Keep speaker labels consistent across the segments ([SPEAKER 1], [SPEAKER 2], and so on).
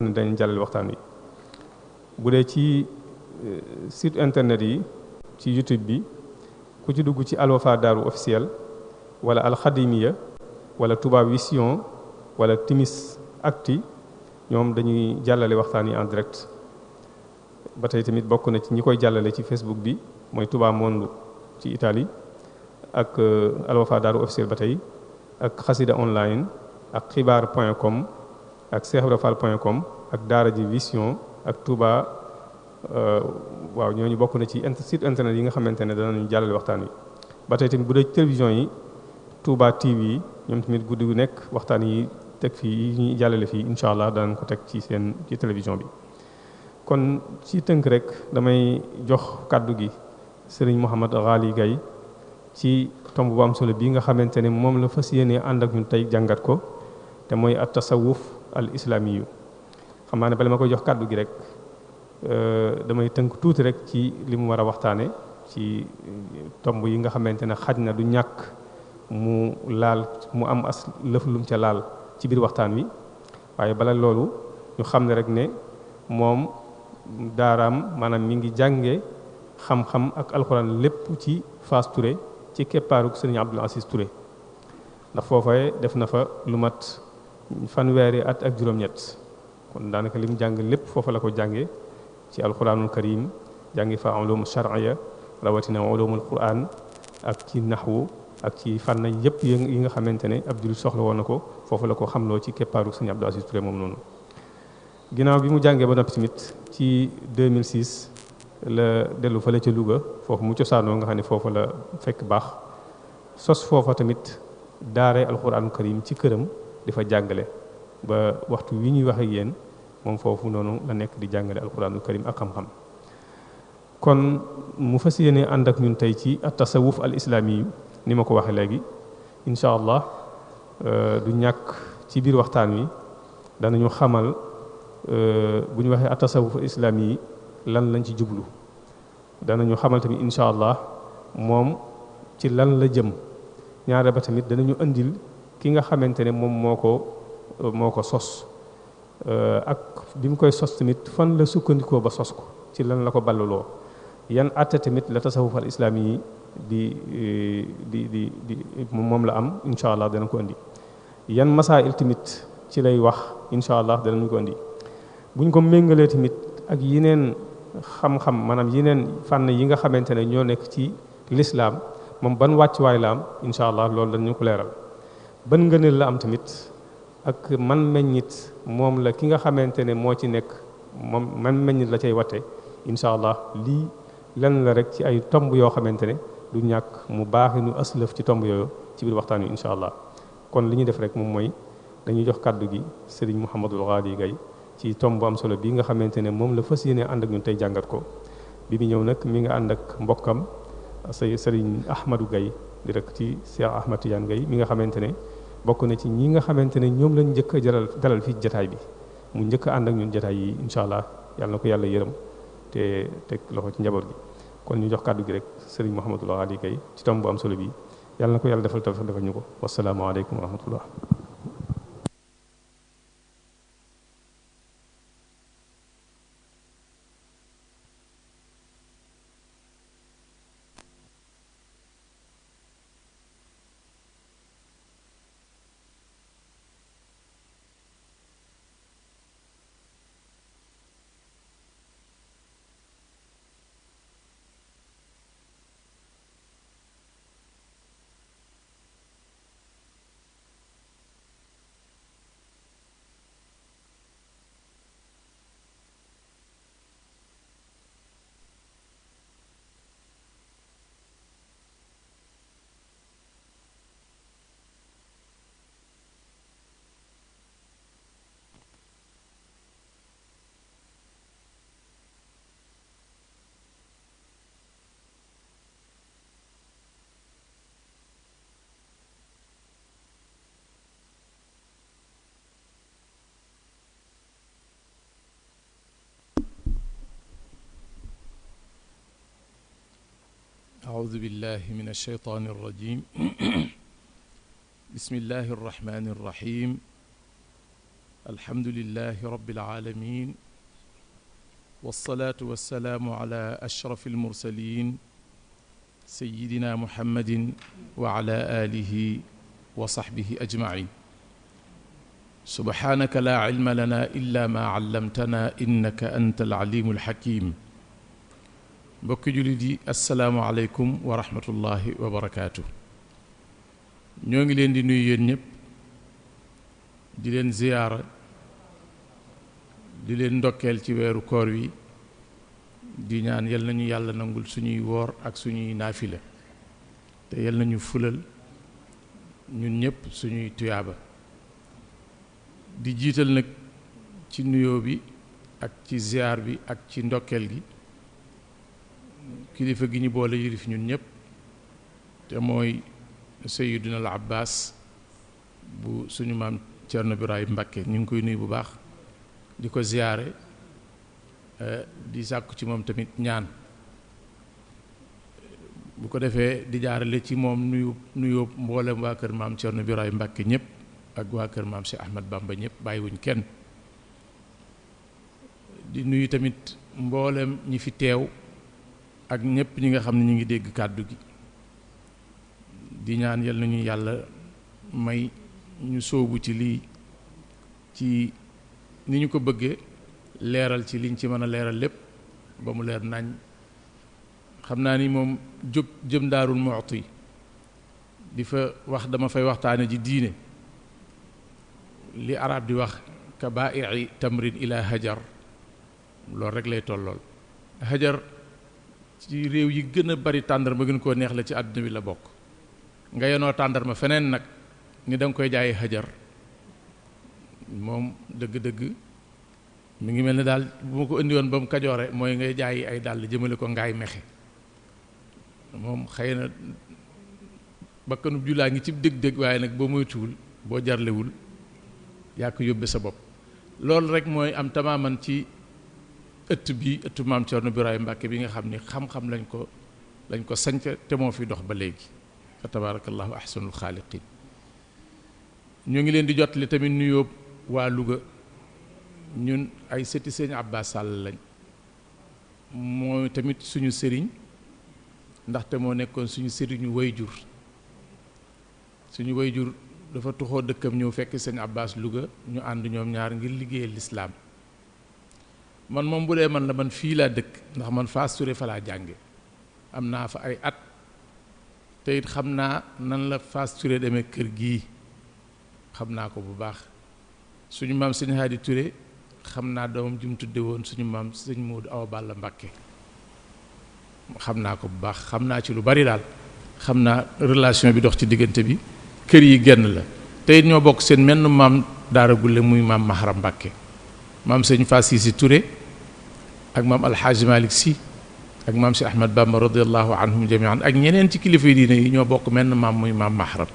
[SPEAKER 1] ne dañ jàllale waxtaan wi bu dee ci euh, site internet yi ci youtube bi ku ci dugg ci alwafa daaru officiel wala alxadimiya wala Touba Vision wala timis acti ñoom dañuy jàllale waxtaan yi en direct ba tey tamit bokk na ci ñi koy jàllale ci facebook bi mooy Touba Monde ci Italie ak euh, alwafa daaru officiel ba tey ak xasida online ak xibaar point ak cheikhrafal point com ak daara ji vision ak Touba euh, waaw ñooñu bokk na ci site internet yi nga xamante ne danañu jàllale waxtaan wi. ba tey tamit bu dee télévision yi Touba TV ñoom tamit guddi gu nekk waxtaan yi teg fii yi ñuy jàllale fii incha allah danañ ko teg ci seen ci télévision bi. kon ci tënk rek damay jox kàddu gi Serigne Mouhamed Ghali Gaye ci tomb bu am solo bii nga xamante ne moom la fas yéenee ànd ak ñun tey jàngat ko te mooy at tasawuf al islamiyu yu naa ne bala ma koy jox kàddu gi rek euh, damay tënk tuuti rek ci li mu war a waxtaane ci euh, tomb yi nga xamante ne xaj na du ñàkk mu laal mu am as lëf lum ca laal ci biir waxtaan wi waaye bala loolu ñu xam ne rek ne moom daaraam maanaam mi ngi jànge xam-xam ak alxuraan lépp ci Fass Touré ci keppaaruk sëriñ Abdul Aziz Touré ndax foofaye def na fa lu fanweeri at ak juróom-ñett kon daanaka lim jàng lépp foofa la ko jànge ci alquranul karim jàngi fa ulum charia rawatina ulumul quran ak ci naxwu ak ci fànn yëpp yi nga xamante ne ab jullit soxla woon na ko foofu la ko xamloo ci keppaaru sëñ Abdou Aziz Touré moom noonu. ginnaaw bi mu jàngee ba noppi tamit ci 2006 la dellu fële ca Louga foofu mu cosaanoo nga xam ne foofa la fekk baax sos foofa tamit daaree alquranul karim ci këram. di fa jàngale ba waxtu wi ñuy waxee ak moom foofu noonu la nekk di jàngale alquranul karim ak xam-xam kon mu fas yéene ànd ak ñun tey ci at tasawuf al islaam yi ni ma ko waxee léegi incha allah euh, du ñàkk ci biir waxtaan wi danañu xamal euh, bu ñu waxee at tasawuf al islaami yi lan lañ ci jublu dana danañu xamal tamit incha allah moom ci lan la jëm ñaare ba tamit danañu andil ki nga xamante ne moom moo ko moo ko sos euh, ak bi mu koy sos tamit fan la sukkandikoo ba sos ko ci lan la ko ballaloo yan atte tamit la tasawuf al islaam yi di euh, di di di moom la am incha allah dana ko indi yan masail tamit ci lay wax incha allah danañ ko indi buñ ko méngalee tamit ak yeneen xam-xam maanaam yeneen fànn yi nga xamante ne ñoo nekk ci lislaam moom ban wàccuwaay la am incha allah loolu ñu ko leeral ban ngëneel la am tamit ak man meññit moom la ki nga xamante ne moo ci nekk moom man meññit la cay watte incha allah lii lenn la rek ci ay tomb yoo xamante ne lu ñàkk mu baax baaxinu aslëf ci tomb yooyu ci biir waxtaan wi incha allah kon li ñu def rek moom mooy dañuy jox kàddu gi sëriñ Mouhamadul Ghali Gaye ci tomb am solo bii nga xamante ne moom la fas yenee ànd ak ñun tey jàngat ko bi mu ñëw nag mi nga ànd ak mbokkam say sëriñ Ahmadou Gaye di rek ci Cheikh Ahmad Tidiane Gaye mi nga xamante ne bokk na ci ñi nga xamante ne ñoom lañ njëkk a jaral dalal fii jataay bi mu njëkk a ànd ak ñun jataay yi incha allah yàlla na ko yàlla yërëm te teg loxo ci njaboot gi kon ñu jox kàddu gi rek sëriñ Mouhamadou Ali Gaye ci tom bu am solo bi yàlla na ko yàlla defal tawfiq defal ñu ko wasalaamaaleykum wa rahmatullah
[SPEAKER 2] أعوذ بالله من الشيطان الرجيم بسم الله الرحمن الرحيم الحمد لله رب العالمين والصلاة والسلام على أشرف المرسلين سيدنا محمد وعلى آله وصحبه أجمعين سبحانك لا علم لنا إلا ما علمتنا إنك أنت العليم الحكيم mbokki jullit yi asalaamualeykum wa rahmatullahi wa ñoo ngi leen di nuyu yéen ñëpp di leen ziyaara di leen ndokkeel ci weeru koor wi di ñaan yal nañu yàlla nangul suñuy woor ak suñuy naafila te yal nañu fulal ñun ñépp suñuy tuyaaba di jiital nag ci nuyoo bi ak ci ziyaar bi ak ci ndokkeel gi kilifa gi ñu boole yilif ñun ñëpp te mooy Seydina al Abbas bu suñu maam Thierno Birahim Mbakke ñu ngi koy nuyu bu baax di ko ziyaare eh, di sàkku ci moom tamit ñaan bu ko defee di jaarale ci moom nuyu nuyoo mboolem waa kër maam Thierno Birahim Mbakke ñëpp ak waa kër maam Cheikh Ahmad Bamba ñëpp bàyyiwuñ kenn di nuyu tamit mbooleem ñi fi teew ak ñëpp ñi nga xam ne ñu ngi dégg kàddu gi di ñaan yal nañu yàlla may ñu sóobu ci lii ci ni ñu ko bëggee leeral ci liñ ci mën a leeral lépp ba mu leer nañ xam naa ni moom jëm jëm daarul muxti di fa wax dama fay waxtaane ji diine li arab di wax kabairi tamrin ila hajar loolu rek lay tollool hajar ci réew yi gën a bari tàndar tàndarma gën koo neex la ci àdduna bi la bokk nga yenoo tàndarma feneen nag ni da nga koy jaayee xajar moom dëgg-dëgg mu ngi mel ne daal bu ma ko indi woon ba mu kajoore mooy ngay jaayi ay dàll jëmale ko ngaay mexe moom xëy na bakkanub julaa ngi ci dëgg-dëgg waaye nag boo moytuwul boo jarlewul yaa ko yóbbe sa bopp loolu rek mooy am tamaaman ci ëtt bi ëttu maam Thierno Birahim Mbacke bi nga xam ni xam-xam lañ ko lañ ko sanc te moo fi dox ba léegi fa tabarakallahu ahsanul xaaliqin ñoo ngi leen di jottali tamit nuyoo waa Louga ñun ay sëti sëñ Abba Sall lañ moo tamit suñu sëriñ ndaxte moo nekkoon suñu sëriñu wayjur suñu jur dafa tuxoo dëkkam ñëw fekk sëñ Abbas luga ñu ànd ñoom ñaar ngir liggéeyal lislaam man moom bu dee man la man fii laa dëkk ndax man Fass Touré fa laa jànge am naa fa ay at te xam naa nan la Fass Touré demee kër gii xam naa ko bu baax suñu maam sëñ di ture xam naa doomam ju mu tudde woon suñu maam sëñ Moodu Awa Balla Mbakke xam naa ko bu baax xam naa ci lu bari daal xam naa relation bi dox ci diggante bi kër yi genn la te ñoo bokk seen menn maam daara gulle muy maam Maharam Mbakke maam sëñ Fass Sisi Touré ak maam alxaaji Malick si ak maam si Ahmad Bamba radiallahu anhum jamian ak ñeneen ci kilifa diine yi ñoo bokk menn maam muy maam mahram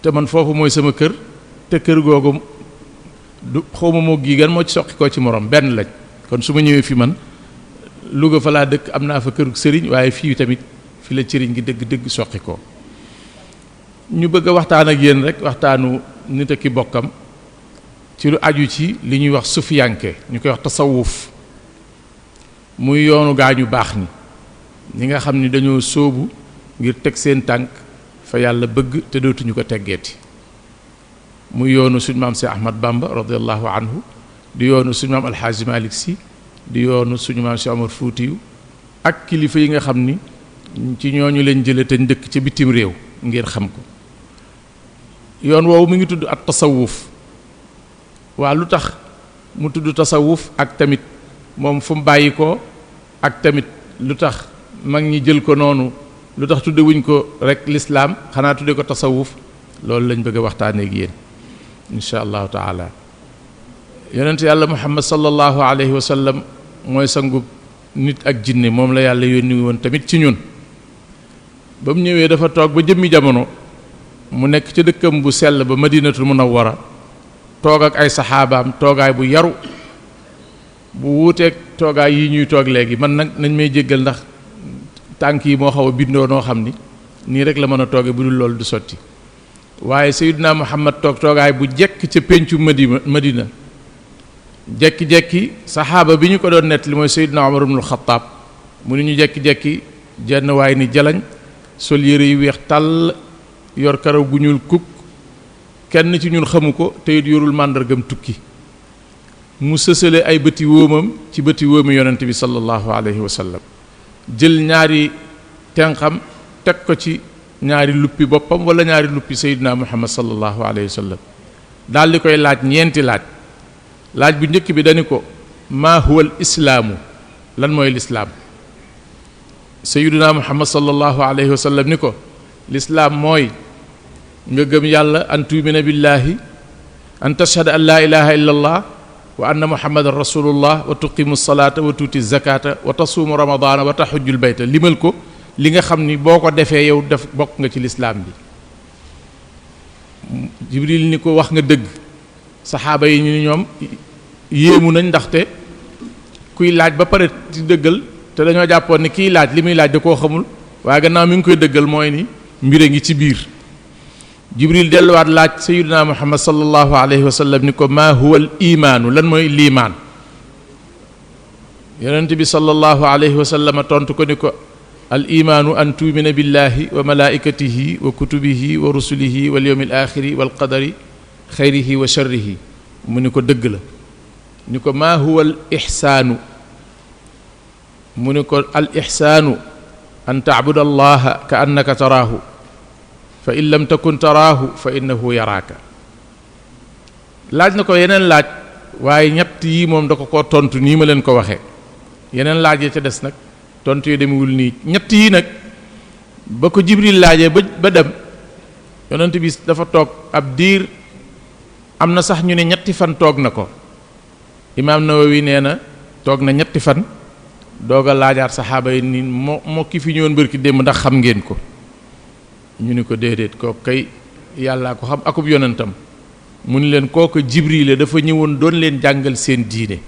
[SPEAKER 2] te man foofu mooy sama kër te kër googu du xaw ma moo gii gan moo ci soqikoo ci morom benn lañ kon su ma ñëwee fi man Louga fa laa dëkk am naa fa kër sëriñ waaye fii tamit fi la sëriñ gi dëgg dëgg soqi ko ñu bëgg a waxtaan ak yéen rek waxtaanu nit ak ki bokkam ci lu aju ci li ñuy wax sufiyanke ñu koy wax tasawuf muy yoonu gaañu baax ni ñi nga xam ni dañoo soobu ngir teg seen tànk fa yàlla bëgg te dootuñu ko teggeeti muy yoonu suñ maam si Ahmad Bamba radiallahu anhu di yoonu suñu maam Si di yoonu suñu maam si Fuutiyu ak kilifa yi nga xam ni ci ñoo ñu leen jële te ndëkk ca bitim réew ngir xam ko yoon woowu mi ngi tudd at tasawuf waa lu tax mu tudd tasawuf ak tamit moom fu mu bàyyi ko ak tamit lu tax mag ñi jël ko noonu lu tax tudde wuñ ko rek lislaam xanaa tudde ko tasawuf loolu lañ bëgg a waxtaaneeg yéen incha allahu taala yonent yàlla muhammad sallallahu alayhi wa sallam mooy sangub nit ak jinne moom la yàlla yónni woon tamit ci ñun ba mu ñëwee dafa toog ba jëmmi jamono mu nekk ca dëkkam bu sell ba madinatul munawwara toog ak ay saxaabaam toogaay bu yaru bu wuuteeg toogaay yi ñuy toog léegi man nag nañ may jéggal ndax tànk yi moo xaw a bindoo noo xam ni nii rek la mën a tooge bu dul loolu du sotti waaye Seydina Muhammad toog toogaay bu jekk ca péncu Madina Madina jekki-jekki saxaaba bi ñu ko doon nett li mooy Seydina Umar ibnul Xattaab mu ni ñu jekki-jekki jenn waay ni jalañ sol yére yu weex tàll yor karaw gu ñuul kukk kenn ci ñun xamu ko te yorul màndargam tukki mu sësale ay bëti wóomam ci bëti wóomi yonent bi sallallahu alayhi wa sallam jël ñaari tenxam teg ko ci ñaari luppi boppam wala ñaari luppi sayyidina muhammad sallallahu alayhi wa sallam daal di koy laaj ñeenti laaj laaj bu njëkk bi dañu ko maa huwal islaamu lan mooy lislaam sayyidina muhammad sallallahu alayhi wa sallam ni ko lislaam mooy nga gëm yàlla an tuumina billaahi an tashhad an laa ilaha illa wa anna muhammadan rasulullah wa tuqimu salaata wa tuuti zakata wa tasuumu ramadaana wa taxujul bayta limal ko li nga xam ni boo ko defee yow def bokk nga ci lislaam bi jibril ni ko wax nga dëgg saxaaba yi ñu ñoom yéemu nañ ndaxte kuy laaj ba pare ci dëggal te dañoo jàppoon ni kiy laaj li muy laaj da koo xamul waaye gannaaw mi ngi koy dëggal mooy ni mbir a ngi ci biir jibril delluwaat laaj sayiduna muhammad sallallahu alayhi wa sallam ni ko maa huwa al imaanu lan mooy liimaan yonent bi sallallahu alayhi wa sallam tontu ko ni ko al imaanu an tuumina billahi wa malaikatihi wa kutubihi wa rusulihi wal yawmil axiri wal qadari xayrihi wa sharrihi mu ni ko dëgg la ni ko maa huwa al ixsaanu mu ni ko al ixsaanu an tacbuda allaha ka annaka taraahu fa in lam takun taraahu fa yaraaka laaj na ko yeneen laaj waaye ñett yii moom da ko koo tontu nii ma leen ko waxee yeneen laaj ya ca des nag tontu yi demewul nii ñett yii nag ba ko jibril laajee ba ba dem yonent bi dafa toog ab diir am na sax ñu ne ñetti fan toog na ko imaam Nawawi nee na toog na ñetti fan doog a laajaat saxaaba yi ni moo moo ki fi ñëwoon bërki démb ndax xam ngeen ko ñu ni ko déedéet kooku kay yàllaa ko xam akub yonentam mu ni leen kooku jibriile dafa ñëwoon doon leen jàngal seen diine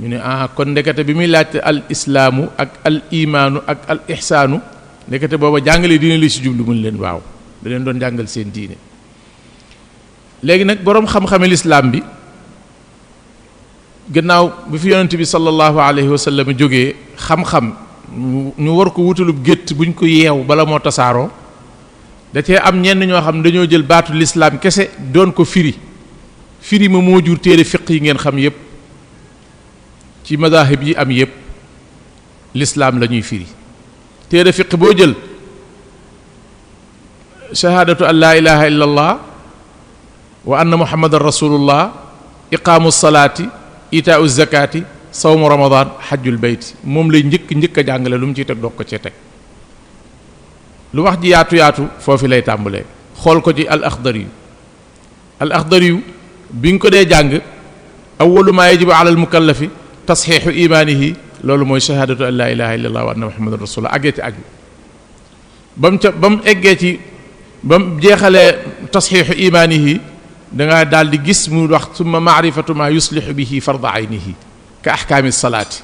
[SPEAKER 2] ñu ne ah kon ndekete bi muy laajte al islaamu ak al imaanu ak al ixsaanu ndekete booba jàngalee diine li si jublu mu ni leen waaw da leen doon jàngal seen diine léegi nag boroom xam-xame lislaam bi gannaaw bi fi yonent bi sallallahu alayhi wa sallam jógee xam-xam ñu war ko wutalub gétt buñ ko yeew bala moo tasaaroo da cee am ñenn ñoo xam dañoo jël baatu lislaam kese doon ko firi firi ma moo jur téere fiq yi ngeen xam yépp ci madahib yi am yépp lislaam lañuy ñuy firi téere fiq boo jël shahaadatu an laa ilaha illa allah wa anna muhammadan rasulullah iqaamu salaati itaau zakaati sawmu ramadan xajul bayt moom lay njëkk njëkk a jàngale lu mu ciy teg doog ko cee teg lu wax ji yaatu yaatu foofu lay tàmbalee xool ko ci al axdari yu al bi nga ko dee jàng awalu maa yajibu ala al mukallafi tasxiixu imaanihi loolu mooy shahaadatu an laa ilaha illa allah wa anna ci aj ba mu ca ba mu eggee ci ba mu jeexalee tasxiixu imaanihi da nga daal di gis mu wax summa maarifatu maa yuslixu bihi farda aynihi ka ahkaami salaati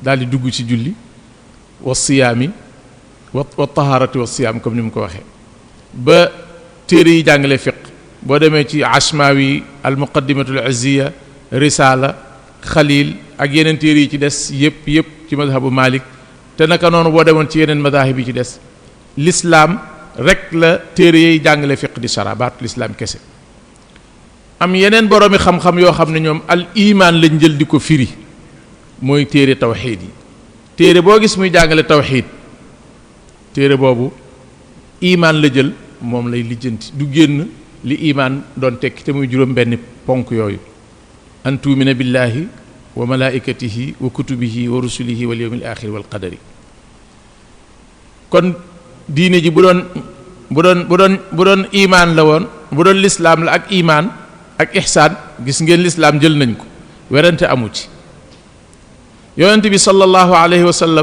[SPEAKER 2] daal di dugg ci julli wa siyaami wa wa tahaarati wa siyaam comme ni mu ko waxee ba téere yi jàngale fiq boo demee ci ashmawi al muqaddimatul izziya risaala xalil ak yeneen téere yi ci des yépp yépp ci madhabu malik te naka noonu boo demoon ci yeneen madahib yi ci des lislaam rek la téere yi jàngale fiq di sara baatu l'islam kese am yeneen boroomi xam-xam yoo xam ne ñoom al lañ jël di ko firi mooy téere tawxiid yi téere boo gis muy jàngale tawxiit téere boobu imaan la jël moom lay lijjanti du génn li imaan doon tekki te muy juróom benn ponk yooyu an tuumina billaahi wa malaikatihi wa kutubihi wa rusulihi wal yawmil axiri wal qadari kon diine ji bu doon bu doon bu doon imaan la woon bu doon lislaam la ak imaan ak ixsaan gis ngeen lislaam jël nañ ko werante amu ci yonent bi sallallahu alayhi wa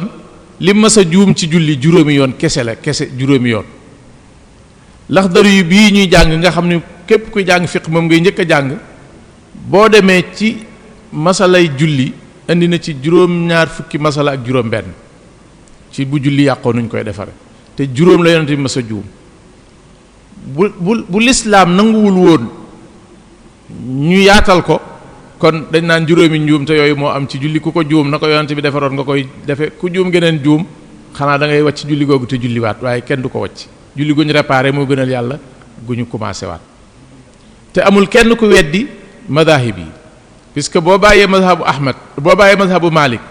[SPEAKER 2] li mës a juum ci julli juróomi yoon kese la kese juróomi yoon laxdaru yu bii ñuy jàng nga xam ne képp kuy jàng fiq moom ngay njëkk a jàng boo demee ci masalay julli indi na ci juróom-ñaar fukki masala ak juróom-benn ci bu julli yàqoo nuñ koy defare te juróom la yonent bi mës a juum bu bu bu lislaam nanguwul woon ñu yaatal ko kon dañ naan juróomi njuum te yooyu moo am ci julli ku ko juum na ko yonent bi defaroon nga koy defe ku juum geneen juum xanaa dangay ngay wàcc julli googu te julliwaat waaye kenn du ko wacc julli gu ñu réparé moo gënal yàlla gu ñu commencé waat te amul kenn ku weddi madahib yi puisque boo bàyyee madhabu ahmad boo bàyyee madhabu malik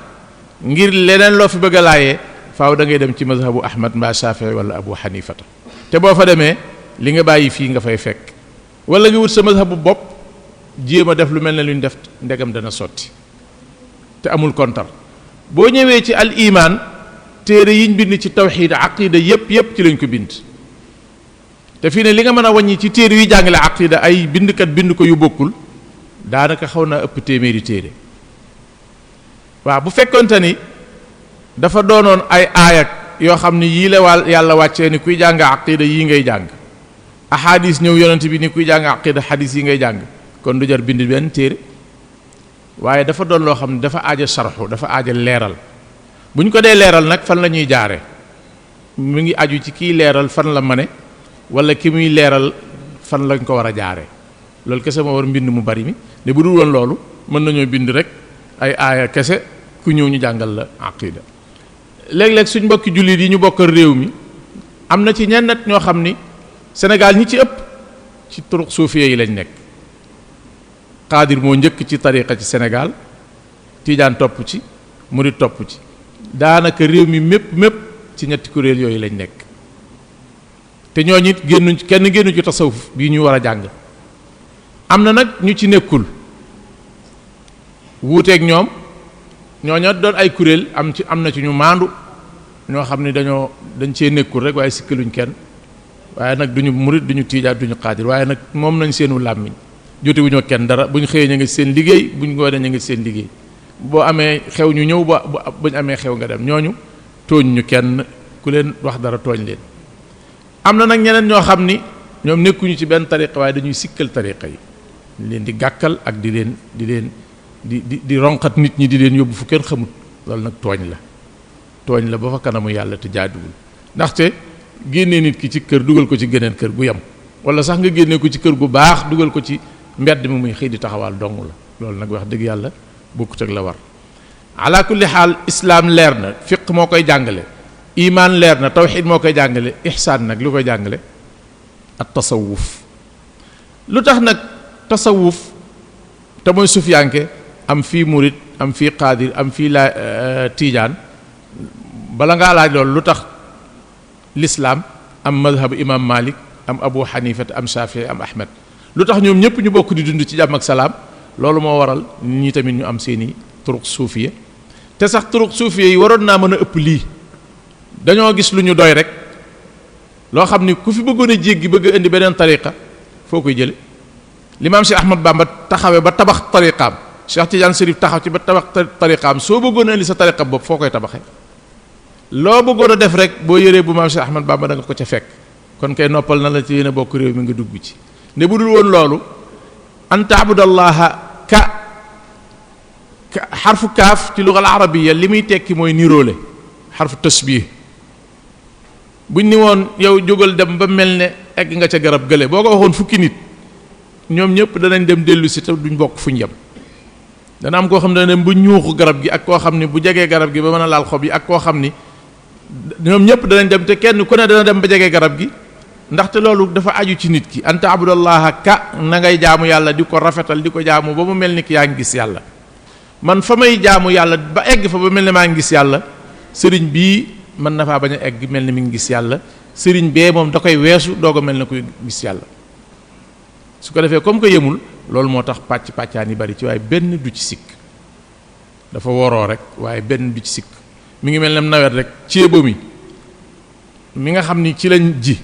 [SPEAKER 2] ngir leneen loo fi bëgg a laayee faaw da ngay dem ci madhabu ahmad mbaa shafii wala abu xanifata te boo fa demee li nga bàyyi fii nga fay fekk wala nga wut sa bopp jéem a def lu mel ne lu ñu def ndegam dana sotti te amul kontar boo ñëwee ci al iman téere yiñ bind ci tawxiid aqida yépp yépp ci lañ ko bind te fii ne li nga mën a wàññi ci téere yu jàngale aqida ay bindkat bind ko yu bokkul daanaka xaw naa ëpp téeméeri téere waaw bu fekkonte ni dafa doonoon ay aayak yoo xam ne yii la wàll yàlla wàcce ni kuy jàng aqida yii ngay jàng ahadis ñëw yonent bi ni kuy jàng aqida xadis yi ngay jàng kon du jar bind benn téere waaye dafa doon loo xam ne dafa aaja sarxu dafa aaja leeral bu ñu ko dee leeral nag fan la ñuy jaare mu ngi aju ci kiy leeral fan la ne wala ki muy leeral fan lañ ko war a jaare loolu kese moo war mbind mu bari mi ne bu dul woon loolu mën nañoo bind rek ay aaya kese ku ñëw ñu jàngal la aqida léeg-léeg suñ mbokki jullit yi ñu bokkal réew mi am na ci ñenn ñoo xam ni Sénégal ñi ci ëpp ci turuq suufiya yi lañ nekk xaadir moo njëkk ci tariqa ci Sénégal tiijaan topp ci murit topp ci daanaka réew mi mépp mépp ci ñetti kuréel yooyu lañ nekk te ñooñu it génnuñ kenn génnu ci tasawuf bii ñu war a jàng am na nag ñu ci nekkul wuuteek ñoom ñoo ñooña doon ay kuréel am ci am na ci ñu maandu ñoo xam ne dañoo dañ cee nekkul rek waaye sikkaluñ kenn waaye nag duñu murit duñu tiijaan duñu xaadir waaye nag moom nañ seenu làmmiñ jote wuñoo kenn dara bu ñu xëyee ñu ngi seen liggéey bu ñu ngoonee ñu ngi seen liggéey boo amee xew ñu ñëw ba bu ñu amee xew nga dem ñooñu tooñ ñu kenn ku leen wax dara tooñ leen am na nag ñeneen ñoo xam ni ñoom nekkuñu ci benn tariqa waaye dañuy sikkal tariqa yi di leen di gàkkal ak di leen di leen di di di ronqat nit ñi di leen yóbbu fu kër xamut loolu nag tooñ la tooñ la ba fa kanamu yàlla te jaaduwul ndaxte génnee nit ki ci kër dugal ko ci geneen kër gu yem mbedd mi muy xëy di taxawaal dong la loolu nag wax dëgg yàlla bokkut ak la war ala kulli xaal islaam leer na fiq moo koy jàngale imaan leer na tawxid moo koy jàngale ixsaan nag lu koy jàngale ak tasawuf lu tax nag tasawuf te mooy sufiyanke am fii murit am fii xaadir am fii la euh, tiijaan bala ngaa laaj loolu lu tax lislaam am madhabu imam malik am abu xanifata am shafii am ahmed lu tax ñoom ñëpp ñu bokk di dund ci jàmm ak salaam loolu moo waral ñi tamit ñu am seeni turuq suufiya te sax turuq suufiya yi waroon naa mën a ëpp lii dañoo gis lu ñu doy rek loo xam ni ku fi bëggoon a gi bëgg indi beneen tariqa foo koy jële limaam Cheikh Ahmad Bamba taxawee ba tabax tariqaam Cheikh Tidiane Serif taxaw ci ba tabax tariqaam soo bëggoon a indi sa tariqa bopp foo koy tabaxee loo bëggoon a def rek boo yéree bu maam Cheikh Ahmad Bamba da nga ko ca fekk kon kay noppal na la ci yéen bokk réew mi nga dugg ci ne bu dul woon loolu an taabudallaha ka ka xarfu kaaf ci lugal arabiya li muy tekki mooy niroole xarfu tasbih buñ ni woon yow jógal dem ba mel ne egg nga ca garab gële boo ko waxoon fukki nit ñoom ñëpp danañ dem dellu si te duñ bokk fuñ yem dana am koo xam ne dana dem bu ñuuxu garab gi ak koo xam ni bu jegee garab gi ba mën a laal xob yi ak koo xam ni ñoom ñëpp danañ dem te kenn ku ne dana dem ba jege garab gi ndaxte loolu dafa aju ci nit ki anta abdullaha ka na ngay jaamu yàlla di ko rafetal di ko jaamu ba mu mel ni ki yaa ngi gis yàlla man fa may jaamu yàlla ba egg fa ba mel ni maa ngi gis yàlla sëriñ bii mën na faa bañ a egg mel ni mi ngi gis yàlla sëriñ bee moom da koy weesu doog ko mel na koy gis yàlla su ko defee comme que yemul loolu moo tax pàcc pàccaan yi bari ci waaye benn du ci sikk dafa woroo rek waaye benn du ci sikk mi ngi mel ne nawet rek ceebo mi mi nga xam ni ci lañ ji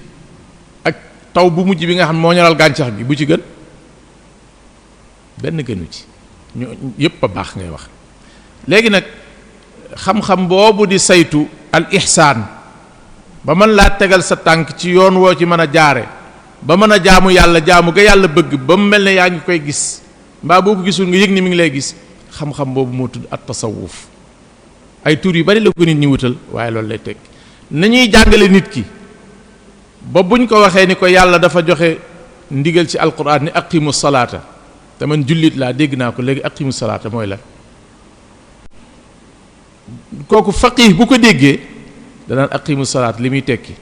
[SPEAKER 2] taw bu mujj bi nga xam moo ñaral gàncax bi bu ci gën benn gënu ci ñu yépp a baax ngay wax léegi nag xam-xam boobu di saytu al ihsaan ba mën laa tegal sa tànk ci yoon woo ci mën a jaare ba mën a jaamu yàlla jaamu ga yàlla bëgg ba mu mel ne yaa ngi koy gis mbaa boo ko gisul nga yëg ni mi ngi lay gis xam-xam boobu moo tudd at tasawuf ay tur yu bari la ko nit ñi wutal waaye loolu lay teg nañuy jàngale nit ki ba buñ ko waxee ni ko yàlla dafa joxe ndigal ci alquran ni aqimu salaata te man jullit laa dégg naa ko léegi aqimu salaata mooy la kooku faqih bu ko déggee danaan aqimu salaat li muy tekki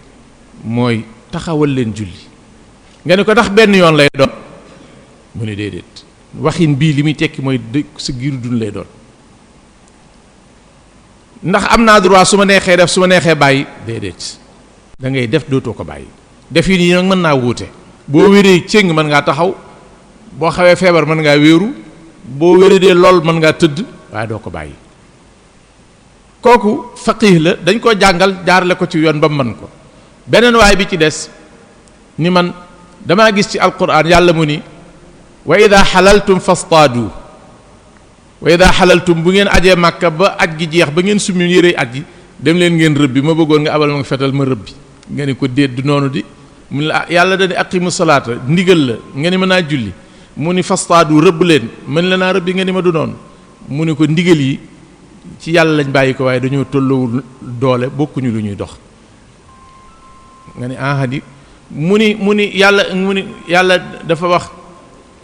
[SPEAKER 2] mooy taxawal leen julli nga ne ko tax benn yoon lay doon mu ne déedéet waxin bii li muy tekki mooy dëkk sa giiru dund lay doon ndax am naa droit su ma neexee def su ma neexee bàyyi déedéet da ngay def dootoo ko bàyyi def yi nii nag mën naa wuute boo wéree cëng mën ngaa taxaw boo xawee feebar mën ngaa wéeru boo dee lool mën ngaa tëdd waaye doo ko bàyyi kooku faqih la dañ koo jàngal jaarale ko ci yoon ba man ko beneen waay bi ci des ni man damaa gis ci alquran yàlla mu ni wa ida xalaltum fastaadu wa ida xalaltum bu ngeen ajee màkka ba aj gi jeex ba ngeen summi yérey aj yi dem leen ngeen rëbbi ma bëggoon nga abal ma nga fetal ma rëbbi nga ni ko déet du noonu di mu la ah, yàlla dani aqimu salaata ndigal la nga ni ma naa julli mu ni fastaadu rëbb leen mën la naa rëbbi nga ni ma du noonu mu ni ko ndigal yi ci yàlla lañ bàyyi ko waaye dañoo tollowul doole bokkuñu lu ñuy dox nga ni aha di mu ni mu ni yàlla mu ni yàlla dafa wax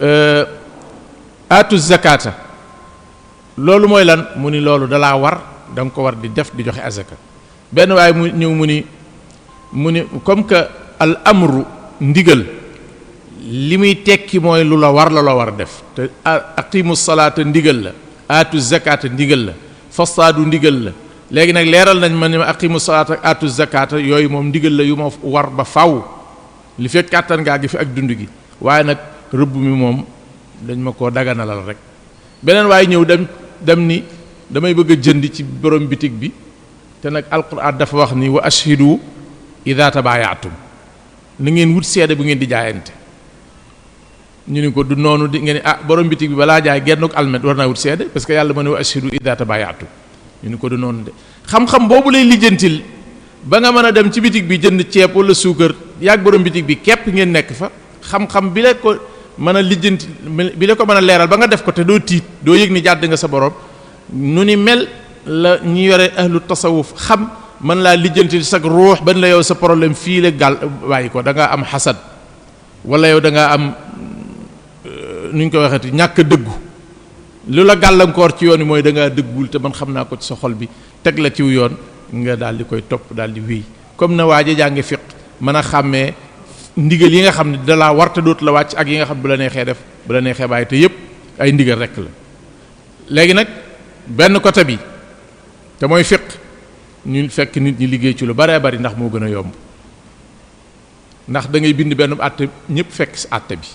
[SPEAKER 2] euh, aatu zakata loolu mooy lan mu ni loolu dalaa war da ko war di def di joxe azaka benn waaye mu ñëw mu ni mu ne comme que al amru ndigal li muy tekki mooy lu la war la la war def te aqimu salaata ndigal la aatu zakata ndigal la fasaadu ndigal la léegi nag leeral nañ ma ne ma aqimu salaata ak aatu zakata yooyu moom ndigal la yu ma war ba faw li fekk kàttan gi fi ak dund gi waaye nag rëbb mi moom dañ ma ko daganalal rek beneen waaye ñëw dem dem ni damay bëgg a jënd ci borom bitig bi te nag alquran dafa wax ni wa ashhidu ida tabaayaatum na ngeen wut seede bu ngeen di jaayante ñu ni ko du noonu di ngeen ah borom bitig bi balaa jaay gennuk almet war naa wut seede parce que yàlla ma ne wa ashidu ida tabaayaatum ñu ni ko du noonu de xam-xam boobu lay lijjantil ba nga mën a dem ci bitig bi jënd ceeb walla suukar yàgg borom bitig bi képp ngeen nekk fa xam-xam bi la ko mën a lijjanti bi la ko mën a leeral ba nga def ko te doo tiit doo yëg ni jàdd nga sa borom nu ni ñu yore ahlu tasawuf mën laa lijjanti sag ruux ban la yow sa problème fii la gàll bàyyi ko da ngaa am xasad wala yow da ngaa am euh, nu ñu ko waxeeti ñàkk dëggu lu la gàllankoor ci yoon yi mooy da ngaa dëggul te man xam naa ko ci sa xol bi teg la ciw yoon nga daal di koy topp daal di wéy comme na waaja jànge fiq mën a xàmmee ndigal yi nga xam ne dalaa warte dootu la wàcc ak yi nga xam bu la neexee def bu la neexee bàyyi te yépp ay ndigal rekk la léegi nag benn côté bi te mooy fiq ñu fekk nit ñi liggéey ci lu baree bari ndax moo gën a yomb ndax dangay bind benn àtte ñëpp fekk si àtte bi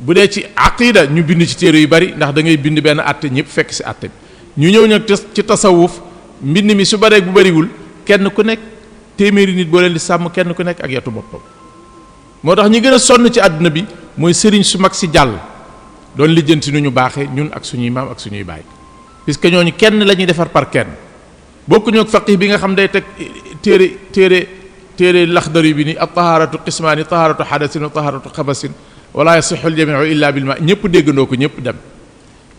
[SPEAKER 2] bu dee ci aqida ñu bind ci téere yu bari ndax da bind benn àtte ñëpp fekk si àtte ñu ñëw nag ci tasawuf mbind mi su baree bu bariwul kenn ku nekk téeméeri nit boo leen di sàmm kenn ku nekk ak yetu boppam moo tax ñi gën a sonn ci àdduna bi mooy sëriñ su mag si jàll doon lijjanti nu ñu baaxee ñun ak suñuy maam ak suñuy baay puisque ñooñu kenn lañuy defar par kenn bokkuñu ak faqih bi nga xam day teg téere téere téere laxdari bi ni ak taharatu qismaani taharatu hadasin wa taharatu xabasin wala yasixu aljamiu illa bilma ñëpp déggandoo ko ñëpp dem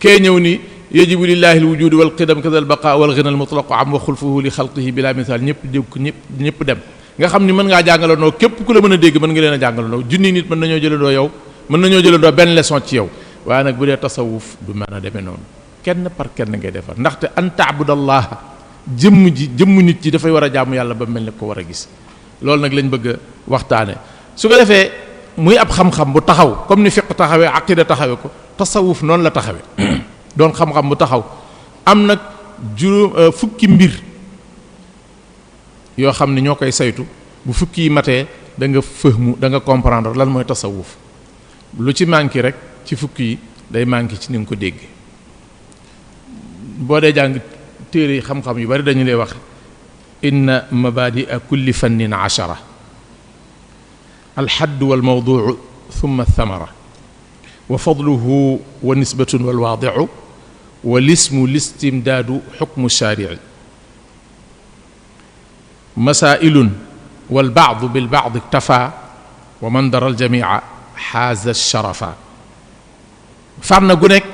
[SPEAKER 2] kee ñëw ni yajibu lillahi alwujudu walqidam kada albaqa walghina almutlaqu am wa xulfuhu li xalqihi bila misal ñëpp dégg ko ñëpp ñëpp dem nga xam ni mën ngaa jàngalandoo képp ku la mën a dégg mën nga leen a jàngalandoo junni nit mën nañoo jëlandoo yow mën nañoo jëlandoo benn leçon ci yow waaye nag bu dee tasawuf du mën noonu kenn par kenn ngay defar ndaxte an taabudallaha jëmm ji jëmm nit ji dafay war a jàmm yàlla ba mel ne ko war a gis loolu nag lañ bëgg a waxtaane su ko defee muy ab xam-xam bu taxaw comme ni fiq taxawee aqida taxawe ko tasawuf noonu la taxawe doon xam-xam bu taxaw am nag juróom euh, fukki mbir yoo xam ne ñoo koy saytu bu fukki yi matee da nga fëhmu da nga comprendre lan mooy tasawuf lu ci manqué rek ci fukki yi day manqué ci ni nga ko dégg boo dee jàng téere xam-xam yu bari dañu lay wax inna mabadia kulli fannin achara alxaddu walmawduu thumma athamara wa fadluhu wa nisbatun walwaadiu wa lismu listimdaadu xukmu shaarici masailun walbaadu bilbaadi ktafaa wa man dara aljamica xaaza sharafa fànn gu nekk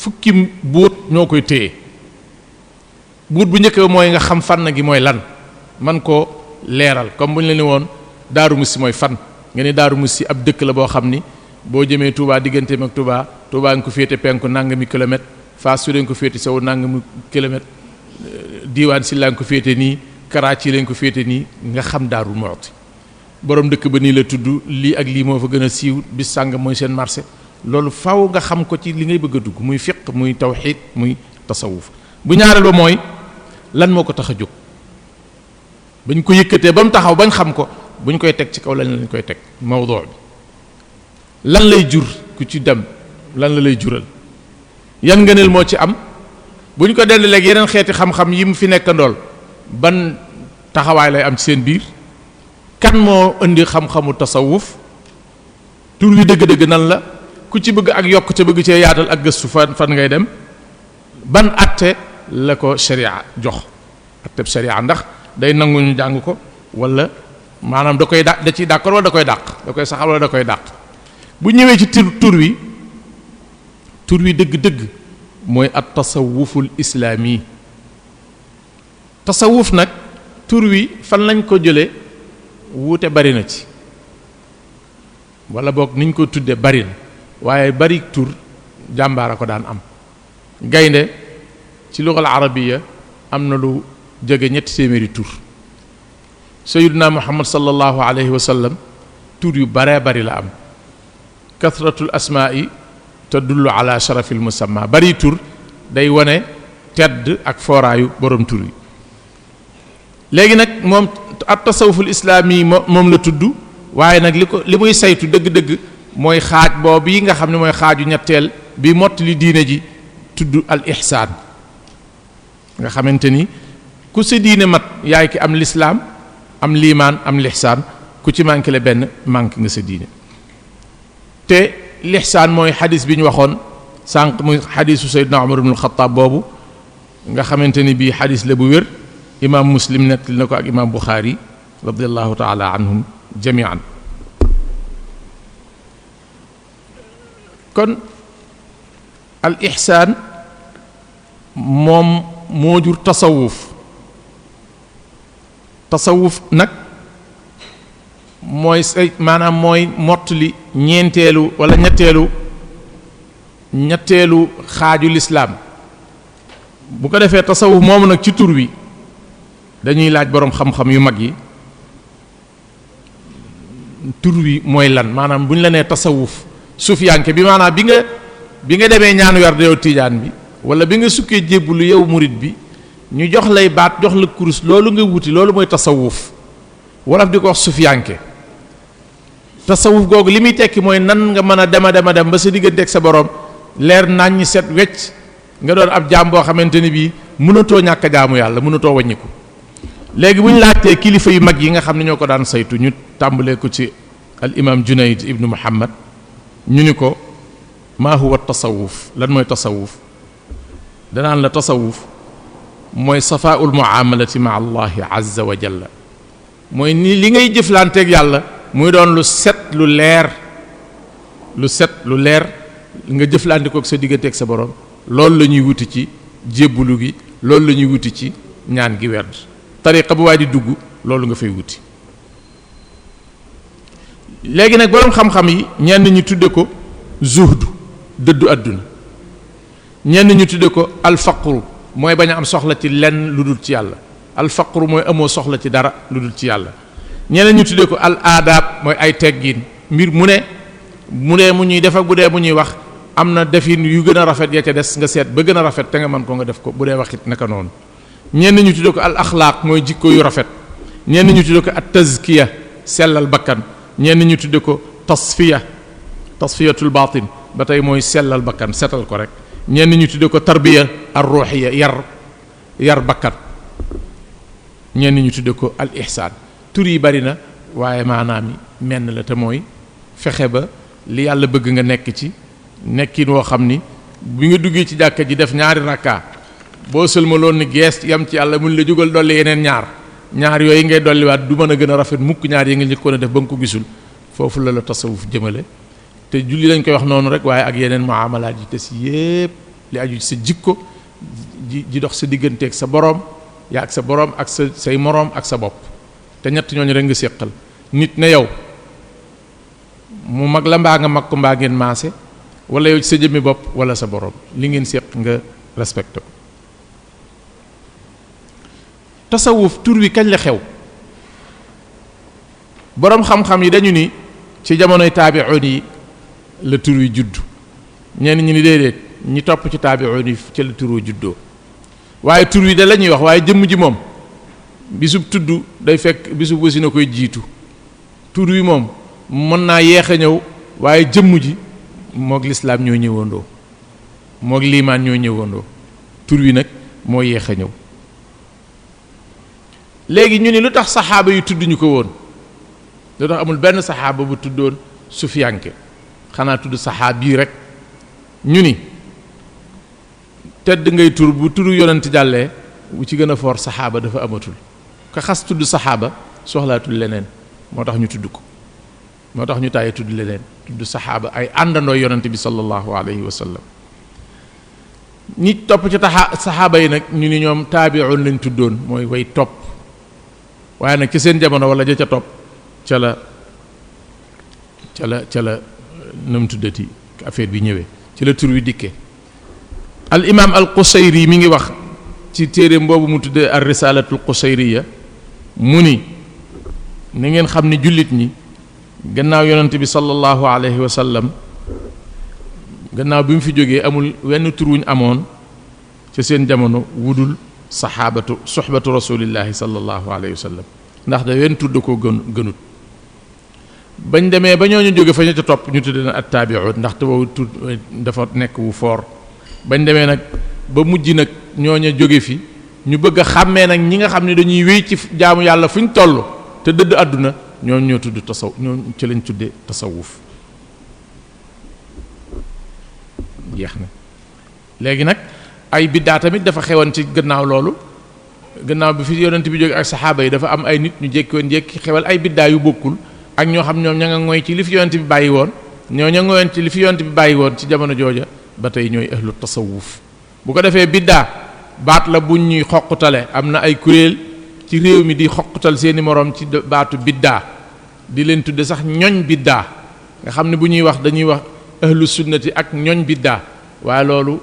[SPEAKER 2] fukki buut ñoo koy téye buut bu njëkk mooy nga xam fan fànn gi mooy lan man koo leeral comme bu ñu la ne woon Daaru Musi mooy fan nga ne Daaru si ab dëkk la boo xam ni boo jëmee Touba digganteem ak Touba Touba nga ko féete penku nangami kilomètre Fass su dee ko féete sowu nangami kilomètre euh, diwaan si laa nga ko féete nii Karachi lañ ko féete nii nga xam Daaru Muxti borom dëkk ba nii la tudd lii ak lii moo fa gën a siiw bis sàng mooy seen marché loolu faw nga xam ko ci li ngay bëgg a dugg muy fiq muy tawxiid muy tasawuf bu mooy. lan moo ko tax a jóg bañ ko yëkkatee ba mu taxaw bañ xam ko buñ koy teg ci kaw lan lañ koy teg mawduu bi lan lay jur ku ci dem lan la lay jural yan ngëneel moo ci am bu ñu ko dend léegi yeneen xeeti xam-xam yi mu fi nekkandool ban taxawaay lay am ci seen biir kan moo indi xam-xamu tasawuf tur wi dëgg-dëgg nan la ku ci bëgg ak yokk ca bëgg cee yaatal ak gëstu fan fan ngay dem ban atte la ko sharia jox atteb sharia ndax day nangu ñu jàng ko walla maanaam da koy da da ciy d'accord da koy dàq da koy saxal da koy dàq bu ñëwee ci tur tur wi tur wi dëgg-dëgg mooy at tasawuful islaami tasawuf nag tur wi fan lañ ko jëlee wuute bari na ci wala boog niñ ko tuddee bari na waaye bari tur jàmbaara ko daan am gaynde ci lugal arabiya am na lu jege ñetti téeméeri tur sayyiduna muhammad sallallahu alayhi wa sallam tur yu baree bari la am kathratul asmaa'i tadullu ala sharafil musamma bari tur day wane tedd ak fooraayu borom tur yi léegi nag moom at tasawuful moom la tudd waaye nag li ko li muy saytu dëgg-dëgg mooy xaaj boobu yi nga xam ne mooy xaaju ñetteel bi mottali diine ji tudd al nga xamante ni ku sa diine mat yaay ki am lislaam am liimaan am lixsaan ku ci manqué la benn manqué nga sa diine te lixsaan mooy xadis bi ñu waxoon sànq muy xadisu saydna umar ibn alxataab boobu nga xamante ni bii xadis la bu wér imaam muslim nekk na ko ak imaam buxaari radiallahu taala anhum kon al ixsaan moom moo jur tasawuf tasawuf nag mooy say maanaam mooy mott li ñeenteelu wala ñetteelu ñetteelu xaaju lislaam bu ko defee tasawuf moomu nag ci tur wi dañuy laaj boroom xam-xam yu mag yi tur wi mooy lan maanaam bu ñu la nee tasawuf sufiyanke bi maanaam bi nga bi nga demee ñaanu wer yow tiijaan bi wala bi nga sukkee jébbalu yow murit bi ñu jox lay baat jox la kurus loolu nga wuti loolu mooy tasawuf wolof di ko wax sufiyanke tasawuf googu li muy tekki mooy nan nga mën a dema dema dem ba sa digganteeg sa borom leer nañ ñi set wecc nga doon ab jaam boo xamante ni bii mënatoo ñàkk a jaamu yàlla mënatoo wàññiku léegi bu ñu laajtee kilifa yu mag yi nga xam ne ñoo ko daan saytu ñu tàmbalee ko ci al imam Junayd ibnu Muhammad ñu ni ko maa huwa tasawuf lan mooy tasawuf danaan la tasawuf mooy safaaul muamalati ma allahi azza wa jalla mooy ni li ngay jëflanteeg yàlla muy doon lu set lu leer lu set lu leer nga jëflantikook sa digganteeg sa borom loolu la ñuy wuti ci jébbulu gi loolu lañuy wuti ci ñaan gi werd tariqa bu waa di dugg loolu nga fay wuti léegi nag boroom xam-xam yi ñenn ñi tudde ko zuhdu dëddu àdduna ñenn ñu tudde ko alfaqru mooy bañ am soxla ci lenn lu dul ci yàlla al alfaqru mooy amoo soxla ci dara lu dul ci yàlla ñeneen ñu tudde ko al aadaab mooy ay teggiin mbir mu ne mu dee mu ñuy def ak bu dee mu ñuy wax am na defin yu gën a rafet ya ca des nga seet ba gën a rafet te nga mën ko nga def ko bu dee waxit naka noonu ñenn ñu tudde ko al axlaaq mooy jikko yu rafet ñenn ñu tudde ko at tazkiya sellal bakkan ñenn ñu tudde ko tasfiya tasfiyatul baatin ba tey mooy sellal bakkan setal ko rek ñenn ñu tudde ko tarbiya ar ruuxiya yar yar bakkan ñenn ñu tudde ko al ihsaan tur yi bari na waaye maanaam menn la te mooy fexe ba li yàlla bëgg nga nekk ci nekkin woo xam ni bi nga duggee ci jàkka ji def ñaari rakkaa boo sëlmaloon ni gees yam ci yàlla mun la jógal dolli yeneen ñaar ñaar yooyu ngay dolliwaat du mën a gën a rafet mukk ñaar yi nga njëkkoon a def ba nga ko gisul foofu la la tasawuf jëmale te julli lañ koy wax noonu rek waaye ak yeneen muamalaat yi te si yépp li aju sa jikko ji ji dox sa diggante digganteeg sa boroom yaa ak sa boroom ak sa say moroom ak sa bopp te ñett ñooñu rek nga séqal nit na yow mu mag la mbaa nga mag ko mbaa ngeen maase wala yow ci sa jëmmi bopp wala sa boroom li ngeen séq nga respecté ko tasawuf tur wi kañ la xew boroom xam-xam yi dañu ni ci jamonoy taabi'un yi la tur wi juddu ñenn ñi ni déedéet ñi topp ci taabi'un yi ca la tur wi juddoo waaye tur wi de lañuy wax waaye jëmm ji moom bisub tudd day fekk bisub yi na koy jiitu tur wi moom mën naa yeex a ñëw waaye jëmm ji moog lislaam ñoo ñëwandoo moog liimaan ñoo ñëwandoo tur wi nag moo yeex a ñëw léegi ñu ni lu tax saxaaba yu tudd ñu ko woon lu tax amul benn saxaaba bu tuddoon sufiyanke xanaa tudd saxaab yi rek ñu ni tedd ngay tur bu turu yonent jàllee bu ci gën a foor saxaaba dafa amatul ka xas tudd saxaaba soxlaatul leneen moo tax ñu tudd ko moo tax ñu tàyyi tudd leneen tudd saxaaba ay àndandoo yonent bi sallallahu alayhi wa sallam ñi topp ci taxa saxaaba yi nag ñu ni ñoom taabi'un lañ tuddoon mooy way topp waaye nag ci seen jamono walla ja ca topp ca la ca la ca la nu mu tuddati affaire bi ñëwee ci la tur wi dikkee al imaam al qusayri mi ngi wax ci téere boobu mu tuddee ar risalatul qusayriya mu ni na ngeen xam ni jullit ñi gannaaw yonent bi sallallahu alayhi wa gannaaw bi mu fi jógee amul wenn tur wuñ amoon ci seen jamono wudul saxaabatu soxbatu rasulillahi sallallahu alayhi wa ndax da wenn tur da gënut bañ demee ba ñooñu jóge fa ñu ca topp ñu tuddee na at-taabi'un ndax tabawu tud dafa nekk wu foor bañ demee nag ba mujj nag ñooñu jóge fi ñu bëgg a xàmmee nag ñi nga xam ne dañuy wéy ci jaamu yàlla fu ñu toll te dëdd àdduna ñooñu ñoo tudd tasaw ñoo ci lañ tuddee tasawuf jeex na léegi nag ay biddaa tamit dafa xewoon ci gannaaw loolu gannaaw bi fi yonent bi jóge ak saxaaba yi dafa am ay nit ñu jékki woon jékki xewal ay biddaa yu bokkul ak ñoo xam ñoom ña nga ngoy ci li fi yonent bi bàyyi woon ñoo ña ngoyoon ci li fi yonent bi bàyyi woon ci jamono jooja ba tey ñooy ahlu tasawuf bu ko defee biddaa baat la buñ ñuy xoqutale am na ay kuréel ci réew mi di xoqutal seeni moroom ci baatu biddaa di leen tudde sax ñoñ biddaa nga xam ne bu ñuy wax dañuy wax ahlu sunnati ak ñoñ biddaa waaye loolu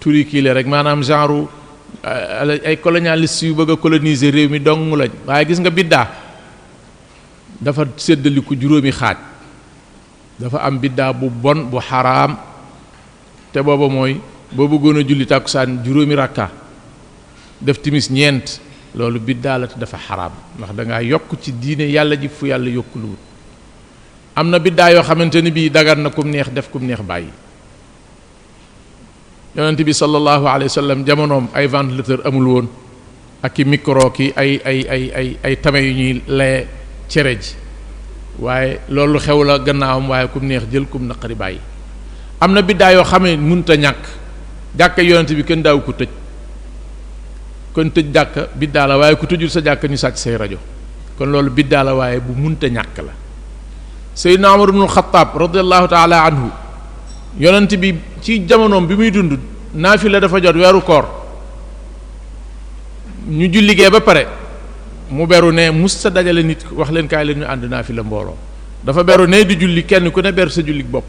[SPEAKER 2] turi kii la rek maanaam genre euh, ay colonialiste yu bëgg a coloniser réew mi dong lañ waaye gis nga biddaa dafa séddaliku juróomi xaaj dafa am biddaa bu bon bu xaraam te booba mooy boo bëggoon a julli tàkkusaan juróomi ràkka def timis ñeent loolu biddaa la te dafa xaraam ndax dangaa yokk ci diine yàlla ji fu yàlla yokkuluwut am na biddaa yoo xamante ni bii dagan na kum neex def kum neex bàyyi yonent bi sallallahu alayhi wa sallam ay ventilateur amul woon ak i micro ki ay ay ay ay tame yu ñuy laye cere ji waaye loolu xew la gannaawam waaye kum neex jël kum naqari bàyyi am na biddaa yoo xamee mënut a ñàkk jàkka yonent bi kenn daaw ko tëj kon tëj jàkka biddaa la waaye ku tëjul sa jàkka ñu sàcc say rajo kon loolu biddaa la waaye bu mënta ñàkk la Seydina Umar ibnul Xattaab radiyallahu taala anhu yonent bi ci jamonoom bi muy dund naafila dafa jot weeru koor ñu ju liggéey ba pare mu beru ne mus sa dajale nit wax leen kaay leen ñu ànd naa la mbooloo dafa beru ne di julli kenn ku ne beru sa julli bopp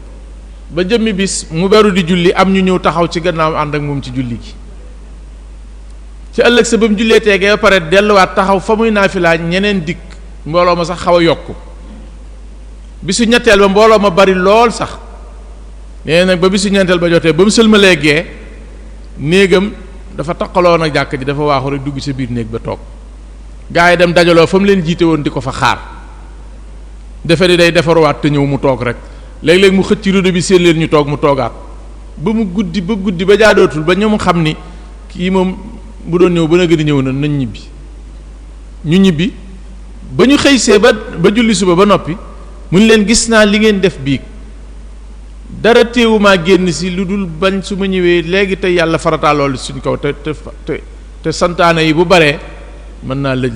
[SPEAKER 2] ba jëmmi bis mu beru di julli am ñu ñëw taxaw ci gannaaw ànd ak moom ci julli gi ci ëllëg sa ba mu jullee teegee ba pare delluwaat taxaw fa muy naafilaa ñeneen dikk mbooloo ma sax xaw a yokk bisu ñetteel ba mbooloo ma bari lool sax nee nag ba bisu ñetteel ba jotee ba mu sëlmalee gee néegam dafa taqaloon a jàkk ji dafa waaxu rek dugg sa biir néeg ba toog gaa yi dem dajaloo fa mu leen jiite woon di ko fa xaar defe ni day defarwaat te ñëw mu toog rek léeg-léeg mu xëcc rido bi seen leen ñu toog mu toogaat ba mu guddi ba guddi ba jaadootul ba ñoom xam ni kii moom bu doon ñëw ba nag di ñëw na nañ ñibbi ñu ñibbi ba ñu xëysee ba ba julli suba ba noppi mun leen gis naa li ngeen def biig dara téewumaa génn si lu dul bañ su ma ñëwee léegi te yàlla farataal loolu suñ kaw te te te santaane yi bu baree mën naa le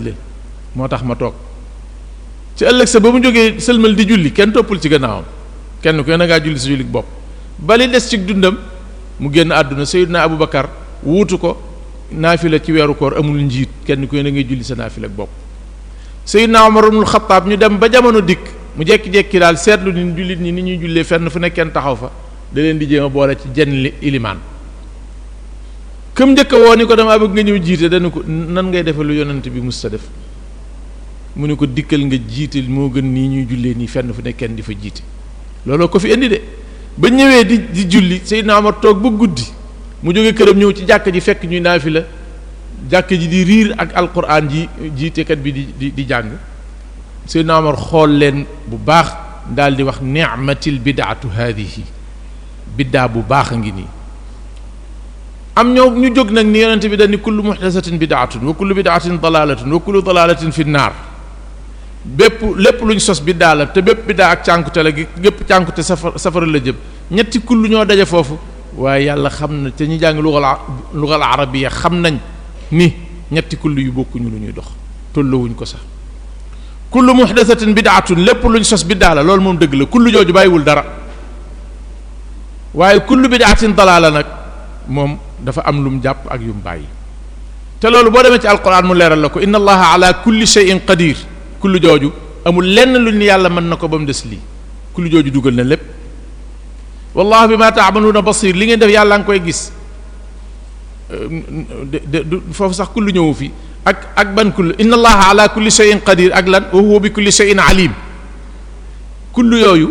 [SPEAKER 2] moo tax ma toog ci ëllëg sa ba mu jógee sëlmal di julli kenn toppul ci gannaawam kenn ku ne ngaa julli sa julli bopp bali des ci dundam mu génn àdduna Seydina Aboubacar wuutu ko naafila ci weeru koor amul njiit kenn ku ne ngay julli sa naafila bopp Seydina Omar ibnul Xattaab ñu dem ba jamono dikk mu jekki-jekki daal seetlu ni jullit ñi ni ñuy jullee fenn fu nekk kenn taxaw fa da leen di jéem a boole ci jenn li ilimaan këm njëkk a ni ko damaa bëgg nga ñëw jiite dañu ko nan ngay defe yonent bi mus sa def mu ne ko dikkal nga jiite moo gën nii ñuy jullee nii fenn fu ne kenn di fa jiite looloo ko fi indi de ba ñëwee di di julli Seydina Omar toog ba guddi mu jóge këram ñëw ci jàkk ji fekk ñuy naafila jàkk ji di riir ak alquran ji jiitekat bi di di di jàng Seydina Omar xool leen bu baax dal di wax ni'matil bidaatu haadihi biddaa bu baax a ngi nii am ñoo ñu jóg nag ni yonente bi dañ ni kullu muhdasatin bidaatun wa kullu bidaatin dalalatun wa kullu dalalatin fi naar bépp lépp luñ sos biddaa la te bépp biddaa ak cànkute la gi gépp cànkute safar safara la jëm ñetti kullu ñoo daje foofu waaye yàlla xam na te ñi jàng lugal lugal arabiya xam nañ ni ñetti kullu yu bokkuñu lu ñuy dox tolluwuñ ko sax kullu muhdathatin bid'atun lépp luñ sos biddaa la loolu moom dëgg la kullu jooju bàyyiwul dara waaye kullu bid'atin dalaala nag moom dafa am lu mu jàpp ak yu mu bàyyi te loolu boo demee ci alquran mu leeral la ko inna allaha ala kulli shay'in qadir kullu jooju amul lenn lu ñu yàlla mën na ko ba mu des lii kullu jooju dugal na lépp wallahu bi ma taamaluuna basir li nga def yàlla nga koy gis foofu sax kullu ñëwu fi ak ak ban kullu inna allaha ala kulli shay'in qadir ak lan wa huwa bi kulli shay'in alim kullu yooyu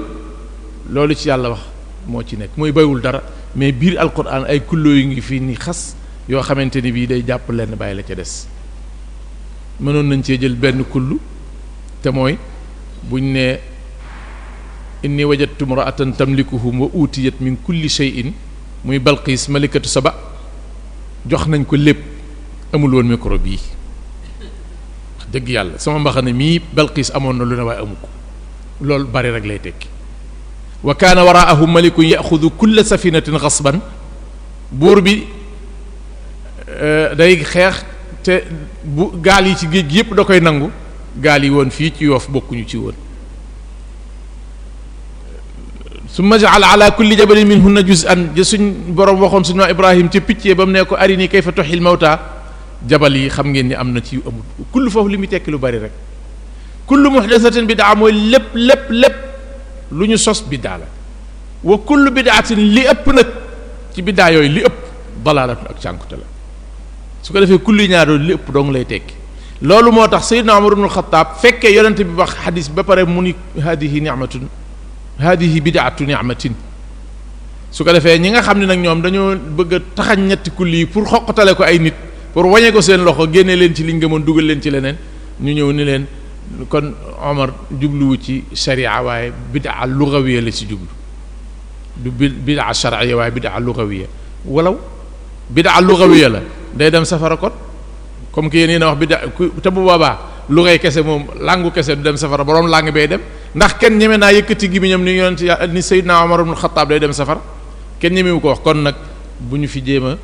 [SPEAKER 2] loolu ci yàlla wax moo ci nekk muy bayul dara mais biir alquran ay kulloo yu ngi fii ni xas yoo xamante ni bii day jàpp lenn bàyyi la ca des mënoon nañ cee jël benn kullu te mooy buñ nee indi wajadtu mraatan tamlikuhum wa uutiyat min kulli shay'in muy balqiis malikatu saba jox nañ ko lépp amul woon micro bii wax dëgg yàlla sama mbaxane mii balqiis amoon na lu ne waaye amu ko loolu bari rek lay tekki wa kaana waraa'ahu malikun yaxudu kulla safinatin xasban buur bi eh, day xeex te bu gaal yi ci géej gi yépp da koy nangu gaal yi woon fii ci yoof bokkuñu ci woon summa jaala ala kulli jabalin minhunna juz'an ja suñ borom waxoon suñu waa Ibrahim ca picc ba mu ne ko arini kayfa tuhyil mawta jabal yi xam ngeen ni am na ci yu amul kullu foofu li muy tekki lu bari rek kullu muhdathatin bid'a mooy lépp lépp lépp. lu ñu sos biddaa la wa kullu bidaatin li ëpp nag ci biddaa yooyu li ëpp dalaalatun ak cànkute la su ko defee kulli ñaar li ëpp dong lay tekki loolu moo tax sayyidna Umar ibnul Xattaab fekkee yonent bi wax xadis ba pare mu ni yi haadihi nicmatun haadihi bidaatu nicmatin su ko defee ñi nga xam ne nag ñoom dañoo bëgg a taxañ ñetti kulli yi pour xoqatale ko ay nit pour wañe ko seen loxo génne leen ci liñ gëmoon dugal leen ci leneen ñu ñëw ni leen kon Omar jubluwu ci sharia waaye bidaa lugawiya la ci jublu du bi bidaa sharciya waaye bidaa lugawiya walaw bidaa lugawiya la day dem safara kon comme que yéen a wax bidaa te bu boobaa lugay kese moom langu kese du dem safara boroom lang bay dem ndax kenn ñeme naa yëkkati gi mi ñoom ni yonent ni dem safara kenn ñemewu ko wax kon nag bu ñu fi jéem a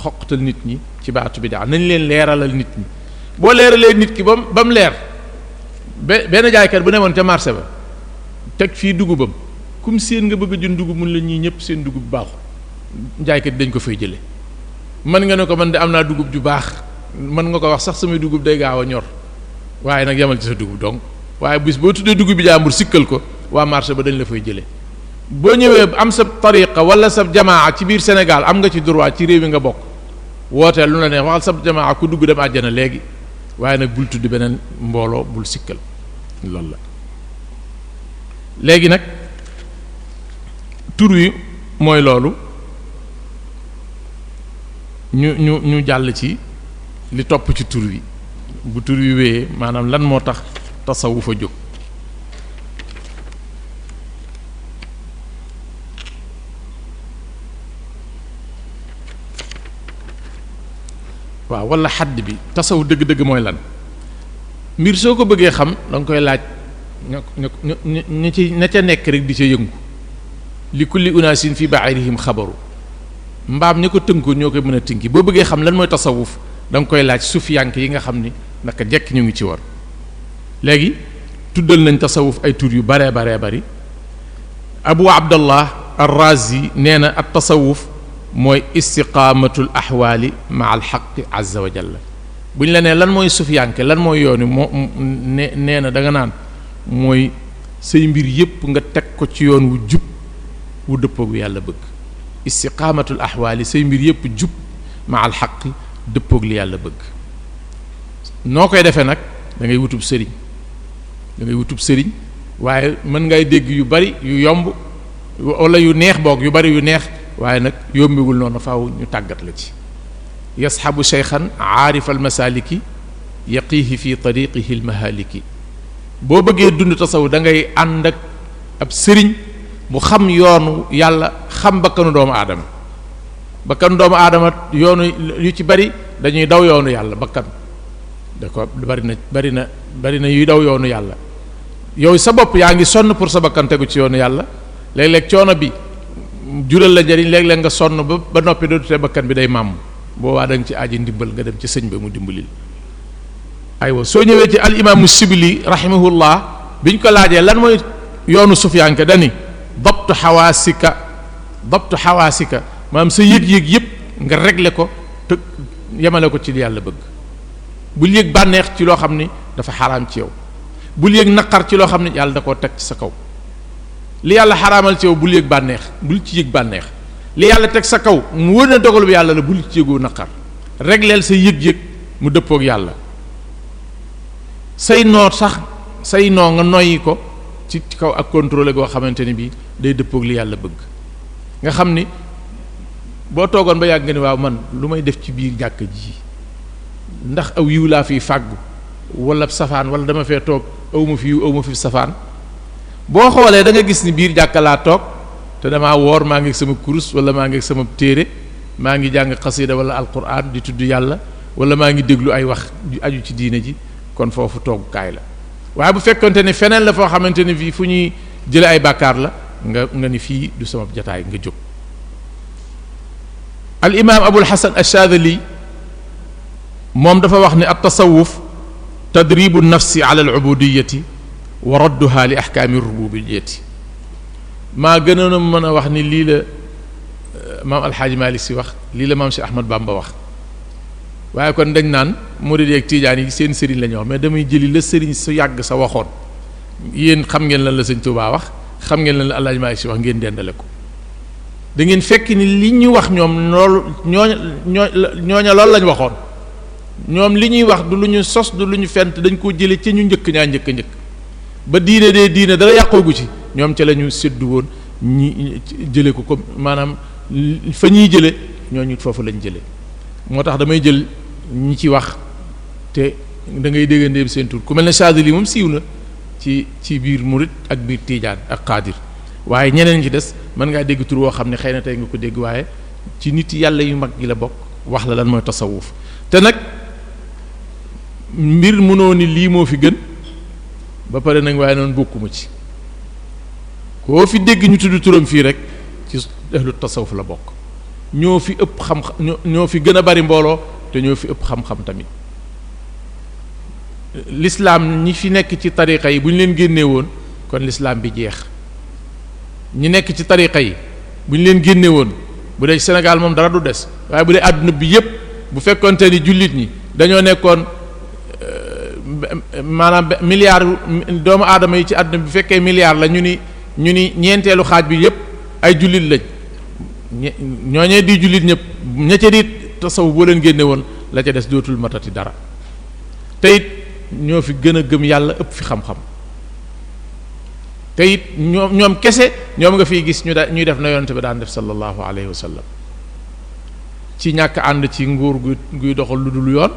[SPEAKER 2] xoqatal nit ñi ci baatu bidaa nañ leen leeralal nit ñi boo leeralee nit ki ba mu leer. be benn jaaykat bu newoon ca marché ba teg fii dugubam kum seen nga bëgg a jënd dugub mun la ñuy ñëpp seen dugub bu baaxu jaaykat dañ ko fay jële mën nga ne ko man de am naa dugub ju baax mën nga ko wax sax samay dugub day gaaw a ñor waaye nag yamal ci sa dugub donc waaye bis boo tuddee dugub bi jaambur sikkal ko waa marché ba dañ la fay jëlee boo ñëwee am sa tariqa wala sa jamaa ci biir Sénégal am nga ci droit ci réew yi nga bokk wooteel lu ne neex sa jamaa ku dugg dem àjjana léegi waaye bul tudd beneen mbooloo bul sikkal loolu la léegi nag tur yi mooy loolu ñu ñu ñu jàll ci li topp ci tur wi bu tur wi wéyee maanaam lan moo tax tasawuf a jóg waaw wala xadd bi tasawuf dëgg-dëgg mooy lan mbir soo ko bëggee xam danga koy laaj ña ña ci ña ca nekk rek di ca yëngu li kulli unaasin fi ba'irihim xabaru mbaam ña ko tënkoo ñoo koy mën a tënki boo bëggee xam lan mooy tasawuf danga koy laaj sufiyank yi nga xam ni naka jekk ñu ngi ci war léegi tuddal nañ tasawuf ay tur yu baree baree bari abu abdallah arrazi nee na at tasawuf mooy istiqaamatul axwaali ma alxaqi azza wa bu ñu la nee lan mooy sufiyanke lan mooy yoon yi moo ne nee na danga naan mooy say mbir yépp nga teg ko ci yoon wu jub wu dëppoog yàlla bëgg istiqaamatul axwaali say mbir yépp jub ma al xaq dëppoog li yàlla bëgg noo koy defee nag da ngay wutub sëriñ da wutub sëriñ waaye mën ngay dégg yu bari yu yomb wala yu neex boog yu bari yu neex waaye nag yombiwul noonu faw ñu tàggat la ci yasxabu cheykhan aarif almasaliki yaqiihi fi tariqihi almahaliki boo bëggee dund tasaw da ngay ànd ak ab sëriñ bu xam yoonu yàlla xam bakkanu doomu aadama bakkanu doomu aadama yoonu yu ci bari dañuy daw yoonu yàlla bakkan da ko bari na bari na bari na yuy daw yoonu yàlla yow sa bopp yaa ngi sonn pour sa bakkan tegu ci yoonu yàlla léeg-léeg coono bi jural la njariñ léeg-léeg nga sonn ba ba noppi dootu te bakkan bi day màmm boobaa da nga ci aaji ndimbal nga dem ci sëñ ba mu dimbalil aywa soo ñëwee ci al imaamu sibili rahimahullah biñ ko laajee lan mooy yoonu sufiyanke dani dabtu xawaasika dabtu xawaasika maam sa yéeg yéeg yëpp nga regle ko te yemale ko ci yàlla bëgg bul yéeg bànneex ci loo xam ni dafa xaraam ci yow bul yéeg naqar ci loo xam ne yàlla da koo teg ci sa kaw li yàlla xaraamal ci yow bul yëg bànneex bul ci yéeg bànneex li yàlla teg sa kaw mu wër na dogal yàlla la bu ci yëgoo naqar regleel sa yëg-yëg mu dëppook yàlla say noo sax say noo nga noyyi ko ci kaw ak contrôlé goo xamante ni bii day dëppook li yàlla bëgg nga xam ni boo toogoon ba yàgg nga ni waaw man lu may def ci biir jàkk ji ndax aw yiw laa fi fàggu wala safaan wala dama fee toog awma fi yiw awma fi safaan boo xoolee danga gis ni biir jàkka laa toog te damaa woor maa ngi sama kurus wala maa ngi sama téere maa ngi jàng xasida wala alquran di tudd yàlla wala maa ngi déglu ay wax ju aju ci diine ji kon foofu toogukaay la waaye bu fekkonte ne feneen la foo xamante ne fii fu ñuy jële ay bàkkaar la nga nga ni fii du sama jataay nga jóg al imaam abul hasan ash moom dafa wax ne at tasawuf tadribu nafsi ala al ubudiyati wa radduha li ahkaami rububiyyati maa gënoon a mën a wax ni lii la euh, maam alxaaji Malick si wax lii la maam si Ahmad ba wax waaye kon dañ naan murid yeeg tiijaan yi seen sëriñ la ñu wax mais damay jëli la sëriñ su yàgg sa waxoon yéen xam ngeen lan la sëñ Tuubaa wax xam ngeen lan la alxaaji Malick si wax ngeen dendale ko da ngeen fekk ni li ñu wax ñoom loolu ñooña ñooña loolu lañ waxoon ñoom li ñuy wax du lu ñu sos du lu ñu fent dañ koo jële ci ñu njëkk ñaa njëkk njëkk ba diine dee diine dara yàqoogu ci ñoom ca lañu ñu woon ñi jëlee ko ko maanaam fa ñuy jëlee ñooñu foofu lañ jëlee moo tax damay jël ñi ci wax te dangay ngay déggandee seen tur ku mel ne Chazili moom siiw na ci ci biir murit ak biir tiijaan ak xaadir waaye ñeneen ci des mën ngaa dégg tur woo xam ne xëy na tey nga ko dégg waaye ci nit yàlla yu mag yi la bokk wax la lan mooy tasawuf te nag mbir mënoo ni lii moo fi gën. ba pare nag waaye noonu bokkuma ci koo fi dégg ñu tudd turam fii rek ci ahlu tasawuf la bokk ñoo fi ëpp xam-xam ñoo fi gën a bari mbooloo te ñoo fi ëpp xam-xam tamit l'islam ñi fi nekk ci tariqa yi bu ñu leen génnee woon kon l'islam bi jeex ñi nekk ci tariqa yi bu leen génnee woon bu dee Sénégal moom dara du des waaye bu dee àdduna bi yépp bu fekkonte ni jullit ñi dañoo nekkoon maanaam milliards doomu aadama yi ci àdduna bi fekkee milliards la ñu ni ñu ni ñeenteelu xaaj bi yépp ay jullit lañ ñooñee di jullit ñépp ña ca di boo leen génne woon la ca des dootul matati dara te ñoo fi gën a gëm yàlla ëpp fi xam-xam te it ñoom ñoom kese ñoom nga fiy gis ñu da ñuy def na yonent bi daan def sallallahu alayhi wa sallam ci ñàkk ànd ci nguur gu guy doxal lu dul yoon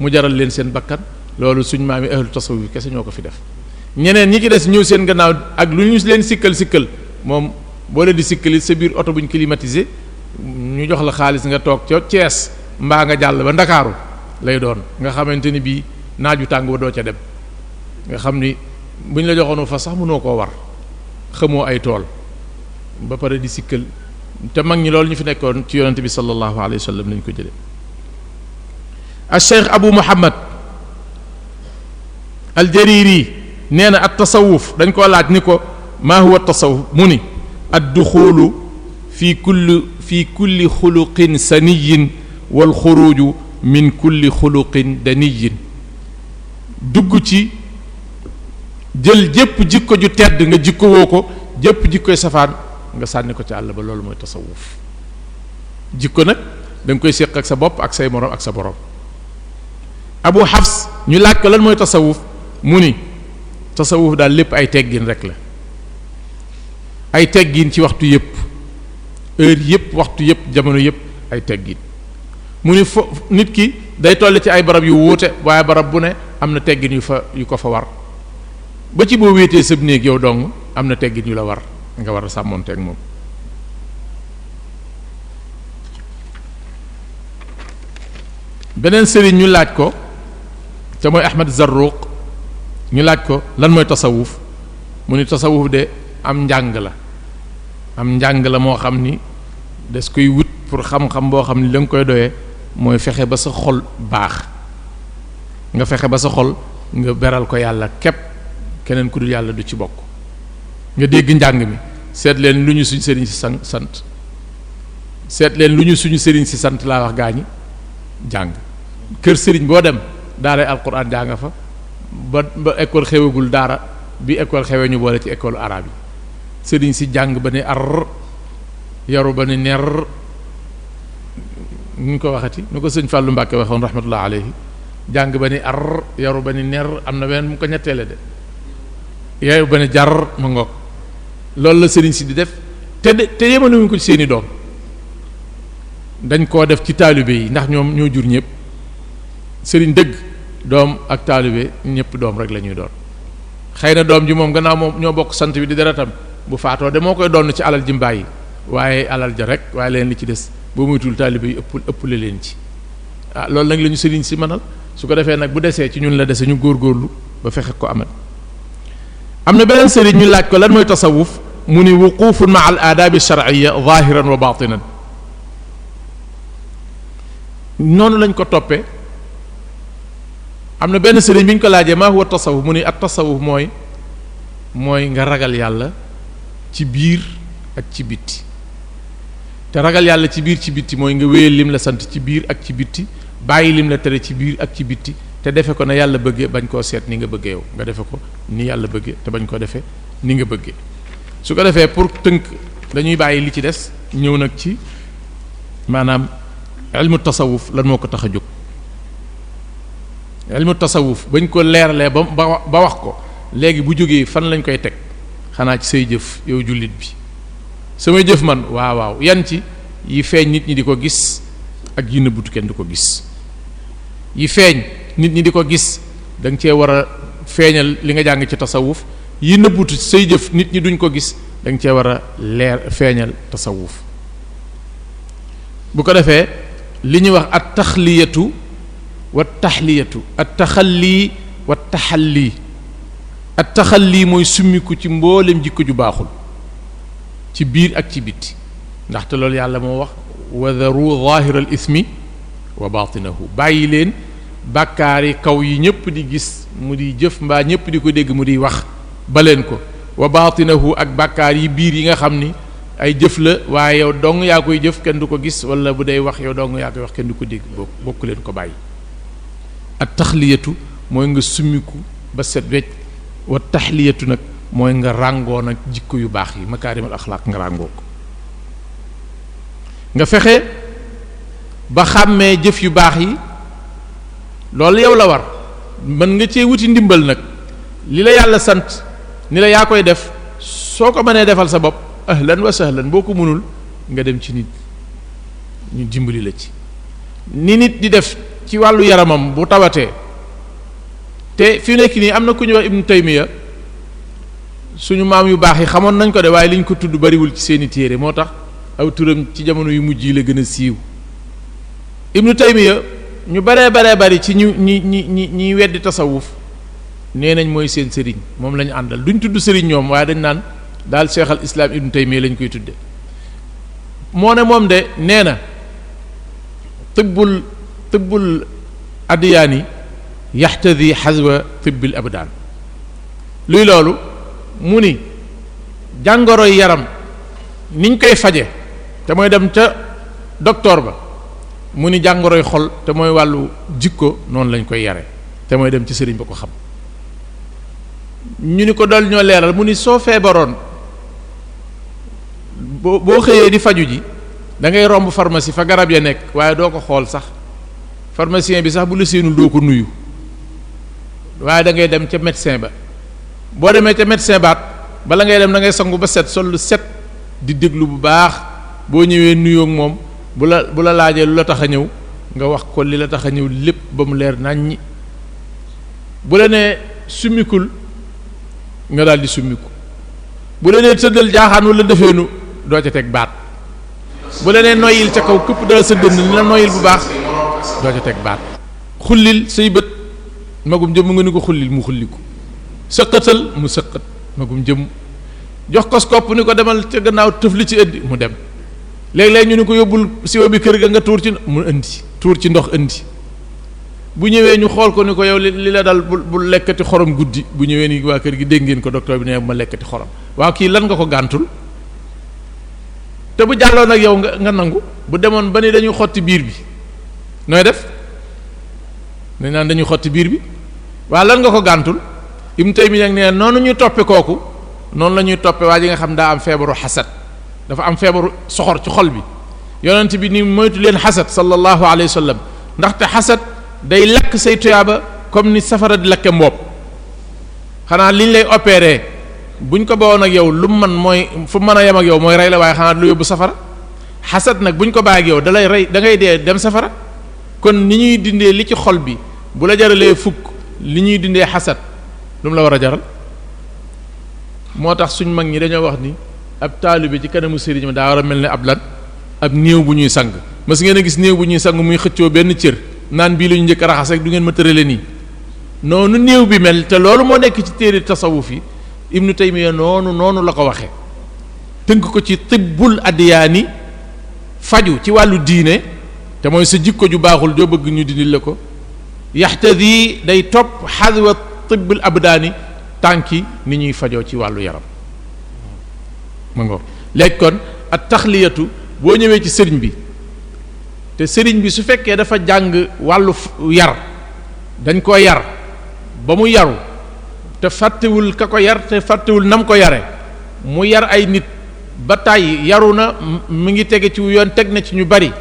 [SPEAKER 2] mu jaral leen seen bakkan loolu suñ maam yi ahlu bi kese ñoo ko fi def ñeneen ñi ci des ñëw seen gannaaw ak lu ñu leen sikkal sikkal moom boo leen di sikkali sa biir oto buñ climatisé ñu jox la xaalis nga toog ca Thiès mbaa nga jàll ba ndakaaru lay doon nga xamante ni bii naaju tàng ba doo ca dem nga xam ni buñ la joxoon joxoonu fa sax mënoo koo war xamoo ay tool ba pare di sikkal te mag ñi loolu ñu fi nekkoon ci yonente bi sallallahu alayhi wa sallam lañ ko jëlee. al cheikh aljariri nee na at tasawuf dañ koo laaj ni ko maa huwa tasawuf mu ni ad duxulu fi kulli fi kulli xuluqin saniyin wal xuruju min kulli xuluqin daniyin dugg ci jël jëpp jikko ju tedd nga jikko woo ko jépp jikkoy safaan nga sànni ko ci àll ba loolu mooy tasawuf jikko nag dañ koy séq ak sa bopp ak say moroom ak sa borom abu xafs ñu laaj ko lan mooy tasawuf mu ni tasawuf daal lépp ay teggin rekk la ay teggiin ci waxtu yëpp heure yëpp waxtu yëpp jamono yëpp ay teggin mu ni fo nit ki day toll ci ay barab yu wuute waaye barab bu ne am na teggin yu fa yu ko fa war ba ci boo wéetee sëb néeg yow dong am na teggin yu la war nga war a sàmmoon sàmmoonteeg moom beneen sëriñ ñu laaj ko te mooy Ahmad Zarruq ñu laaj ko lan mooy tasawuf mu ni tasawuf de am njàng la am njàng la moo xam ni des koy wut pour xam-xam boo xam ni la koy doyee mooy fexe ba sa xol baax nga fexe ba sa xol nga beral ko yàlla képp keneen ku dul yàlla du ci bokk nga dégg njàng mi seet leen lu ñu suñ sëriñ si sant seet leen lu ñu suñu sëriñ si sant laa wax gaa ñi jàng kër sëriñ boo dem daaray alquran jaa nga fa ba ba école xewagul daara bi école xewee ñu boole ci école arabe yi sëriñ si jàng ba ne ar yaru ba ne ner ñu ko waxati nu ko sëñ Fallou Mbacke waxoon rahmatullah aleyhi jàng ba ni ar yaru ba ni ner am na benn mu ko ñetteele de yaru ba ni jar ma ngoog loolu la sëriñ si di def te de te yemanuñu ko seeni doom dañ koo def ci taalibe yi ndax ñoom ñoo jur ñëpp sëriñ dëgg doom ak taalibe ñëpp doom rek la ñuy doon xëy na doom ji moom gannaaw moom ñoo bokk sant wi di deretam bu faatoo de moo koy doon ci alal ji mbaay waaye alal ja rek waaye leen li ci des boo muytul taalibe yi ëpp ëppale leen ci ah loolu nag lañu ñu sëriñ si mënal su ko defee nag bu desee ci ñun la dese ñu góorgóorlu ba fexe ko amal am na beneen sëriñ ñu laaj ko lan mooy tasawuf mu ni wuqufun ma al aadaabi shar'iyya zahiran wa baatinan noonu lañ ko toppee am na benn sëriñ bi ñu ko laajee maa huwa tasawuf mu ni at tasawuf mooy mooy nga ragal yàlla ci biir ak ci bitti te ragal yàlla ci biir ci bitti mooy nga wéyal lim la sant ci biir ak ci bitti bàyyi lim la tere ci biir ak ci bitti te defe ko na yàlla bëggee bañ koo seet ni nga bëggee yow nga defe ko ni yàlla bëggee te bañ koo defee ni nga bëggee su ko defee pour tënk dañuy bàyyi li ci des ñëw nag ci maanaam ilmu tasawuf lan moo ko tax a jóg ilmu tasawuf bañ ko leeralee ba ba wax ko léegi bu jógee fan lañ koy teg xanaa ci say jëf yow jullit bi samay jëf man waawaaw waaw yan ci yi feeñ nit ñi di ko gis ak yi nëbbutu kenn di ko gis yi feeñ nit ñi di ko gis danga cee war a feeñal li nga jàng ci tasawuf yi nëbbutu say nit ñi duñ ko gis da cee war a leer feeñal tasawuf bu ko defee li ñuy wax at taxliyatu wa taxliyatu at taxallii wa taxallii at lii mooy summiku ci mboolem jikko ju baaxul ci biir ak ci bitt ndaxte loolu yàlla moo wax wa daru zaahira al ismi wa baatinahu bàyyi leen bàkkaar kaw yi ñëpp di gis mu di jëf mbaa ñëpp di ko dégg mu di wax leen ko wa baatinahu ak bàkkaar yi biir yi nga xam ni ay jëf la waaye yow dong yaa koy jëf kenn du ko gis wala bu day wax yaw dong yaa koy wax kenn du ko dégg bokk leen ko bàyyi ak taxliyatu mooy nga summiku ba set wecc wa taxliyatu nag mooy nga ràngoo nag jikko yu baax yi makaarimal axlaaq nga ràngoo ko nga fexe ba xàmmee jëf yu baax yi loolu yow la war mën nga cee wuti ndimbal nag li la yàlla sant ni la yaa koy def soo ko mënee defal sa bopp ahlan wa lan boo ko mënul nga dem ci nit ñu dimbali la ci ni nit di def ci wàllu yaramam bu tawatee te fi nekk nii am na ku ñuy wax Ibnu Taymiya suñu maam yu baax yi xamoon nañ ko de waaye liñ ko tudd bariwul ci seeni téere moo tax aw turam ci jamono yu mujj yi la gën a siiw Ibnu Taymiya ñu baree baree bari ci ñu ñi ñi ñi ñiy weddi tasawuf nee nañ mooy seen sëriñ moom lañu ñu àndal duñ tudd sëriñ ñoom waaye dañ naan daal cheikh al islam Ibnu Taymiya lañ koy tudde moo ne moom de nee na tibbul tibbul adyaani yaxtadi xaswa tibbil abdaan luy loolu mu ni jàngoroy yaram niñ koy faje te mooy dem ca docteur ba mu ni jàngoroy xol te mooy wàllu jikko noonu lañ koy yare te mooy dem ci sëriñ ba ko xam ñu ni ko dal ñoo leeral mu ni soo feebaroon boo boo xëyee di faju ji dangay ngay romb pharmacie fa garab ya nekk waaye doo ko xool sax pharmacien bi sax bu la séenul doo ko nuyu waaye da ngay dem ca médecin ba boo demee ca médecin baat bala ngay dem da ngay sangu ba set sol lu set di déglu bu baax boo ñëwee nuyoo moom bu la bu la laajee lu la tax a ñëw nga wax ko li la tax a ñëw lépp ba mu leer naññi bu la nee summikul nga daal di summiku bu la nee tëddal jaaxaan wala defeenu doo ca teg baat bu la nee noyyil ca kaw këpp daal sa dënn ni la noyyil bu baax doo ca teg baat xullil say bët magum jëm nga ni ko xullil mu xulliku sëqatal mu sëqat magum jëm jox kos kopp ni ko demal ca gannaaw tëf li ci indi mu dem léeg-léeg ñu ni ko yóbbul siwo bi kër ga nga tuur ci mu indi tuur ci ndox indi bu ñëwee ñu xool ko ni ko yow li la dal bu bu lekkati xorom guddi bu ñëwee nii waa kër gi dégg ko docteur bi ne ma lekkati xorom waaw kii lan nga ko gàntul te bu jàlloon ak yow nga nangu bu demoon ba ni dañuy xotti biir bi nooy def dañ naan dañuy xotti biir bi waa lan nga ko gàntul Ibn Taymiyya nee noonu ñu toppe kooku noonu la ñuy toppe waa ji nga xam daa am feebaru xasad dafa am feebaru soxor ci xol bi yonent bi ni moytu leen xasad sallallahu alayhi wa sallam ndaxte xasad day lakk say tuyaaba comme ni safara di lakke mboob xanaa liñ lay opérer buñ ko bawoon ak yow lu mu man mooy fu mën a yem ak yow mooy rey la waaye xanaa lu yóbbu safara xasad nag buñ ko bàyyi ak rey da ngay dee dem safara kon ni ñuy dindee li ci xol bi bu la jaralee fukk li ñuy dindee xasad lu mu la war a jaral moo tax suñ mag ñi dañoo wax ni ab taalibe ci kanamu sëriñ ma daa war a mel ne ab lan ab néew bu ñuy sang mas ngeen gis néew bu ñuy sang muy xëccoo benn cër naan bii la ñu njëkk a raxas rek du ngeen ma tërale nii noonu néew bi mel te loolu moo nekk ci téere tasawuf yi ibnu taymiya noonu noonu la ko waxee tënk ko ci tibbul addiyaani faju ci wàllu diine te mooy sa jikko ju baaxul joo bëgg ñu dindil la ko yaxtadi day topp xadwa tibbil abdaani tànki ni ñuy fajoo ci wàllu yaram ma ngoog léegi kon at taxliyatu boo ñëwee ci sëriñ bi te sëriñ bi su fekkee dafa jàng wàllu yar dañ ko yar ba mu yaru te fàttewul ka ko yar te fàttewul nam ko yare mu yar ay nit ba tàyyi yaru na mu ngi tege ci yoon teg na ci ñu bari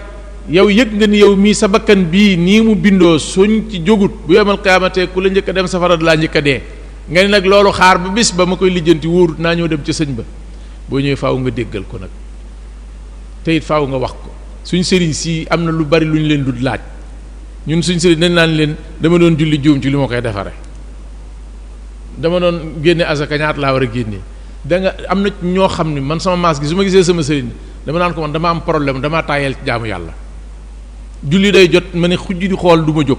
[SPEAKER 2] yow yëg nga ni yow mii sa bakkan bii nii mu bindoo suñ ci jógut bu yemal xiyaamatee ku la njëkk dem safara laa njëkk a dee nga ni nag loolu xaar ba bés ba ma koy lijjanti wóorut naa ñoo dem ca sëñ ba boo ñëwee faw nga déggal ko nag te faw nga wax ko suñ sëriñ si am na lu bari lu ñu leen dul laaj ñun suñ sëriñ dañ naan leen dama doon julli juum ci li ma koy defare dama doon génne asaka ñaata laa war a génne da nga am na ñoo xam ne man sama maas su ma gisee sama sëriñ dama naan ko dama am problème dama tàyyeel ci jaamu yàlla julli day jot ma ne xujj di xool du ma jóg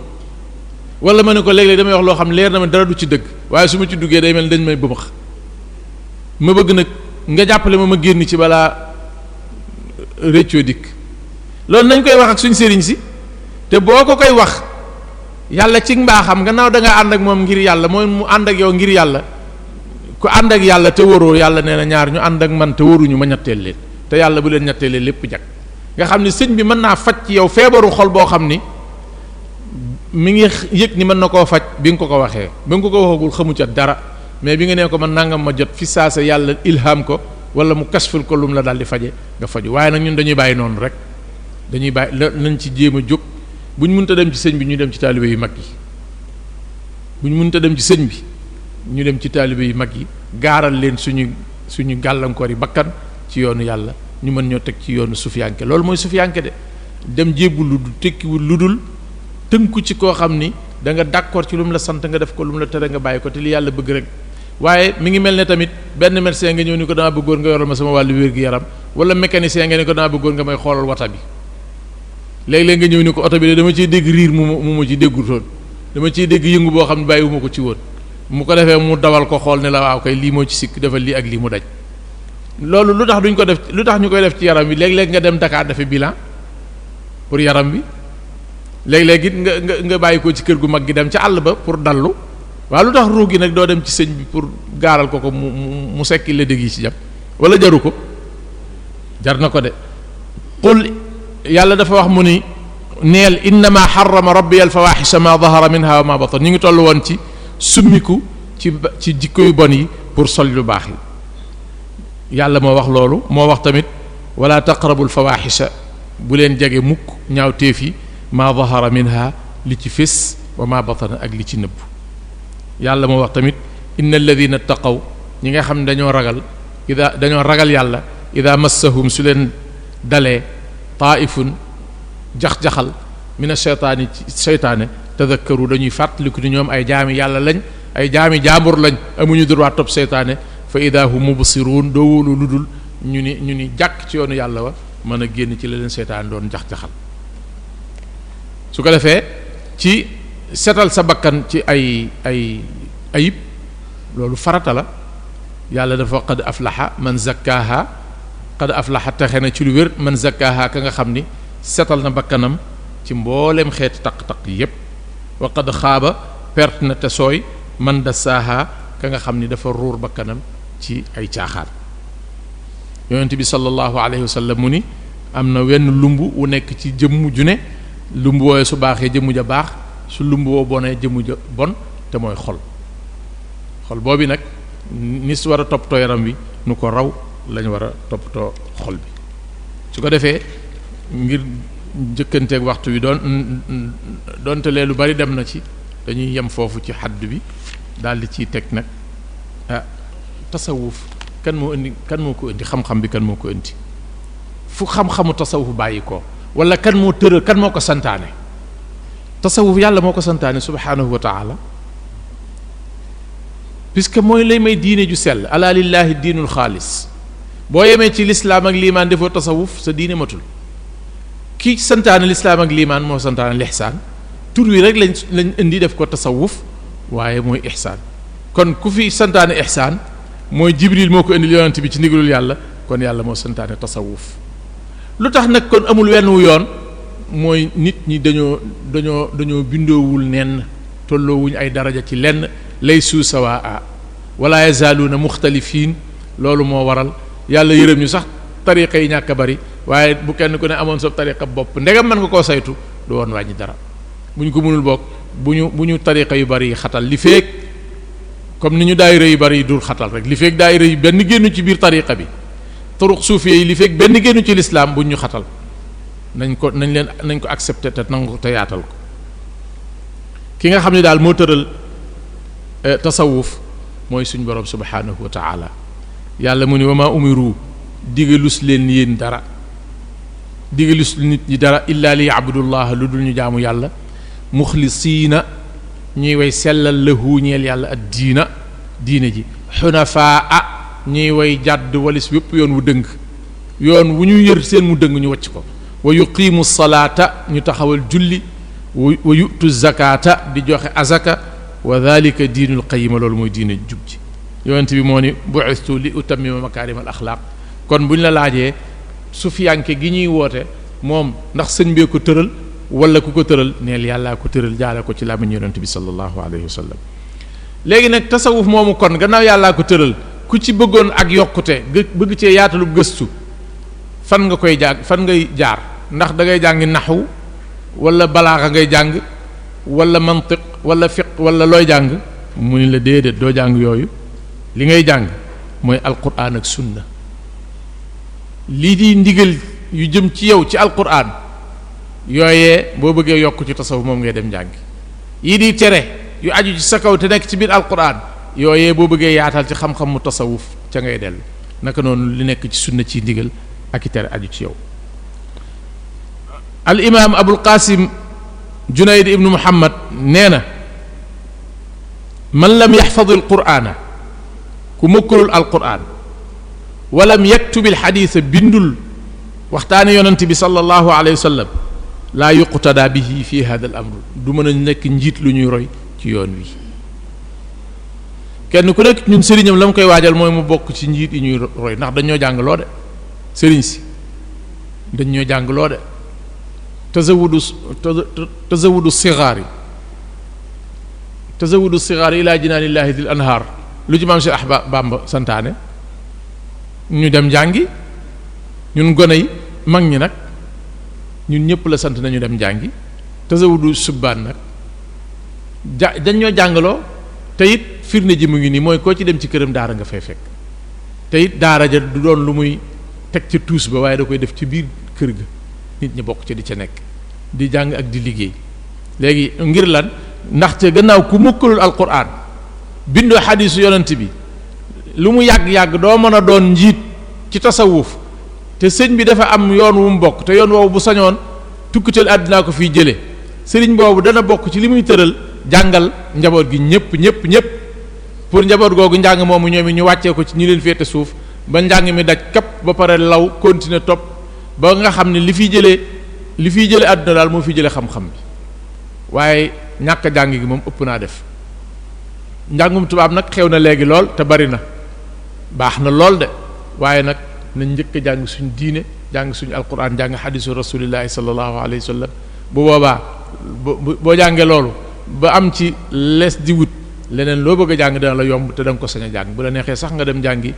[SPEAKER 2] wala ma ne ko léeg-léeg damay wax loo xam leer na ma dara du ci dëgg waaye su ma ci duggee day mel dañ may bëmax ma bëgg nag nga jàppale ma ma génn ci balaa euh, réccoo dikk loolu nañ koy wax ak suñ sëriñ si te boo ko koy wax yàlla ci mbaaxam gannaaw da nga ànd ak moom ngir yàlla mooy mu ànd ak yow ngir yàlla ku ànd ak yàlla te waroo yàlla nee na ñaar ñu ànd ak man te waruñu ma ñetteel leen te yàlla bu leen ñetteel leen lépp nga xam ne sëñ bi mën naa faj ci yow feebaru xol boo xam ni mi ngi yëg ni mën na koo faj bi nga ko ko waxee bi nga ko ko waxagul xamu ca dara mais bi nga nee ko man nangam ma jot fi saa yàlla ilham ko wala mu kasful ko lum la daal di faje nga faju waaye nag ñun dañuy bàyyi noonu rek dañuy bàyyi nañ ci jéem a jóg bu ñu mënta dem ci sëñ bi ñu dem ci taalibe yu mag yi bu ñu mënta dem ci sëñ bi ñu dem ci taalibe yu mag yi gaaral leen suñu suñu gàllankoor yi bakkan ci yoonu yàlla ñu mën ñoo teg ci yoonu sufiyanke loolu mooy sufiyanke de dem lu du tekkiwul lu dul tënku ci koo xam ni da nga d'accord ci lu mu la sant nga def ko lu mu la tere nga bàyyi ko te li yàlla bëgg rek waaye mi ngi mel ne tamit benn médecin nga ñëw ni ko damaa bëggoon nga yoral ma sama wàllu wér gi yaram wala mécanicien nga ni ko damaa bëggoon nga may xoolal wata bi léeg-léeg nga ñëw ni ko oto bi de dama ciy dégg riir mu mu mu ci déggutoon dama ciy dégg yëngu boo xam ne bàyyiwuma ko ci woon mu ko defee mu dawal ko xool ne la waaw lii moo ci sikk defal lii ak lii mu daj loolu lu tax duñ ko def lu tax ñu koy def ci yaram wi léeg-léeg nga dem Dakar dafa bilan pour yaram wi léeg-léeg nga nga bàyyi ko ci kër gu mag gi dem ca àll ba pour dallu waaye lu tax ruux gi nag doo dem ci sëñ bi pour gaaral ko ko mu mu sekki la dëgg yi ci jàpp wala jaru ko jar na ko de qul yàlla dafa wax mu ni neel innama xarama rabbi alfawaxisa ma dahara minha wa ma batan ñu ngi toll woon ci summiku ci ci jikko yu bon yi pour sol lu baax yi yàlla moo wax loolu moo wax tamit wala taqrabul fawaxisha bu leen jege mukk ñaaw téef yi maa zahara minha li ci fis wa ma batana ak li ci nëbb yàlla moo wax tamit inna alladina taqaw ñi nga xam ne dañoo ragal ida dañoo ragal yàlla ida massahum su leen dalee taaifun jax-jaxal mina seytaani ci seytaane tadakkaru dañuy fàttaliku ni ñoom ay jaami yàlla lañ ay jaami jaambur lañ amuñu droit topp seytaane fa ida hum mubsiruun doo wóolu lu dul ñu ni ñu ni jàkk ci yoonu yàlla wa mën a génn ci la leen seetaan doon jax-jaxal su ko defee ci setal sa bakkan ci ay ay ayib loolu farata la yàlla dafa qad aflaha man zakkaaha qad aflaha na ci lu man zakkaaha ka nga xam ni setal na bakkanam ci mbooleem xeeti taq-taq yépp wa qad xaaba perte na te sooy man dasaaha ka nga xam ni dafa ruur bakkanam ci ay caaxaan yonent bi sallallahu alayhi wa sallam mu ni am na wenn lumb wu nekk ci jëmm ju ne lumb wooye su baaxee jëmm ja baax su lumb woo bonee jëmm ja bon te mooy xol xol boobu nag ni su war a toppatoo yaram wi nu ko raw lañu war a toppatoo xol bi su ko defee ngir njëkkanteeg waxtu wi doon doonte lee lu bari dem na ci dañuy yem foofu ci xadd bi daldi ciy teg nag ah, tasawuf kan moo indi kan moo ko indi xam-xam bi kan moo ko indi fu xam-xamu tasawuf bàyyi ko wala kan moo tëral kan moo ko santaane tasawuf yàlla moo ko santaane subhaanahu wa taala puisque mooy lay may diine ju sell ala diinul xaalis boo yemee ci lislaam ak liimaan defoo tasawuf sa diine matul kii santaane lislaam ak liimaan moo santaane lixsaan tur wi rek lañ lañ indi def ko tasawuf waaye mooy ixsaan kon ku fi santaane ixsaan mooy jibril moo ko indil yonent bi ci ndigalul yàlla kon yàlla moo santaane tasawuf lu tax nag kon amul wenn wu yoon mooy nit ñi dañoo dañoo dañoo bindoowul nenn tolloowuñu ay daraja ci lenn lay suu sawaa wala yazaaluuna muxtalifiin loolu moo waral yàlla yërëm ñu sax tariqa yi ñàkk a bari waaye bu kenn ku ne amoon sa tariqa bopp ndegam mën nga koo saytu du woon wàññi dara bu ñu ko mënul bokk bu ñu bu ñu tariqa yu bari xatal li feek comme ni ñu daayira yu bari yi dul xatal rek li fekk daay yi benn génnu ci biir tariqa bi turuq suufiya yi li fekk benn génnu ci lislaam bu ñu xatal nañ ko nañ leen nañ ko accepté te nangu te yaatal ko ki nga xam ne daal moo tëral eh, tasawuf mooy suñ borom subhaanahu wa taala yàlla mu ne wa maa umiru digalus leen yéen dara digalus nit ñi dara illaa li ya'budullaha lu dul ñu jaamu yàlla muxlisiina ñuy woy sellal lahu ñeel yàlla ak diina diina ji xunafaa a ñuy woy jàdd walis wépp yoon wu dëng yoon wu ñu yër seen mu dëng ñu wacc ko wa yuqiimu salaata ñu taxawal julli wa yu'tu zakata di joxe azaka wa dalika diinul qayima loolu mooy diine jub ji bi moo ni bu'istu li ma makaarimal axlaaq kon bu ñu la laajee sufiyanke gi ñuy woote moom ndax sëñ bee ko tëral wala ku ko tëral neel yàllaa ko tëral jaare ko ci làmmiñ yonent bi sallallahu alayhi wa sallam léegi nag tasawuf moomu kon gannaaw yàllaa ko tëral ku ci bëggoon ak yokkute bëgg cee yaatalub gëstu fan nga koy jàng fan ngay jaar ndax dangay ngay jàngi naxwu wala balaaxa ngay jàng walla mantiq wala fiq wala looy jàng mu ni la déedéet doo jàng yooyu li ngay jàng mooy alquran ak sunna lii di ndigal yu jëm ci yow ci alquran yooyee boo bëggee yokk ci tasawuf moom ngay dem njàngi yii di tere yu aju ci sa kaw te nekk ci biir alquran yooyee boo bëggee yaatal ci xam-xam mu tasawuf ca ngay dell naka noonu li nekk ci sunna ci ndigal ak i tere aju ci yow al imaam abul qasim junayd ibnu muhammad nee na man lam yaxfad al ku mëkkalul al quraan walam yaktubil xadiisa bindul waxtaane yonent bi sallallahu alayhi wa laa yuqtadaa bihi fii hada al amr du mën a nekk njiit lu ñuy roy ci yoon wi kenn ku nekk ñun sëriñam la mu koy waajal mooy mu bokk ci njiit yi ñuy roy ndax dañoo jàng loo sëriñ si dañ ñoo jàng loo de tazawudu tazawudu sigaar yi tazawudu sigaar yi ilaa jinaanillaahi dil anhaar lu ci maam si ahba bamba santaane ñu dem jàngi ñun gone yi mag ñi nag ñun ñëpp la sant nañu dem jàngi tasawudu subaan nag ja dañ ñoo jàngaloo te it firnde ji mu ngi nii mooy koo ci dem ci këram daara nga fay fekk te it daara ja du doon lu muy teg ca tuus ba waaye da koy def ci biir kër ga nit ñi bokk ci di ca nekk di jàng ak di liggéey léegi ngir lan ndaxte gannaaw ku mukkalul alquran bindoo xadiisu yonent bi lu mu yàgg-yàgg doo mën a doon njiit ci tasawuf te sëñ bi dafa am yoon wu mu bokk te yoon woowu bu sañoon tukkital àddinaa ko fiy jële sëriñ boobu dana bokk ci li muy tëral jàngal njaboot gi ñëpp ñëpp ñëpp pour njaboot googu njàng moomu ñoom ñu wàccee ko ci ñu leen féete suuf ba njàng mi daj kapp ba pare law continuer topp ba nga xam ne li fi jëlee li fiy jëlee àdduna daal moo fi jëlee xam-xam bi waaye ñàkk a jàng gi moom ëpp naa def njàngum tubaab nag xew na léegi lool te bari na baax na lool de waaye nag nañ njëkk a jàng suñ diine jàng suñu alquran jàng xadisu rasulillahi sallallahu alayhi wa sallam bu boobaa boo jàngee loolu ba am ci lees di wut leneen loo bëgg a jàng dana la yomb te da ko sañ jàng bu la neexee sax nga dem jàngi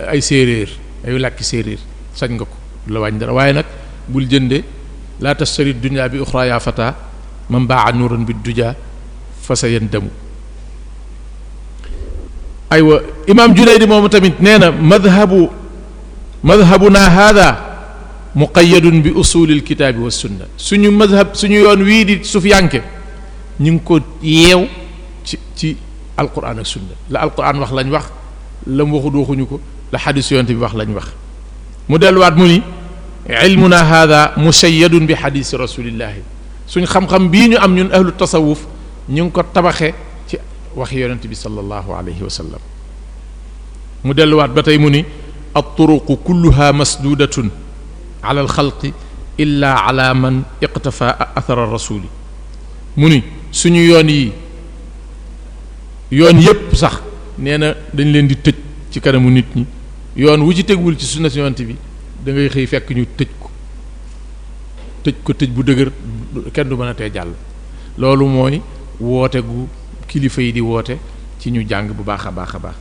[SPEAKER 2] eh, ay séeréer ay làkki séeréer sañ nga ko la wàññi dara waaye nag bul jënde laa tashtari dunya bi uxra ya fata man baa nuuran bi duja fa sa yen demu aywa imaam Junayd moomu tamit nee madhabu madhabunaa hada muqayadun bi usulil kitaabi wa sunna suñu madhab suñu yoon wii di sufiyanke ñu ngi ko yeew ci ci alquran ak sunna la alquran wax lañ wax la mu waxuñu ko la xadis yonte bi wax lañ wax mu delluwaat mu ni mu ilmunaa hada musayyadun bi xadisi rasulillahi suñ xam-xam bii ñu am ñun ahlu tasawuf ñu ngi ko tabaxe ci wax yonent bi sallallahu alayhi wa sallam mu delluwaat ba tey mu ni ab alturuqu kulluha masdudatun ala alxalqi illa ala man iqtafa athara rasuli mu ni suñu yoon yi yoon yépp sax nee na dañ leen di tëj ci kanamu nit ñi yoon wu ci tegwul ci sunna si yonte bi da xëy fekk ñu tëj ko tëj ko tëj bu dëgër kenn du mën jàll loolu mooy woote gu kilifa yi di woote ci ñu jàng bu baax a baax a baax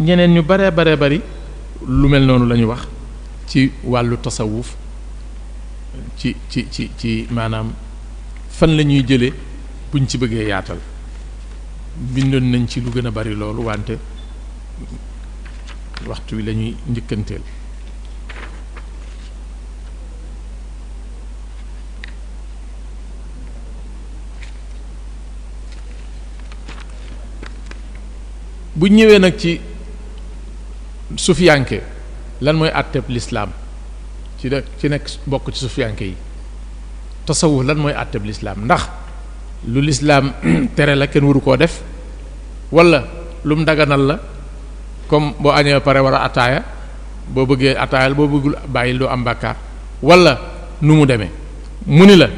[SPEAKER 2] ñeneen ñu baree baree bari lu mel noonu lañu wax ci wàllu tasawuf ci ci ci ci maanaam fan la ñuy jëlee buñ ci bëggee yaatal bindoon nañ ci lu gën a bari loolu wante waxtu wi la njëkkanteel bu ñëwee nag ci sufiyanke lan mooy àtteeb lislaam ci de ci nekk bokk ci sufiyanke yi tasawuf lan mooy àtteeb lislaam ndax lu lislaam tere la kenn waru koo def walla lu mu daganal la comme boo añee pare war a ataaya boo bëggee ataayal boo bëggul bàyyi doo am bàkkaar walla nu mu demee mu ni la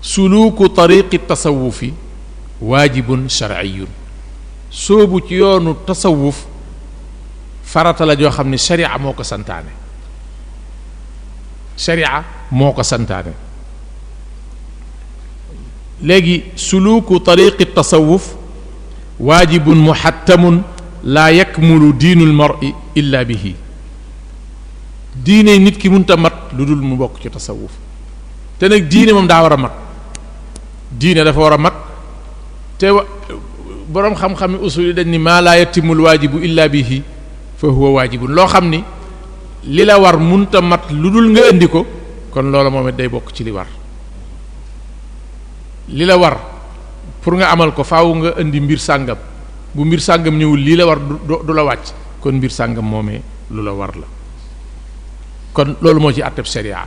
[SPEAKER 2] suluuku tariqi tasawufi waajibun shar'iyun soobu ci yoonu tasawuf farata la joo xam ne sharia moo ko santaane sharia moo ko santaane léegi suluuku tariqi tasawuf waajibun muhattamun laa yakmulu diinul mar'i illa bihi diine nit ki mënta mat lu dul mu bokk ci tasawuf te nag diine moom daa war a mat diine dafa war a mat te boroom xam-xam usul yi dañ ni maa laa yatimul waajibu illa bihi fa huwa waajibun loo xam ni li la war munta mat lu dul nga indi ko kon loola moom day bokk ci li war li la war pour nga amal ko faaw nga indi mbir sàngam bu mbir sàngam ñëwul lii la war du la wàcc kon mbir sàngam moomee lu la war la kon loolu moo ci àtteb sharia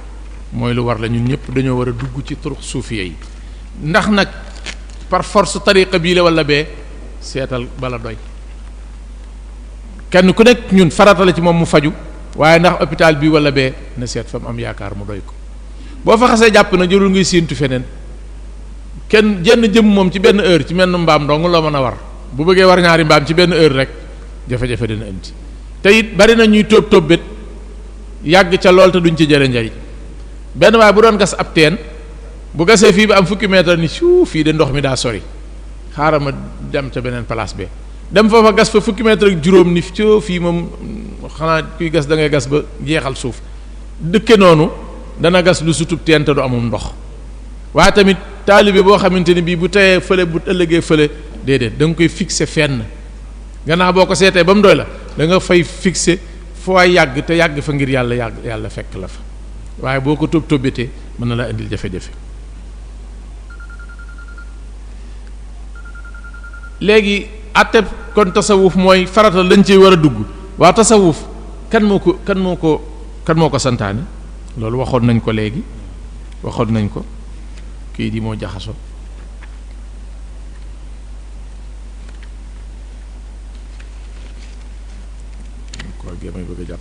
[SPEAKER 2] mooy lu war la ñun ñëpp dañoo war a dugg ci turux suufiya yi ndax nag par force tariqa bii la wala bee seetal bala doy kenn ku nekk ñun faratale ci moom mu faju waaye ndax hôpital bi wala bee na seet fa mu am yaakaar mu doy ko boo fa xasee jàpp na jërul ngi séentu feneen kenn jenn jëm moom ci benn heure ci mel ne mbaam dong loo mën a war bu bëggee war ñaari mbaam ci benn heure rek jafe-jafe dina indi te it bari na ñuy tóob tóob yàgg ca lool te duñ ci jëre njariñ benn waaye bu doon gas ab teen bu gasee fii bi am fukki mètre ni suuf fii de ndox mi daa sori xaaral ma dem ca beneen place bi dem foofa gas fa fukki mètre ak juróom ni coo fii moom xanaa kuy gas da ngay gas ba jeexal suuf dëkke noonu dana gas lu sutub teen te du amum ndox waaye tamit taalibe boo xamante ni bii bu teyee fële bu ëllëgee fële déedéet da nga koy fixer fenn gannaaw boo ko seetee ba mu doy la danga fay fixer foo yàgg te yàgg fa ngir yàlla yàgg yàlla fekk la fa waaye boo ko tób tóbbatee mën na la indil jafe-jafe léegi atteb kon tasawuf mooy farata lañ ci war a dugg waa tasawuf kan moo ko kan moo ko kan moo ko santaane loolu waxoon nañ ko léegi waxoon nañ ko kii di moo jaxasoo ko gé may bëgg a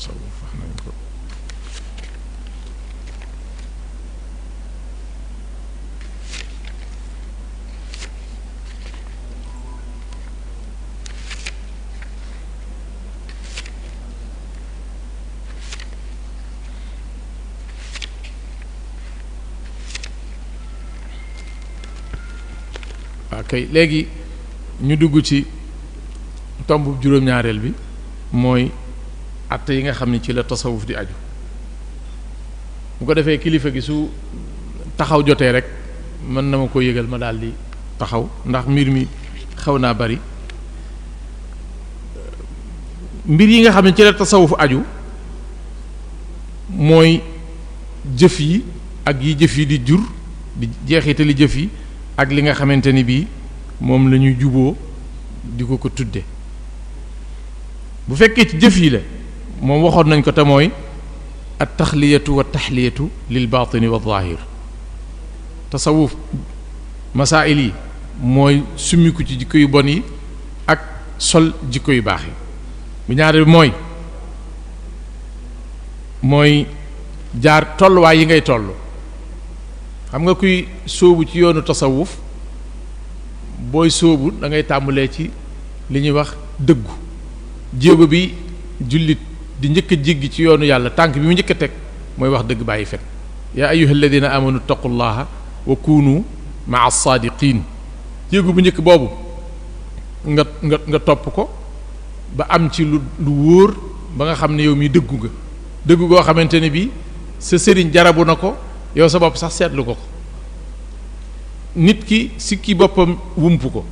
[SPEAKER 2] tasawuf kay léegi ñu dugg ci tomb juróom-ñaareel bi mooy atte yi nga xam ne ci la tasawuf di aju bu ko defee kilifa gi su taxaw jotee rek mën na ma ko yëgal ma daal di taxaw ndax mbir mi xaw naa bari mbir yi nga xam ne ci la tasawuf aju mooy jëf yi ak yi jëf yi di jur di jeexitali jëf yi ak li nga xamante ni bii moom lañuy juboo di ko ko tudde bu fekkee ci jëf yi la moom waxoon nañ ko te mooy at taxliyatu wa taxliyatu lil baatini wa zaahir tasawuf masaa'il yi mooy summiku ci jikko yu bon yi ak sol jikko yu baax yi bu ñaareel mooy mooy jaar tolluwaay yi ngay toll xam nga kuy sóobu ci yoonu tasawuf booy sóobu dangay tàmbalee ci li ñuy wax dëggu jéego bi jullit di njëkk a jéggi ci yoonu yàlla tànk bi mu njëkk a teg mooy wax dëgg bàyyi fen yaa ayyuha alladina amanu taqullaha wa kunu maa saadiqin jéegu bu njëkk boobu nga nga nga topp ko ba am ci lu lu wóor ba nga xam ne yow mi dëggu nga dëggu goo xamante ne bii sa sëriñ jarabu na ko yow sa bopp sax seetlu ko ko nit ki sikki boppam wump ko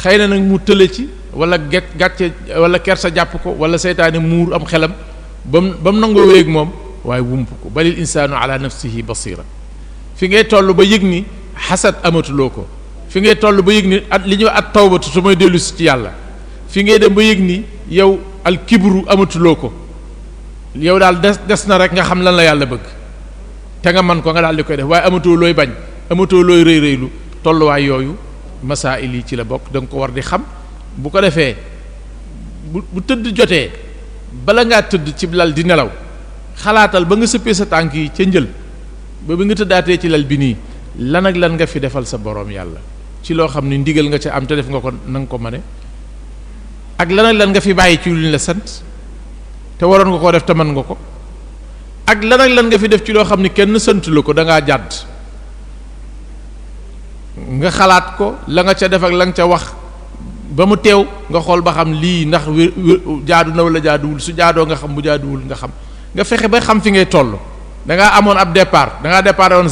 [SPEAKER 2] xëy na nag mu tële ci wala gàc gàcce wala kersa jàpp ko wala seytaane muur am xelam ba mu ba mu nangoo wéeg moom waaye wump ko balil insaanu ala nafsihi basira fi ngay toll ba yëg ni xasad amatuloo ko fi ngay toll ba yëg ni at li ñuy at su may dellu si ci yàlla fi ngay dem ba yëg ni yow al amatuloo ko yow daal des des na rek nga xam lan la yàlla bëgg te nga man ko nga daal di koy def waaye amatoo looy bañ amatoo looy rëy rëylu tolluwaay yooyu masaa'il yi ci la bokk danga ko war di xam bu ko defee bu bu tëdd jotee bala ngaa tëdd ci lal di nelaw xalaatal ba nga sëppee sa tànk yi ca njël ba bi nga tëddaatee ci lal bi nii lan ak lan nga fi defal sa boroom yàlla ci loo xam ni ndigal nga ca am te def nga ko nanga nga ko mane ak lan ak lan nga fi bàyyi ci lu la sant te waroon nga koo def te mën nga ko ak lan lan nga fi def ci loo xam ni kenn sant lu ko da ngaa jàdd nga xalaat ko la nga ca def ak la nga ca wax ba mu teew nga xool ba xam lii ndax jaadu na wala jaaduwul su jaadoo nga xam bu jaaduwul nga xam nga fexe ba xam fi ngay toll da amoon ab départ danga ngaa départ woon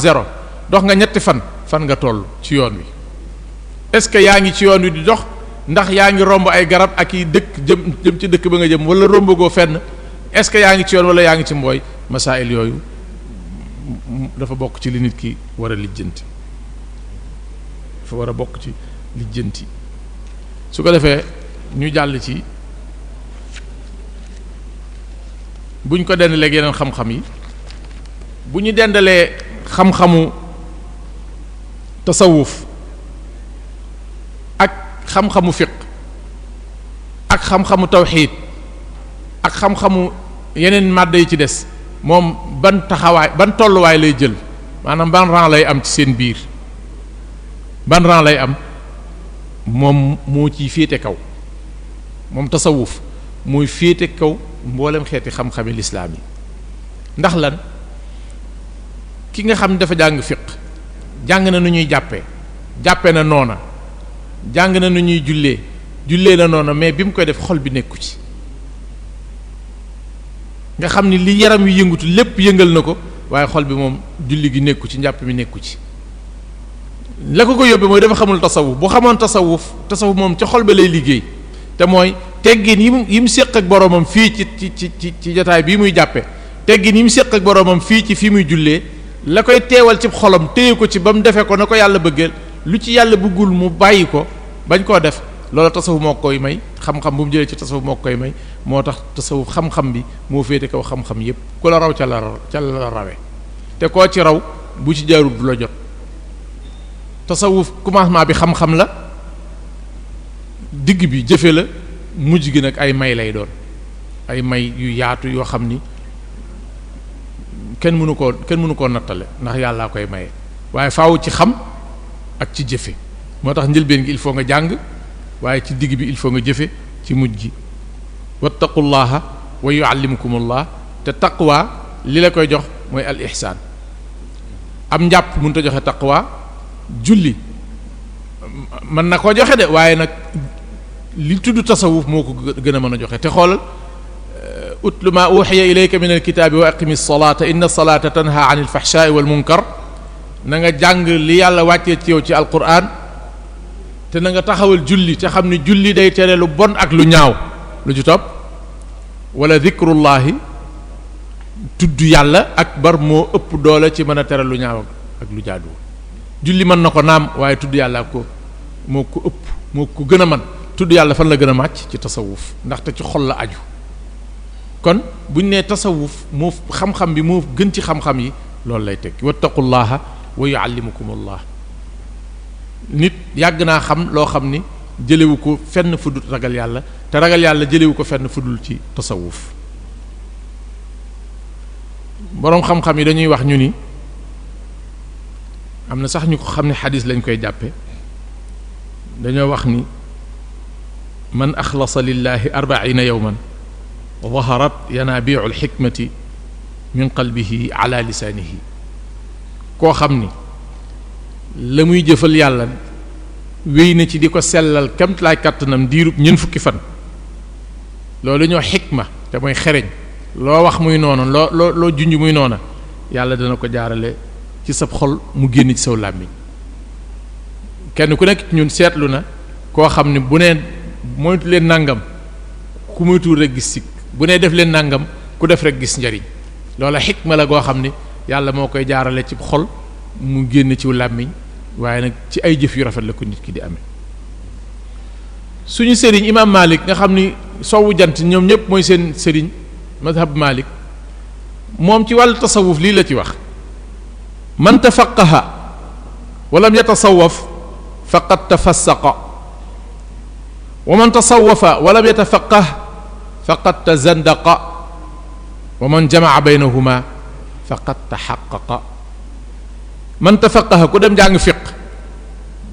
[SPEAKER 2] dox nga ñetti fan fan nga toll ci yoon wi est-ce que yaa ngi ci yoon wi di dox ndax yaa ngi romb ay garab ak i dëkk jëm jëm ci dëkk ba nga jëm wala romb fenn est-ce que yaa ngi ci yoon wala yaa ngi ci mbooy masaayil yooyu dafa bokk ci li nit ki war a lijjanti dafa war a bokk ci lijjanti. su ko defee ñu jàll ci buñ ko dendalee yeneen xam-xam yi bu ñu dendalee xam-xamu tasawuf ak xam-xamu fiq ak xam-xamu tawxiid ak xam-xamu yeneen màdd yi ci des moom ban taxawaay ban tolluwaay lay jël maanaam ban lay am ci seen biir banran lay am moom moo ciy féete kaw moom tasawuf mooy féete kaw mboolem xeeti xam-xame lislaam yi ndax lan ki nga xam dafa jàng fiq jàng na nu ñuy jàppee jàppe na noona jàng na nu ñuy jullee jullee na noona mais bi mu koy def xol bi nekku ci nga xam ni li yaram wi yëngutu lépp yëngal na ko waaye xol bi moom julli gi nekku ci njàpp mi nekku ci la ko ko yóbbee mooy dafa xamul tasawuf bu xamoon tasawuf tasawuf moom ca xol ba lay liggéey te mooy teggin yi mu yi mu séq ak boromam fii ci ci ci ci ci jotaay bii muy jàppe teggin yi mu séq ak boromam fii ci fii muy jullee la koy teewal ci xolam téye ko ci ba mu defee ko ne ko yàlla bëggee lu ci yàlla bëggul mu bàyyi ko bañ koo def loolu tasawuf moo koy may xam-xam bu mu jëlee ci tasawuf moo koy may moo tax tasawuf xam-xam bi moo féete kaw xam-xam yépp ku la raw ca la ca la rawe te koo ci raw bu ci jaarul du la jot tasawuf commencement bi xam-xam la digg bi jëfe la mujj gi nag ay may lay doon ay may yu yaatu yoo xam ni kenn mënu koo kenn mënu koo nattale ndax yàllaa koy maye waaye faaw ci xam ak ci jëfe moo tax njëlbeen gi il faut nga jàng waaye ci digg bi il faut nga jëfe ci mujj gi wattaqullaha wa yuallimukumullah te taqwa li la koy jox mooy al ihsaan am njàpp mënut a joxe taqwa julli man na koo joxe de waaye nag li tudd tasawuf moo ko gën a mën a joxe te xoolal euh, utlu maa uxiya ilayka min alkitaabi wa aqimi salaata inna salaata tanha an alfaxshaai wal munkar na nga jàng li yàlla wàccee ci yow ci alquran te na nga taxawal julli te xam ne julli day tere lu bon ak lu ñaaw lu ci topp wala dikrullahi tudd yàlla akbar moo ëpp doole ci mën a tere lu ñaaw ak lu jaaduwul julli man na ko naam waaye tudd yàlla ko moo ko ëpp moo ko gën a man tudd yàlla fan la gën a màcc ci tasawuf ndaxte ci xol la aju kon buñ nee tasawuf moo xam-xam bi moo gën ci xam-xam yi loolu lay teg wattaqullaha wa yuallimukumullah nit yàgg naa xam loo xam ni jëlewu ko fenn fudd ragal yàlla te ragal yàlla jëlewu ko fenn fudul ci tasawuf boroom xam-xam yi dañuy wax ñu ni am na sax ñu ko xam ne xadis lañ koy jàppe dañoo wax ni man axlasa lillahi arbaina yowman daharat yanaabiu alxikmati min qalbihi ala lisaanihi koo xam ni la muy jëfal yàlla wéy na ci di ko sellal kemt laay kàttanam diirub ñeent fukki fan loolu ñoo xikma te mooy xereñ loo wax muy noonu loo loo loo junj muy noona yàlla dana ko jaarale ci sab xol mu génn ci saw làmmiñ kenn ku nekk ci ñun seetlu na koo xam ne bu nee moytu leen nàngam ku moytu rek gis sikk bu nee def leen nàngam ku def rek gis njariñ loola xikma la goo xam ne yàlla moo koy jaarale ci xol mu génn ci làmmiñ waaye nag ci ay jëf yu rafet la ko nit ki di amee suñu sëriñ imam Malik nga xam ni sowwu jant ñoom ñëpp mooy seen sëriñ mazhab Malik moom ci wàllu tasawuf lii la ci wax man tafaqaha walam yatasawaf faqad tafassaqa wa man tasawafa walam yatafaqah faqad tazandaqa wa man jamaa baynahuma faqad taxaqaqa man tafaqaha ku dem jàng fiq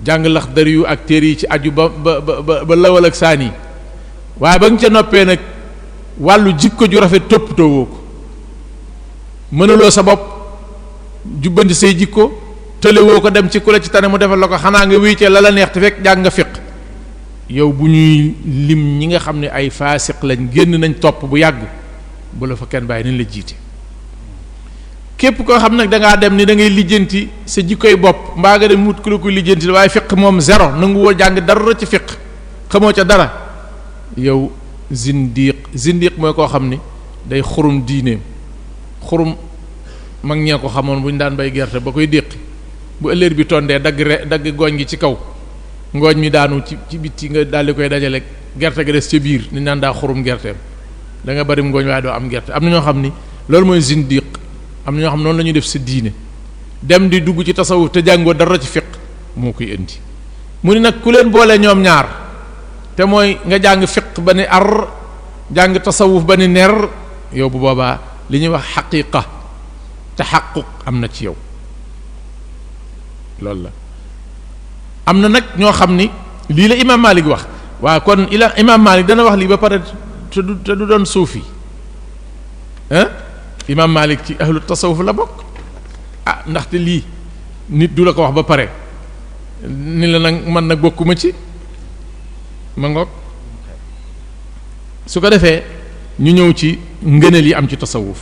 [SPEAKER 2] jàng lax dari yu ak téere yi ci aju ba ba ba ba lawal ak saan yi waaye ba nga ca noppee nag wàllu jikko ju rafet toppatoo woo ko mënuloo sa bopp jubbanti say jikko tëlewoo ko dem ci ku la ci tane mu defal la ko xanaa nga wéy ca la la neex te fekk jàng nga yow bu ñuy lim ñi nga xam ne ay faasiq lañ génn nañ topp bu yàgg bu la fa kenn bàyyi nañ la jiite képp koo xam nag da dem ni da ngay lijjanti sa jikkoy bopp mbaa nga dem wut ku la koy lijjanti waaye fiq moom zéro nanguwoo jàng dara ci fiq xamoo ca dara yow zindiq zindiq mooy koo xam ni day xurum diineem xurum mag ñee ko xamoon bu ñu daan bay gerte ba koy déqi bu ëllëer bi tondee dagg re dagg gooñ gi ci kaw ngooñ mi daanu ci ci bitti nga daal koy dajale gerte ga des ca biir ni naan daa xurum gerteem da nga bari ngooñ waaye doo am gerte am na ñoo xam ni loolu mooy zindiq am na ñoo xam noonu la def sa diine dem di dugg ci tasawuf te jàngoo dara ci fiq moo koy indi mu ni nag ku leen boole ñoom ñaar te mooy nga jàng fiq ba ni ar jàng tasawuf ba ni ner yow bu boobaa li ñuy wax xaqiqa taxaquq am na ci yow loolu la am na nag ñoo xam ni lii la imaam Malik wax waaw kon ila imaam Malik dana wax lii ba pare te du te du doon suufi ah imaam Malik ci ahlu tasawuf la bokk ah ndaxte lii nit du la ko wax ba pare ni la nag man nag bokkuma ci ma ngoog su ko defee ñu ñëw ci ngëneel yi am ci tasawuf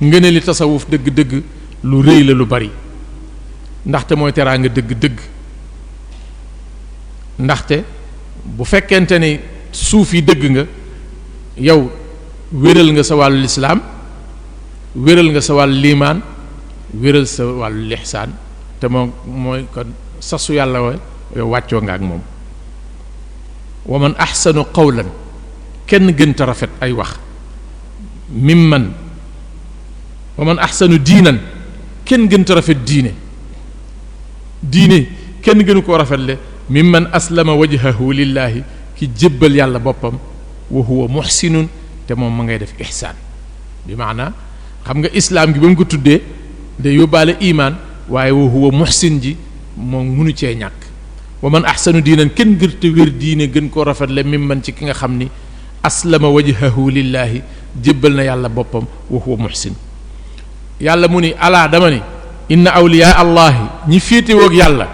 [SPEAKER 2] ngëne li tasawuf dëgg-dëgg lu rëy la lu bari ndaxte mooy nga dëgg-dëgg ndaxte bu fekkente ne suuf yi dëgg nga yow wéral nga sa wàllu lislaam wéral nga sa wàllu liimaan wéral sa wàllu lixsaan te moom mooy kon sasu yàlla wa yow wàccoo nga ak moom wa man axsanu qawlan kenn gën rafet ay wax man wa man ahsanu diinan kenn gën ta rafet diine diine kenn gënu koo rafetle mimman aslama wajhahu lillaahi ki jébbal yàlla boppam wa huwa muhsinun te moom mu ngay def ihsaan bi maanaa xam nga islaam gi ba mu ko tuddee day yóbbaale imaan waaye wa huwa muhsin ji moom mënu cee ñàkk wa man ahsanu diinan kenn gën te wér diine gën koo rafetle mimman ci ki nga xam ni aslama wajhahu lillaahi jébbal na yàlla boppam wa huwa muhsin yàlla mu ni alaa dama ni inna awliyaa allahi ñi féetewoog yàlla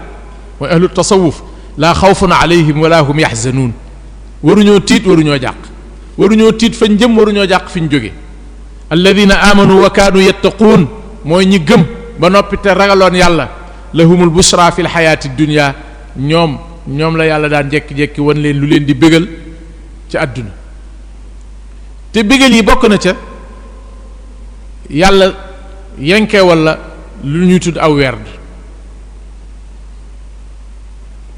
[SPEAKER 2] mooy ahlu tasawuf laa xawfun alayhim wala hum yaxzanuun waruñoo tiit waruñoo jàq waruñoo tiit fañ jëm waruñoo jàq fi ñu jóge alladina amanu wa kaanu yattaquun mooy ñi gëm ba noppi ragaloon yàlla lahumul bushra fi lxayaati dunia ñoom ñoom la yàlla daan jekki-jekki wan leen lu leen di bégal ci àdduna te bégal yi bokk na ca yàlla yenke wala lu ñuy tudd aw werd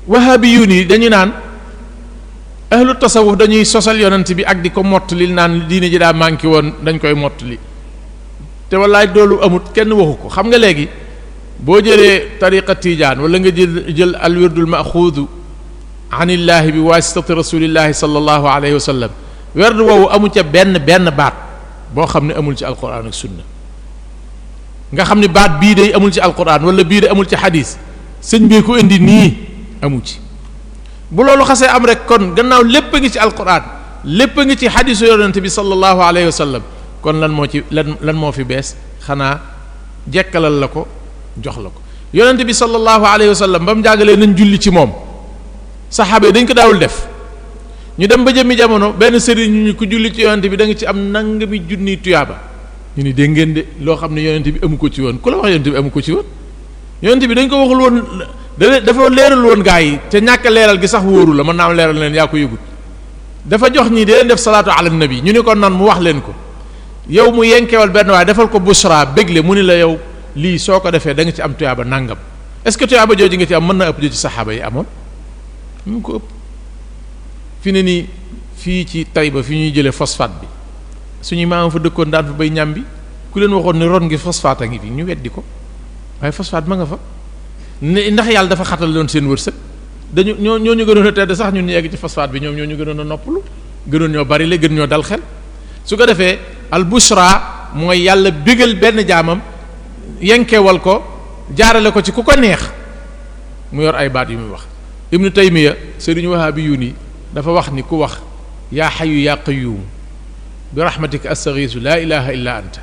[SPEAKER 2] wahabiyun yi dañu naan ahlu tasawuf dañuy sosal yonent bi ak di ko mottali naan diine ji daa manqué woon dañ koy mottali te wallaay doolu amut kenn waxu ko xam nga léegi boo jëlee tariqa tijaan wala nga jël jël alwirdul maxuudu anillahi bi waasitati rasulillahi sallallahu alayhi wa sallam werd woowu amu ca benn benn baat boo xam ne amul ci alquran ak sunna nga xam ne baat bii day amul ci alquran wala bii de amul ci xadis sëñ bi ko indi nii amu ci bu loolu xasee am rek kon gannaaw lépp a ngi ci alquran lépp a ngi ci xadisu yonente bi sallallahu alayhi wa sallam kon lan moo ci lan lan moo fi bees xanaa jekkalal la ko jox la ko yonente bi sallallahu alayhi wa sallam ba mu jàngalee nañ julli ci moom saxaaba yi dañ ko daawul def ñu dem ba jëmmi jamono benn sëriñ ñu ku julli ci yonente bi danga ci am nang mi junniy tuyaaba ñu ni dégg ngeen de loo xam ne yonent bi amu ko ci woon ku la wax yonent bi amu ko ci woon yonent bi dañ ko waxul woon da dafa leeral woon gaa yi te ñàkk leeral gi sax wóoru la mën naa am leeral leen yaa ko yëgut dafa jox ñii dee def salaatu ala nabi ñu ni ko nan mu wax leen ko yow mu yenkewal benn waaye defal ko busra bégle mu ni la yow lii soo ko defee da nga ci am tuyaaba nàngam est-ce que tuyaaba jooju nga ci am mën na ëpp jooju saxaaba yi amoon mu ko ëpp ne nii fii ci Taïba fi ñuy jëlee phosphate bi suñuy maam fa dëkkoon daan fa bay ñambi ku leen waxoon ni ron ngi phosphate a ngi fi ñu weddi ko waaye phosphate ma nga fa ne ndax yàlla dafa xatal loon seen wërsëg dañu ñoo ñoo ñu gënoon a tedd sax ñun ñu yegg ci phosphate bi ñoom ñoo ñu gënoon a noppalu gënoon ñoo bari la gën ñoo dal xel su ko defee al bushra mooy yàlla bégal benn jaamam yenkewal ko jaarale ko ci ku ko neex mu yor ay baat yu muy wax ibnu taymiya sëriñ wahaabi yu ni dafa wax ni ku wax yaa xayu yaa qayyum bi rahmatika astaghiisu laa ilaha illa anta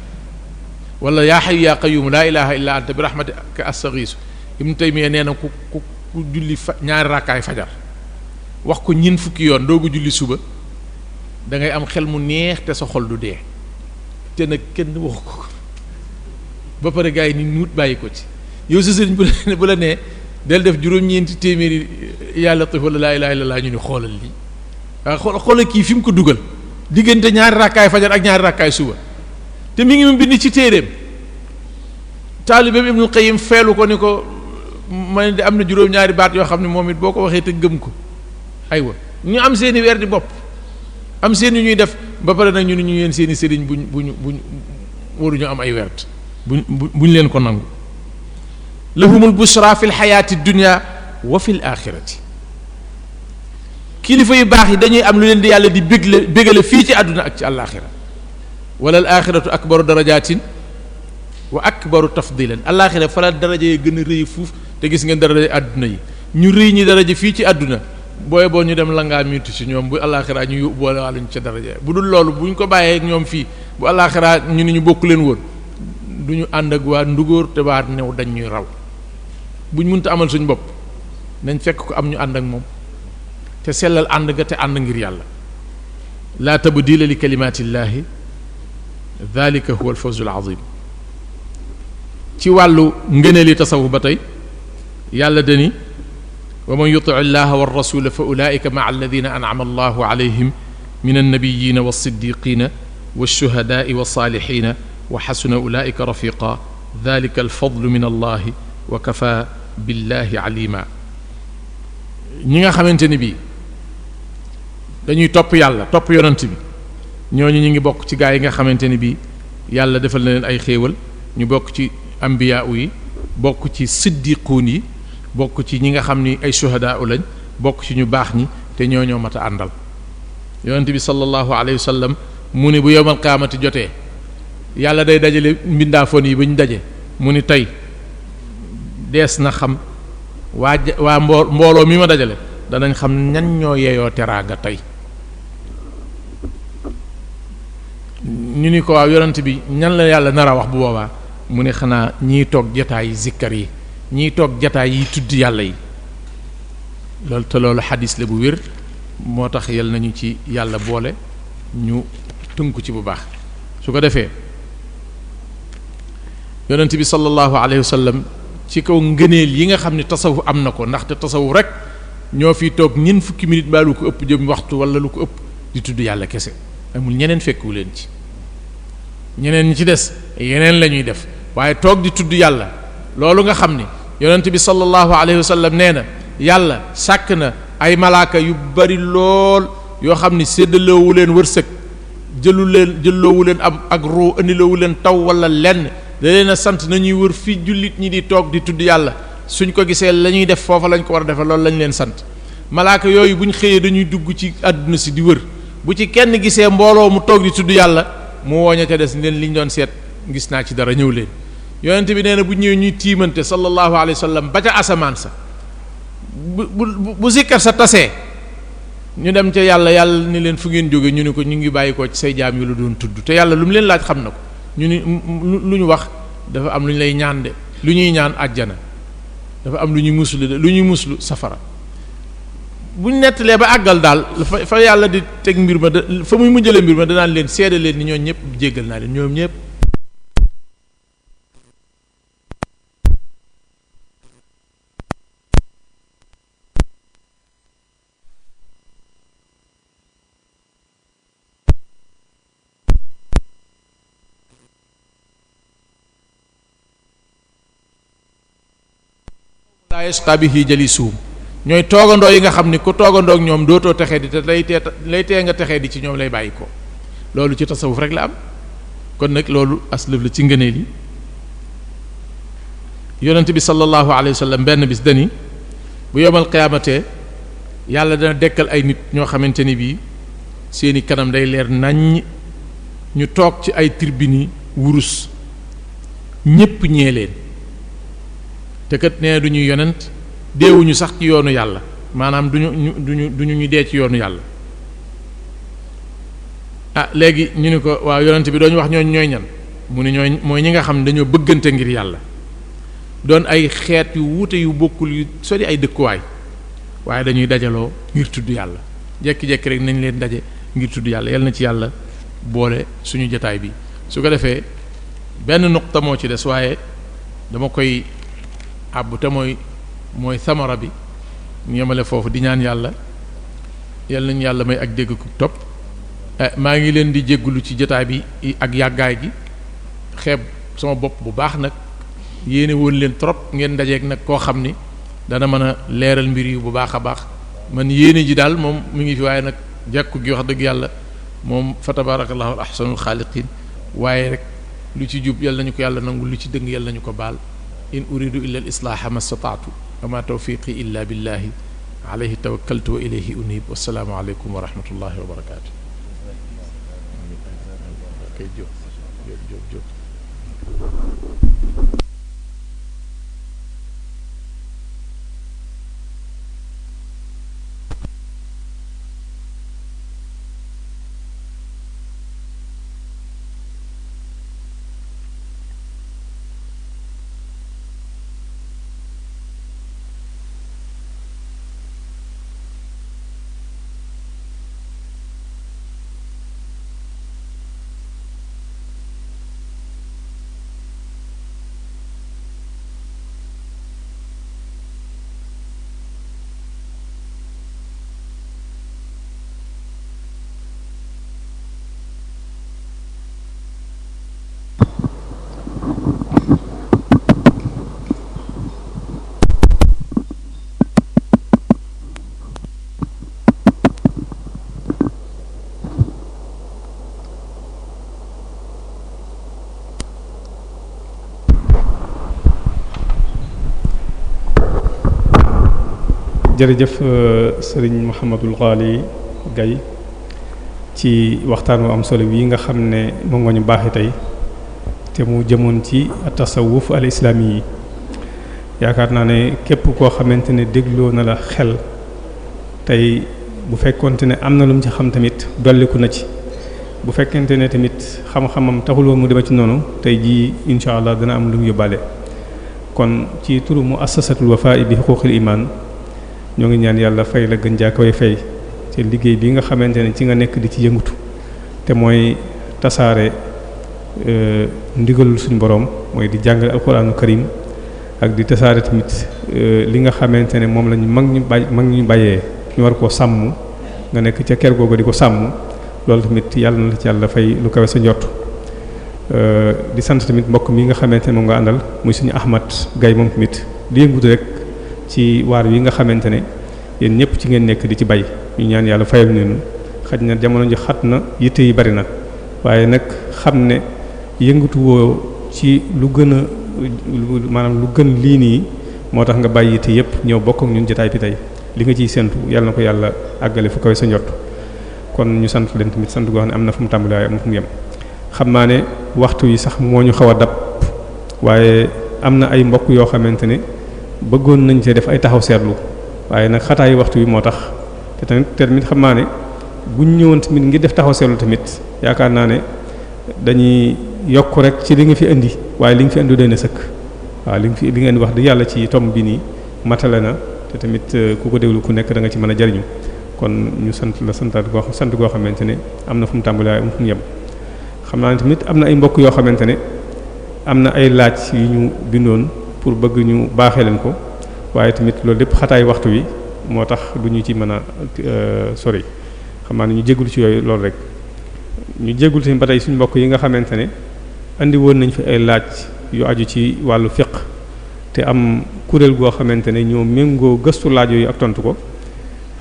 [SPEAKER 2] wala yaa hayyu yaa qayyuum laa ilaha illa anta bi rahmatika astaghiisu ibnu taymiya nee na ku ku ku julli fa ñaari ràkkaay fajar wax ko ñin fukki yoon doogu julli suba dangay am xel mu neex te sa xol du dee te nag kenn wax ko ba pare gars yi ni nuut bàyyi ko ci yow sa sëriñ bu la nee del def juróom-ñeenti téeméeri yàlla latif wala laa ilaha illa laa ñu ni xoolal lii waa ah, xool xoolal kii fi mu ko dugal diggante ñaari ràkkaay fajar ak ñaari ràkkaay suba te mi ngi mu bind ci téeréem taalibeem Ibnul Qayyim feelu ko ni ko ma ne am na juróom-ñaari baat yoo xam ne moom it boo ko waxee te gëm ko aywa ñu am seeni weer di bopp am seeni ñuy def ba pare nag ñu ne ñu yeen seeni sëriñ buñ buñ buñ waruñu am ay wert buñ buñ leen ko nangu lahumul bushra fi l xayaati dunia wa fi l axirati kilifa yu baax yi dañuy am lu leen di yàlla di bégle bégale fii ci àdduna ak ci àllaaxira wala al axiratu akbaru darajatin wa akbaru tafdilan àllaaxira fa la daraja yi gën a rëy fuuf te gis ngeen daraja àdduna yi ñu rëy ñi daraja fii ci àdduna booy boo ñu dem la ngaa miitu ci ñoom bu àllaaxira ñu boole waa luñ ca daraja bu dul loolu bu ñu ko bàyyee ñoom fii bu àllaaxira ñu ni ñu bokk leen woon du ñu ànd ak waa ndugóor te waa new dañ ñuy raw bu ñu amal suñ bopp nañ fekk ko am ñu ànd ak moom te sellal ànd ga te ànd ngir yàlla laa tabdila li kalimatillahi dalika huwa alfawzul azim ci wàllu ngëneeli tasawuf ba tey yàlla dani wa man yuti llaha wa rasula fa ulaika maa alladina anama allahu alayhim min annabiyina wa siddiqina wa shuhadaai wa saalihina wa xasuna ulaika rafiqa dalika alfadlu min allahi wa kafa billahi alima ñi nga xamante ni bii dañuy topp yàlla topp yonent bi ñooñu ñu ngi bokk ci gaa yi nga xamante ni bii yàlla defal na leen ay xéewal ñu bokk ci ambiya yi bokk ci siddiquun yi bokk ci ñi nga xam ni ay shuhadaa lañ bokk ci ñu baax ñi te ñoo ñoo mat a àndal yonent bi sallallahu alayhi wa sallam mu ne bu yowmal qaamati jotee yàlla day dajale mbindaafoon yi ba ñu daje mu ni tey dees na xam waa waa mbooloo mi ma dajale danañ xam ñan ñoo yeeyoo teraanga tey ñu ni ko waaw yonent bi ñan la yàlla nar wax bu boobaa mu ne xanaa ñiy toog jataay yi zikkar yi ñiy toog jataay yi tudd yàlla yi loolu te loolu xadis la bu wér moo tax yal nañu ci yàlla boole ñu tënku ci bu baax su ko defee yonent bi sallallahu alayhi wa ci kaw ngëneel yi nga xam ne tasawuf am na ko ndaxte tasawuf rek ñoo fi toog ñeent fukki minutes ba lu ko ëpp jëm waxtu wala lu ko ëpp di tudd yàlla kese amul ñeneen fekku leen ci ñeneen ñi ci des yeneen la ñuy def waaye toog di tudd yàlla loolu nga xam ni yonent bi sallallahu alayhi wa nee na yàlla sàkk na ay malaaka yu bari lool yoo xam ni séddaloowu leen wërsëg jëlu leen jëlloowu leen ab ak ruu indiloowu leen taw wala lenn da leen a sant nañuy wër fii jullit ñi di toog di tudd yàlla suñ ko gisee la ñuy def foofa lañ ko war a defee loolu lañ leen sant malaaka yooyu ñu xëyee dañuy dugg ci àdduna si di wër bu ci kenn gisee mbooloo mu toog di tudd yàlla mu wooña ca des leen li ñu doon seet gis naa ci dara ñëw leen yonent bi nee na bu ñëwee ñuy tiimante sallallahu alayhi wa sallam ba ca asamaan sa bu bu bu zikkar sa tase ñu dem ca yàlla yàlla ni leen fu ngeen jóge ñu ni ko ñu ngi bàyyi ko ci say jaam yu lu doon tudd te yàlla lu mu leen laaj xam na ko ñu ni lu ñu wax dafa am lu ñu lay ñaan de lu ñuy ñaan àjjana dafa am lu ñuy muslu de lu ñuy muslu safara buñ nettalee ba àggal daal fa fa yàlla di teg mbir ma da fa muy mujjalee mbir ma danaan leen seede leen ni ñoom ñëpp jéggal naa leen ñoom ñëpp laa yasqa bihi jalisuhum ñooy toogandoo yi nga xam ni ku toogandoo ak ñoom dootoo texee di te lay tee lay tee nga texee di ci ñoom lay bàyyi ko loolu ci tasawuf rek la am kon nag loolu aslëf la ci ngëneel yi yonent bi sallallahu alayhi wa sallam benn bis dani bu yomal qiyaamatee yàlla dana dekkal ay nit ñoo xamante ni bii seeni kanam day leer naññ ñu toog ci ay tribune wurus ñépp ñee leen te kat nee du ñuy yonent deewuñu sax ci yoonu yàlla maanaam duñu ñu duñu duñu ñu dee ci yoonu yàlla ah léegi ñu ni ko waaw bi dooñu wax ñooñ ñooy ñan mu ne ñooy mooy ñi nga xam ne dañoo bëggante ngir yàlla doon ay xeet yu wuute yu bokkul yu sori ay dëkkuwaay waaye dañuy dajaloo ngir tudd yàlla jekki-jekki rek nañ leen daje ngir tudd yàlla yal na ci yàlla boole suñu jataay bi su ko defee benn nuqta moo ci des waaye dama koy àbb te mooy mooy samara bi ñu yemale foofu di ñaan yàlla yal nañu yàlla may ak dégg ku topp eh, maa ngi leen di jéggulu ci jataay bi ak yàggaay bi xeeb sama bopp bu baax nag yéene woon leen trop ngeen dajeeg nag koo xam ni dana mën a leeral mbir yi bu baax a baax man yéene ji daal moom mu ngi fi waaye nag jekku gi wax dëgg yàlla moom fa tabarakallahu ahsanul xaaliqin waaye rek lu ci jub yàlla nañu ko yàlla nangu lu ci dëng yàlla nañu ko baal in uridu illa al islaaha wa ma tawfiqi illa billahi alayhi tawakkaltu wa ilayhi unib wasalaamu aleykum wa rahmatullahi wa barakaatu
[SPEAKER 1] jërëjëf euh, sëriñ Mouhamadul Ghali Gaye ci waxtaan wu am solo bii nga xam ne moom nga ñu baaxee tey te mu jëmoon ci tasawuf al islaami yi yaakaar naa ne képp koo xamante ne dégloo na la xel tey bu fekkonte ne am na lum ci xam tamit dolliku na ci bu fekkente ne tamit xam-xamam taxul woon mu dema ci noonu tey jii incha allah dana am lu mu yóbbaale kon ci turu mu assasatul wafaa bi xuquqil iman ñoo ngi ñaan yàlla fay la gën jaakaway fay ci liggéey bii nga xamante ne ci nga nekk di ci yëngatu te mooy tasaare euh, ndigalul suñ borom mooy di jàngale alxuraanu karim ak di tasaare tamit euh, li nga xamante ne moom lañu mag ñu bàyyi mag ñu bàyyee ñu war koo sàmm nga nekk ca kër googu di ko sàmm loolu tamit yàlla na la ci yàlla fay lu kawe sa njott euh, di sant tamit mbokk mi nga xamante ne moom nga àndal muy suñu Ahmad Gaye moom tamit di yëngatu rek ci waar yi nga xamante ne yéen ñëpp ci ngeen nekk di ci bay ñu ñaan yàlla fayal ñu xaj na jamono ji xat na yitte yi bari na waaye nag xam ne yëngatu ci lu gën a maanaam lu gën lii nii moo tax nga bàyyi yitte yëpp ñëw bokk ak ñun jotaay bi tey li nga ciy séntu yàlla na ko yàlla àggale fu kawe sa njot kon ñu sant leen tamit sant goo ne am na fu mu tàmbali waaye am na fu mu yem xam ne waxtu yi sax moo ñu xaw a dab waaye am na ay mbokk yoo xamante ne. bëggoon nañ see def ay taxaw seetlu waaye nag xataayu waxtu wi moo tax te tamit tamit xam naa ne buñ ñëwoon tamit ngir def taxaw seetlu tamit yaakaar naa ne dañuy yokk rek ci li nga fi indi waaye li nga fi indi doy na sëkk waaw li nga fi li indi wax dëgg yàlla ci tom bi nii matale na te tamit euh, ku ko déglu ku nekk da nga ci mën a jariñu kon ñu sant la santaat goo sant goo xamante ne am na fu mu tàmbalee waaye am fu xam naa ne tamit am na ay mbokk yoo xamante ne am na ay laaj yu ñu bindoon pour bëgg ñu baaxee leen ko waaye tamit loolu lépp xataay waxtu wi moo tax du ñu ci mën a euh, sori xam naa ne ñu jégalu ci yooyu loolu rek ñu jégalu tamit ba tey suñ mbokk yi nga xamante ne andi woon nañ fi ay laaj yu aju ci wàllu fiqh te am kuréel goo xamante ne ñoo méngoo gëstu laaj yooyu ak tontu ko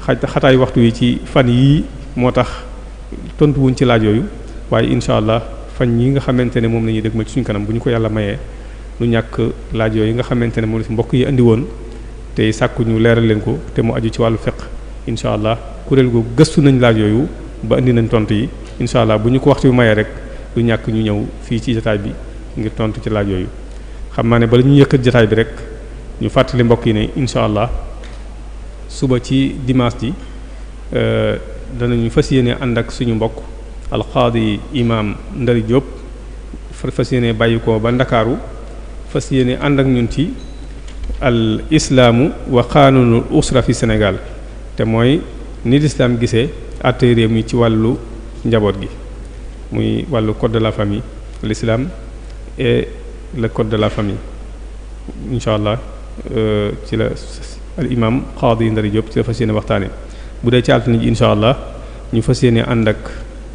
[SPEAKER 1] xaj xataay waxtu wi ci fan yii moo tax tontu wuñ ci laaj waaye incha allah fan yi nga xamante ne moom la ñuy dégmal ci suñu kanam bu ñu ko yàlla mayee. lu ñàkk laaj yi nga xamante ne moom si mbokk yi indi woon tey sàkku ñu leeral leen ko te mu aju ci wàllu fiqh incha allah kuréel googu gëstu nañ laaj yooyu ba indi nañ tontu yi incha allah bu ñu ko waxtu bi mayee rek lu ñàkk ñu ñëw fii ci jotaay bi ngir tontu ci laaj yooyu xam naa ne bala ñu yëkkat jotaay bi rek ñu fàttali mbokk yi ne incha allah suba ci dimanche ji euh, ñu fas yéene ànd ak suñu mbokk alqaadi imam Ndari Diop fas yéene bàyyi ko ba Ndakaaru fas yéene ànd ak ñun ci al islaamu wa xaanunul usra fi Sénégal te mooy ni lislaam gisee àtte réew mi ci wàllu njaboot gi muy wàllu code de la famille l'islam e le code de la famille incha allah euh, ci la al imam Xaadi Ndari Diop ci la fas yéene waxtaane bu dee ci altine ji incha allah ñu fas yéene ànd ak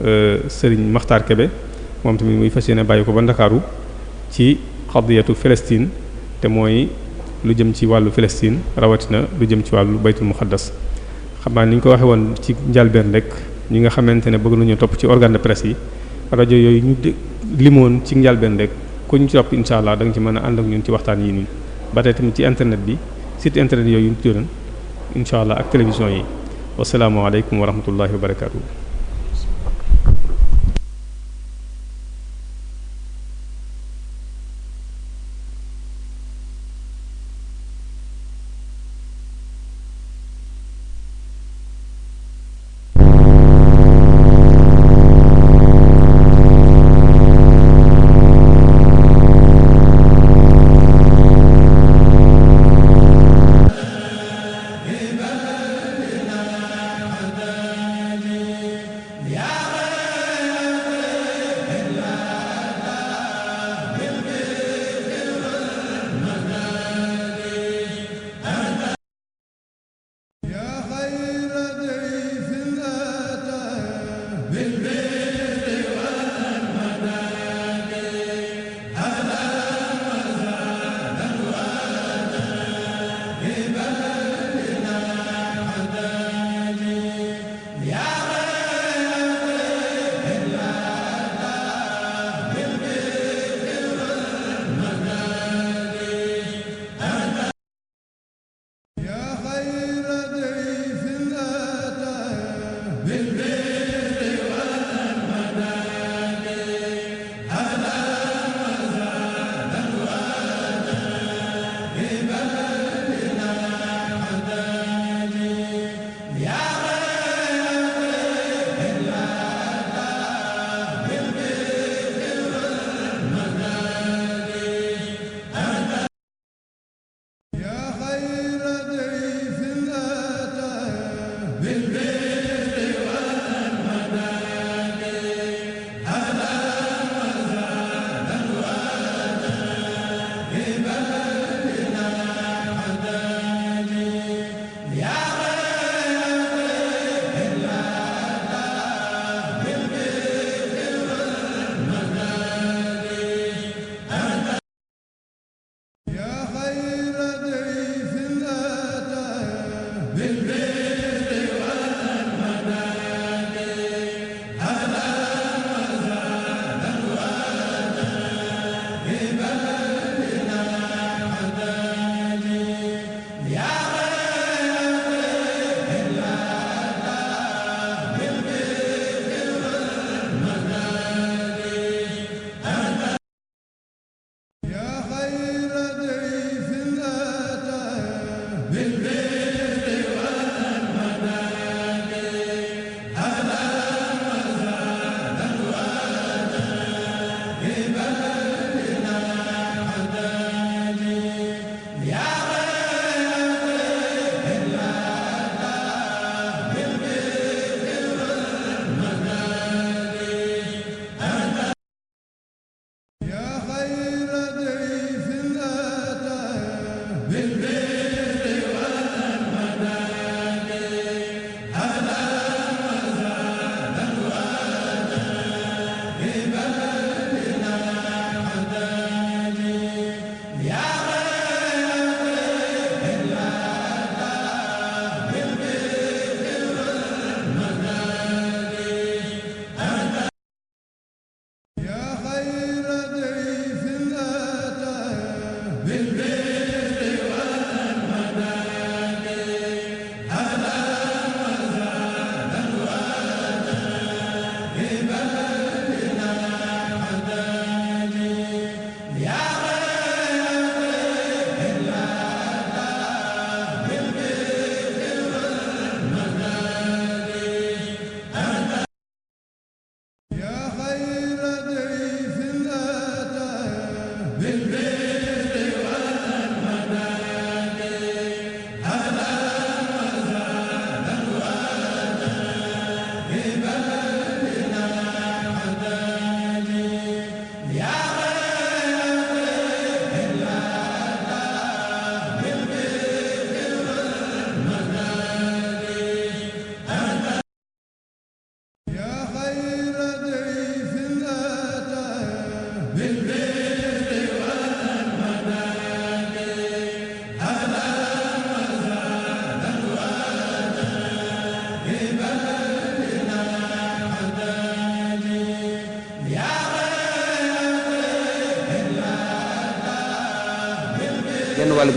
[SPEAKER 1] euh, Serigne Makhtar Kebe moom tamit muy fas yéene bàyyi ko ba Ndakaaru ci xadiyatu Palestine te mooy lu jëm ci wàllu Palestine rawatina lu jëm ci wàllu baytul muqaddas xam naa ni ñu ko waxee woon ci njalbeen rek ñi nga xamante ne bëgg ñu topp ci organe de presse yi rajo yooyu ñu limoon ci njalbeen rek ku ñu ci topp incha allah da nga ci mën a ànd ak ñun ci waxtaan yi nii ba tey tamit ci internet bi site internet yooyu ñu turan incha allah ak télévision yi wasalaamualeykum wa rahmatullahi wa barakatuh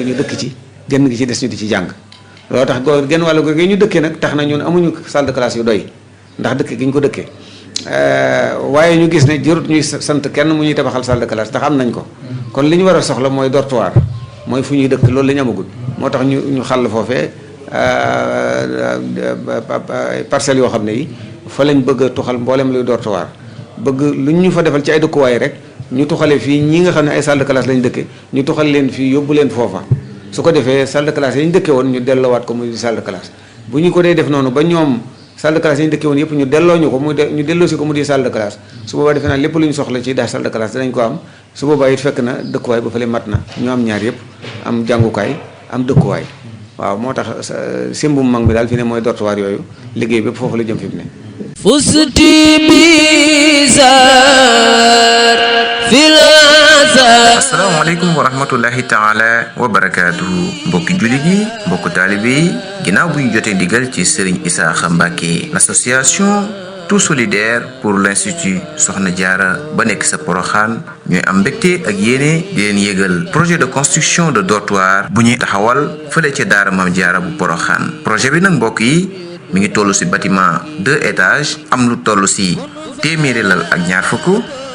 [SPEAKER 3] gi ñu dëkk ci genn gi ci des ñu di ci jàng loolu tax go genn wàllu googu ñu dëkkee nag tax nañu ñun amuñu salle de classe yu doy ndax dëkk gi ñu ko dëkkee euh, waaye ñu gis ne jërut ñuy sant kenn mu ñuy tabaxal salle de classe ndax am nañ ko kon li ñu war a soxla mooy dortoir mooy fu ñuy dëkk loolu la ñu amagul moo tax ñu ñu xàll foofee euh, parcelles yoo xam ne yi fa lañ bëgg a tuxal mbooleem luy dortoir bëgg lu ñu fa defal ci ay dëkkuwaay rek ñu tuxale fii ñi nga xam ne ay salle de classe dëkke ñu tuxal leen fii yóbbu leen foofa su ko defee salle de classe yi dëkke woon ñu delloowaat ko muy salle de classe bu ñu ko dee def noonu ba ñoom salle de classe yi yëpp ñu delloo ñu ko muy ñu delloo si ko mu di salle de classe su boobaa defe naa lépp lu ñu soxla ci daa salle de classe danañ ko am su boobaa it fekk na dëkkuwaay ba fële mat na ñu am ñaar yëpp am jàngukaay am dëkkuwaay waaw moo tax simbum euh, mag bi daal fi ne mooy dortoir yooyu liggéey bépp foofu la jëm fi ne فزت بزار في العزاء
[SPEAKER 4] asalaamaaleykum wa rahmatullahi taala wa barakaatuhu mbokki julli gi mbokku taalibe yi ginnaaw bu jotee ndigal ci Serigne Isaaxa Mbàkke l'association tout solidaire pour l'institut Soxna Jaara ba nekk sa Poroxaan ñooy am mbégte ak yéene di leen yégal projet de construction de dortoir bu ñuy taxawal fële ca daara Maam Jaara bu Poroxaan projet bi nag mbokk yi mi ngi toll si bâtiment deux étages am lu toll si téeméeri lal ak ñaar fukk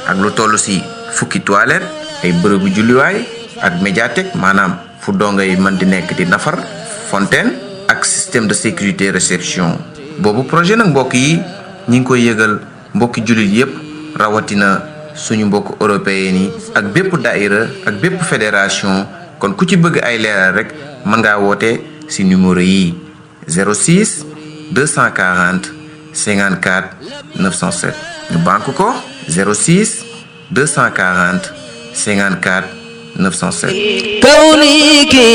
[SPEAKER 4] ak lu toll si fukki toilette ay bërëbu julliwaay ak médiathèque maanaam fu dongo yi mën di nekk di nafar fontaine ak système de sécurité réception boobu projet nag mbokk yi ñu ngi koy yëgal mbokki jullit yépp rawatina suñu mbokk européen yi ak bépp daïra ak bépp fédération kon ku ci bëgg ay leeral rek mën ngaa woote si numéro yi 06 240 54 907 ñu banque ko 06 240 54 907
[SPEAKER 5] kawniki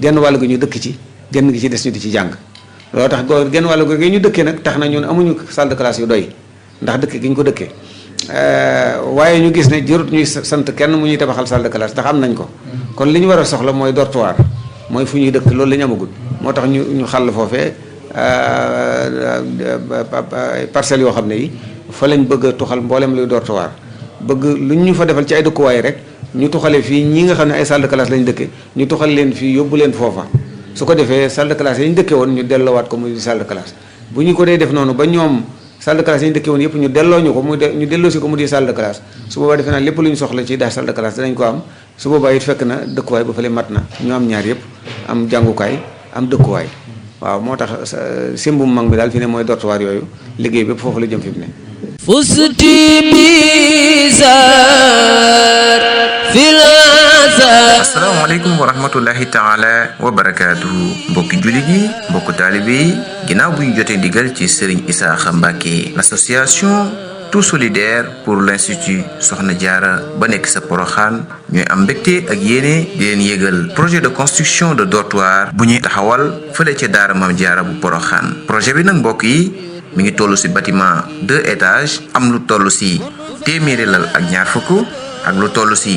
[SPEAKER 3] genn wàll gi ñu dëkk ci genn gi ci des ñu di ci jàng loolu tax genn wàll gi ñu dëkkee nag tax na amuñu salle de classe yu doy ndax dëkk gi ñu ko dëkkee Euh, waaye ñu gis ne jërut ñuy sant kenn mu ñuy tabaxal salle de classe am nañ ko kon li ñu war a soxla mooy dortoir mooy fu ñuy dëkk loolu la ñu moo tax ñu ñu xàll foofee euh, euh, parcelles yoo xam ne yi fa lañ bëgg a tuxal mboolem luy dortoir bëgg lu ñu fa defal ci ay dëkkuwaay rek ñu tuxale fii ñi nga xam ne ay salle de classe lañ dëkke ñu tuxal leen fii yóbbu leen foofa su ko defee salle de classe dëkke woon ñu dellowaat ko muy salle de bu ñu ko dee def noonu salle de classe yi ñu dëkkee woon yëpp ñu delloo ñu ko mu de ñu delloo si ko mu di salle de classe su boobaa defe naa lépp lu ñu soxla ci daa salle de danañ ko am su boobaa it fekk na dëkkuwaay ba fële mat na ñu am ñaar yëpp am jàngukaay am dëkkuwaay waaw moo tax simbum mag bi daal fi ne mooy dortoir yooyu liggéey bépp foofu la jëm fi ne
[SPEAKER 5] fusti bizar
[SPEAKER 3] asalaamaaleykum wa rahmatullahi
[SPEAKER 4] taala wa barakaatuhu mbokki julli yi mbokku taalibe yi ginnaaw buy ñu jotee ndigal ci Serigne Isaaxa Mbàkke l'association tout solidaire pour l'institut Soxna Jaara ba nekk sa Poroxaan ñooy am mbégte ak yéene di leen yégal projet de construction de dortoir bu ñuy taxawal fële ca daara Maam Jaara bu Poroxaan projet bi nag mbokk yi mi ngi toll ci bâtiment deux étages am lu toll ci téeméeri lal ak ñaar fukk ak lu toll ci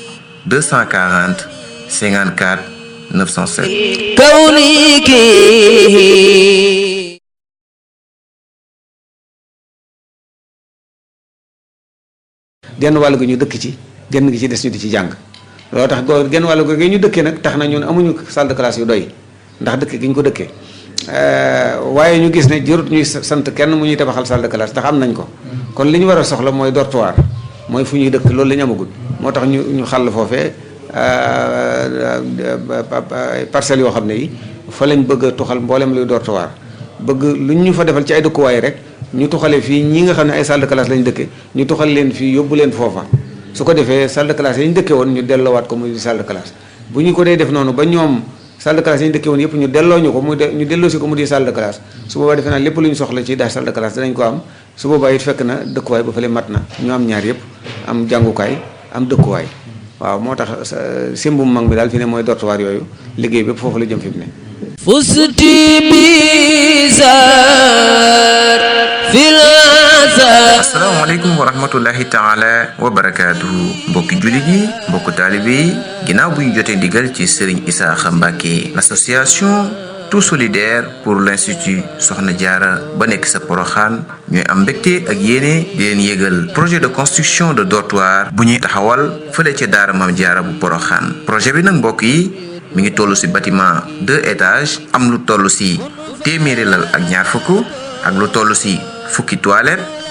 [SPEAKER 4] 240 54 907
[SPEAKER 6] kawniki
[SPEAKER 3] genn wàll gi ñu dëkk ci genn gi ci des ñu di ci jàng loo tax go genn wàll gi ñu dëkkee nag tax na ñun amuñu salle de classe yu doy ndax dëkk gi ñu ko dëkkee euh, waaye ñu gis ne jërut ñuy sant kenn mu ñuy tabaxal salle de classe ndax am nañ ko kon li ñu war a soxla mooy dortoir mooy fu ñuy dëkk loolu la ñu amagul moo tax ñu ñu xàll foofee euh, euh, parcelles yoo xam ne yi fa lañ bëgg a tuxal mboolem luy door bëgg lu ñu fa defal ci ay dëkkuwaay rek ñu tuxale fii ñi nga xam ne ay salle de lañ dëkke ñu tuxal leen fii yóbbu leen foofa su ko defee salle de classe ñu dëkke woon ñu delloowaat ko muy salle de bu ñu ko dee def noonu ba ñoom salle de classe yi ñu dëkkee woon yëpp ñu delloo ñu ko ñu delloo ko mu di salle de su boobaa defe naa lépp lu ñu soxla ci daal salle de classe ko am su boobaa it fekk na dëkkuwaay ba fële mat na ñu am ñaar yëpp am jàngukaay am dëkkuwaay waaw moo tax simbum mag mi daal fi ne mooy dortoir yooyu liggéey bépp foofu la jëm fi mu ne
[SPEAKER 4] asalaamaaleykum wa rahmatullahi taala wa mbokki jullit yi mbokk taalibe yi ginnaaw buy ñu jotee ndigal ci Serigne Isaaxa Mbàkke l'association tout solidaire pour l'institut Soxna Jaara ba nekk sa Poroxaan ñooy am mbégte ak yéene di leen yëgal projet de construction de dortoir bu ñuy taxawal fële ca daara Maam Jaara bu Poroxaan projet bi nag mbokk yi mu ngi toll ci bâtiment deux étages am lu toll ci téeméeri lal ak ñaar fukk ak lu toll ci fukki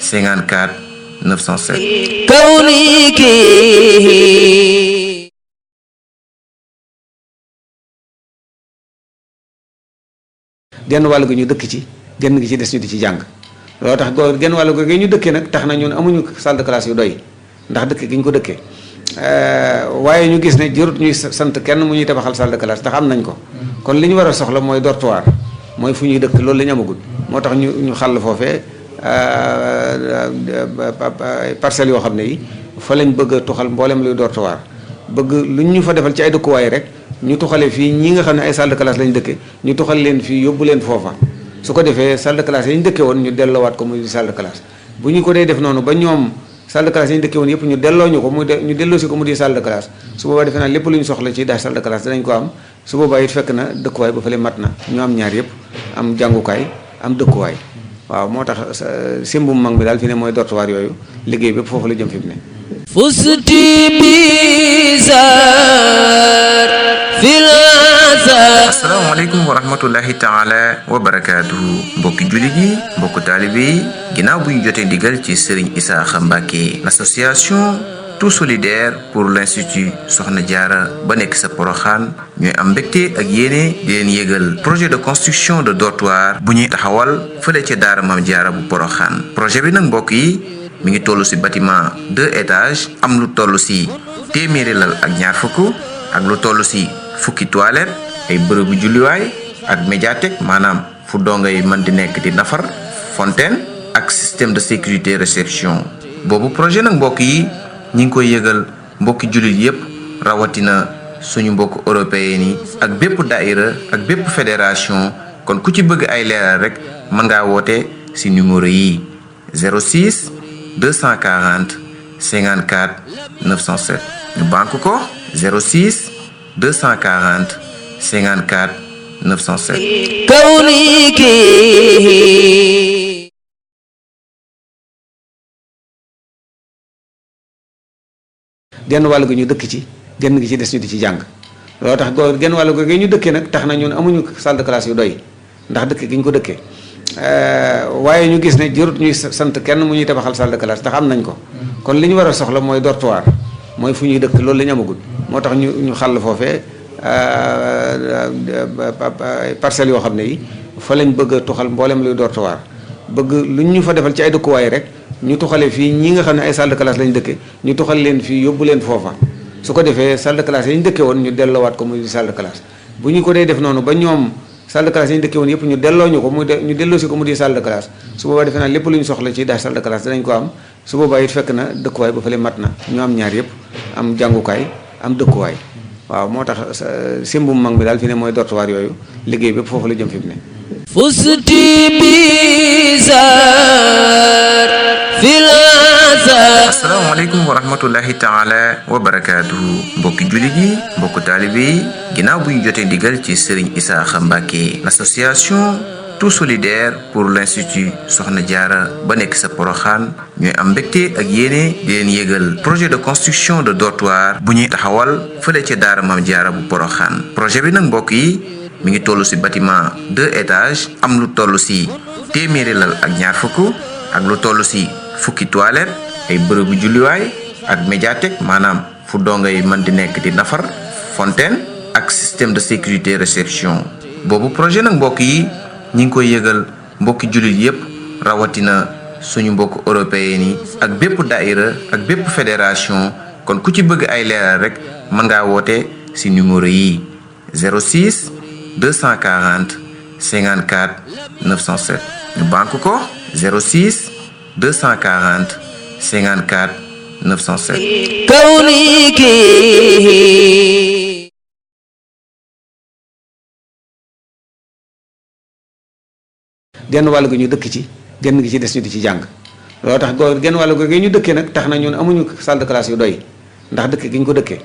[SPEAKER 4] 54 907 kawniki
[SPEAKER 3] genn wàll gi ñu dëkk ci genn gi ci des ñu di ci jàng loolu tax goo genn wàll gi ñu dëkkee nag tax nañu ñun amuñu salle de yu doy ndax dëkk gi ñu ko dëkkee euh, waaye ñu gis ne jërut ñuy sant kenn mu ñuy tabaxal salle de classe ndax am nañ ko kon li ñu war a soxla mooy dortoir mooy fu ñuy dëkk loolu la moo tax ñu ñu xàll foofee Euh, euh, parcelles yoo xam ne yi fa lañ bëgg a tuxal mboolem luy door bëgg lu ñu fa defal ci ay dëkkuwaay rek ñu tuxale fii ñi nga xam ne ay salle de classe dëkke ñu tuxal leen fii yóbbu leen foofa su ko defee salle de classe yi dëkke woon ñu delloowaat ko muy salle de classe bu ñu ko dee def noonu ba ñoom salle de classe ñu dëkke woon yëpp ñu delloo ñu ko muy ñu delloo si ko mu di salle de classe su defe naa lépp lu ñu soxla ci daal salle de classe danañ ko am su boobaa fekk na dëkkuwaay ba fële mat na ñu am ñaar yëpp am jàngukaay am dëkkuwaay waaw moo tax simbum mag mi daal fi ne mooy dortuwaar yooyu liggéey bépp foofu la jëm fi mu ne
[SPEAKER 5] fusti bizar
[SPEAKER 4] fil asalaamaaleykum wa rahmatullahi taala wa barakaatuhu mbokki jullit yi mbokku taalibe yi ginnaaw bu ñu jotee ndigal ci Serigne Isaaxa Mbàkke l'association tout solidaire pour l'institut Soxna Jaara ba nekk sa poroxaan ñooy am mbégte ak yéene di leen yëgal projet de construction de dortoir bu ñuy taxawal fële ca daara Maam Jaara bu poroxaan projet bi nag mbokk yi mu ngi toll ci bâtiment deux étages am lu toll ci téeméeri lal ak ñaar fukk ak lu toll ci fukki toilette ay bërëbu julliwaay ak médiathèque maanaam fu dongay man di nekk di nafar fontaine ak système de sécurité réception boobu projet nag mbokk ñi ngi koy yëgal mbokki jullit yépp rawatina suñu mbokk européen yi ak bépp daïra ak bépp fédération kon ku ci bëgg ay leeral rek mën ngaa woote ci numéro yi 06 240 54 907 ñu bank ko 06 240 54 907
[SPEAKER 5] kawni
[SPEAKER 6] kii genn wàll gi
[SPEAKER 3] ñu dëkk ci genn gi ci des ñu di ci jàng loolu tax go genn wàll gi ñu dëkkee nag tax nañu ñun amuñu salle de yu doy ndax dëkk gi ñu ko dëkkee euh, waaye ñu gis ne jërut ñuy sant kenn mu ñuy tabaxal salle de classe ndax am nañ ko kon li ñu war a soxla mooy dortoir mooy fu ñuy dëkk loolu la ñu amagul moo tax ñu ñu xàll foofee euh, parcelles yoo xam ne yi fa lañ bëgg a tuxal mboolem luy dortoir bëgg lu ñu fa defal ci ay dëkkuwaay rek ñu tuxale fii ñi nga xam ne ay salle de classe dëkke ñu tuxal leen fii yóbbu leen foofa su ko defee salle de classe dëkke woon ñu delloowaat ko muy salle de classe bu ñu ko dee def noonu ba ñoom salle de classe yi ñu ñu delloo ñu ko muy ñu delloo si ko mu di salle de classe su boobaa defe naa lépp lu ñu soxla ci daal salle de danañ ko am su boobaa it fekk na dëkkuwaay ba fële mat na ñu am ñaar yëpp am jàngukaay am dëkkuwaay waaw moo tax simbum mag mi daal fi ne mooy dortoir yooyu liggéey bépp foofu la jëm fi
[SPEAKER 5] asalaamaaleykum
[SPEAKER 4] wa rahmatullahi taala wa barakaatuhu mbokki jullit yi mbokk taalibe yi ginnaaw bu ñu jotee ndigal ci Serigne Isaaxa Mbàkke l'association tout solidaire pour l'institut Soxna Jaara ba nekk sa Poroxaan ñooy am mbégte ak yéene di leen yëgal projet de construction de dortoir bu ñuy taxawal fële ca daara Maam Jaara bu Poroxaan projet bi nag mbokk yi mi ngi toll ci bâtiment deux étages am lu toll ci téeméeri lal ak ñaar fukk ak lu toll si fukki toilette ay bërëbu julliwaay ak médiathèque maanaam fu doongay mën di nekk di nafar fontaine ak système de sécurité réception boobu projet nag mbokk yi ñu ngi koy yëgal mbokki jullit yépp rawatina suñu mbokk européen yi ak bépp daïra ak bépp fédération kon ku ci bëgg ay leeral rek mën ngaa woote si numéro yi 06 240 54 907 ñu banque ko 06 240 54 907.
[SPEAKER 3] genn wàll gi ñu dëkk ci genn gi ci des ñu di ci jàng loo tax genn wàll gi ñu dëkkee nag tax na ñun amuñu salle de classe yu doy ndax dëkk gi ñu
[SPEAKER 6] ko dëkkee.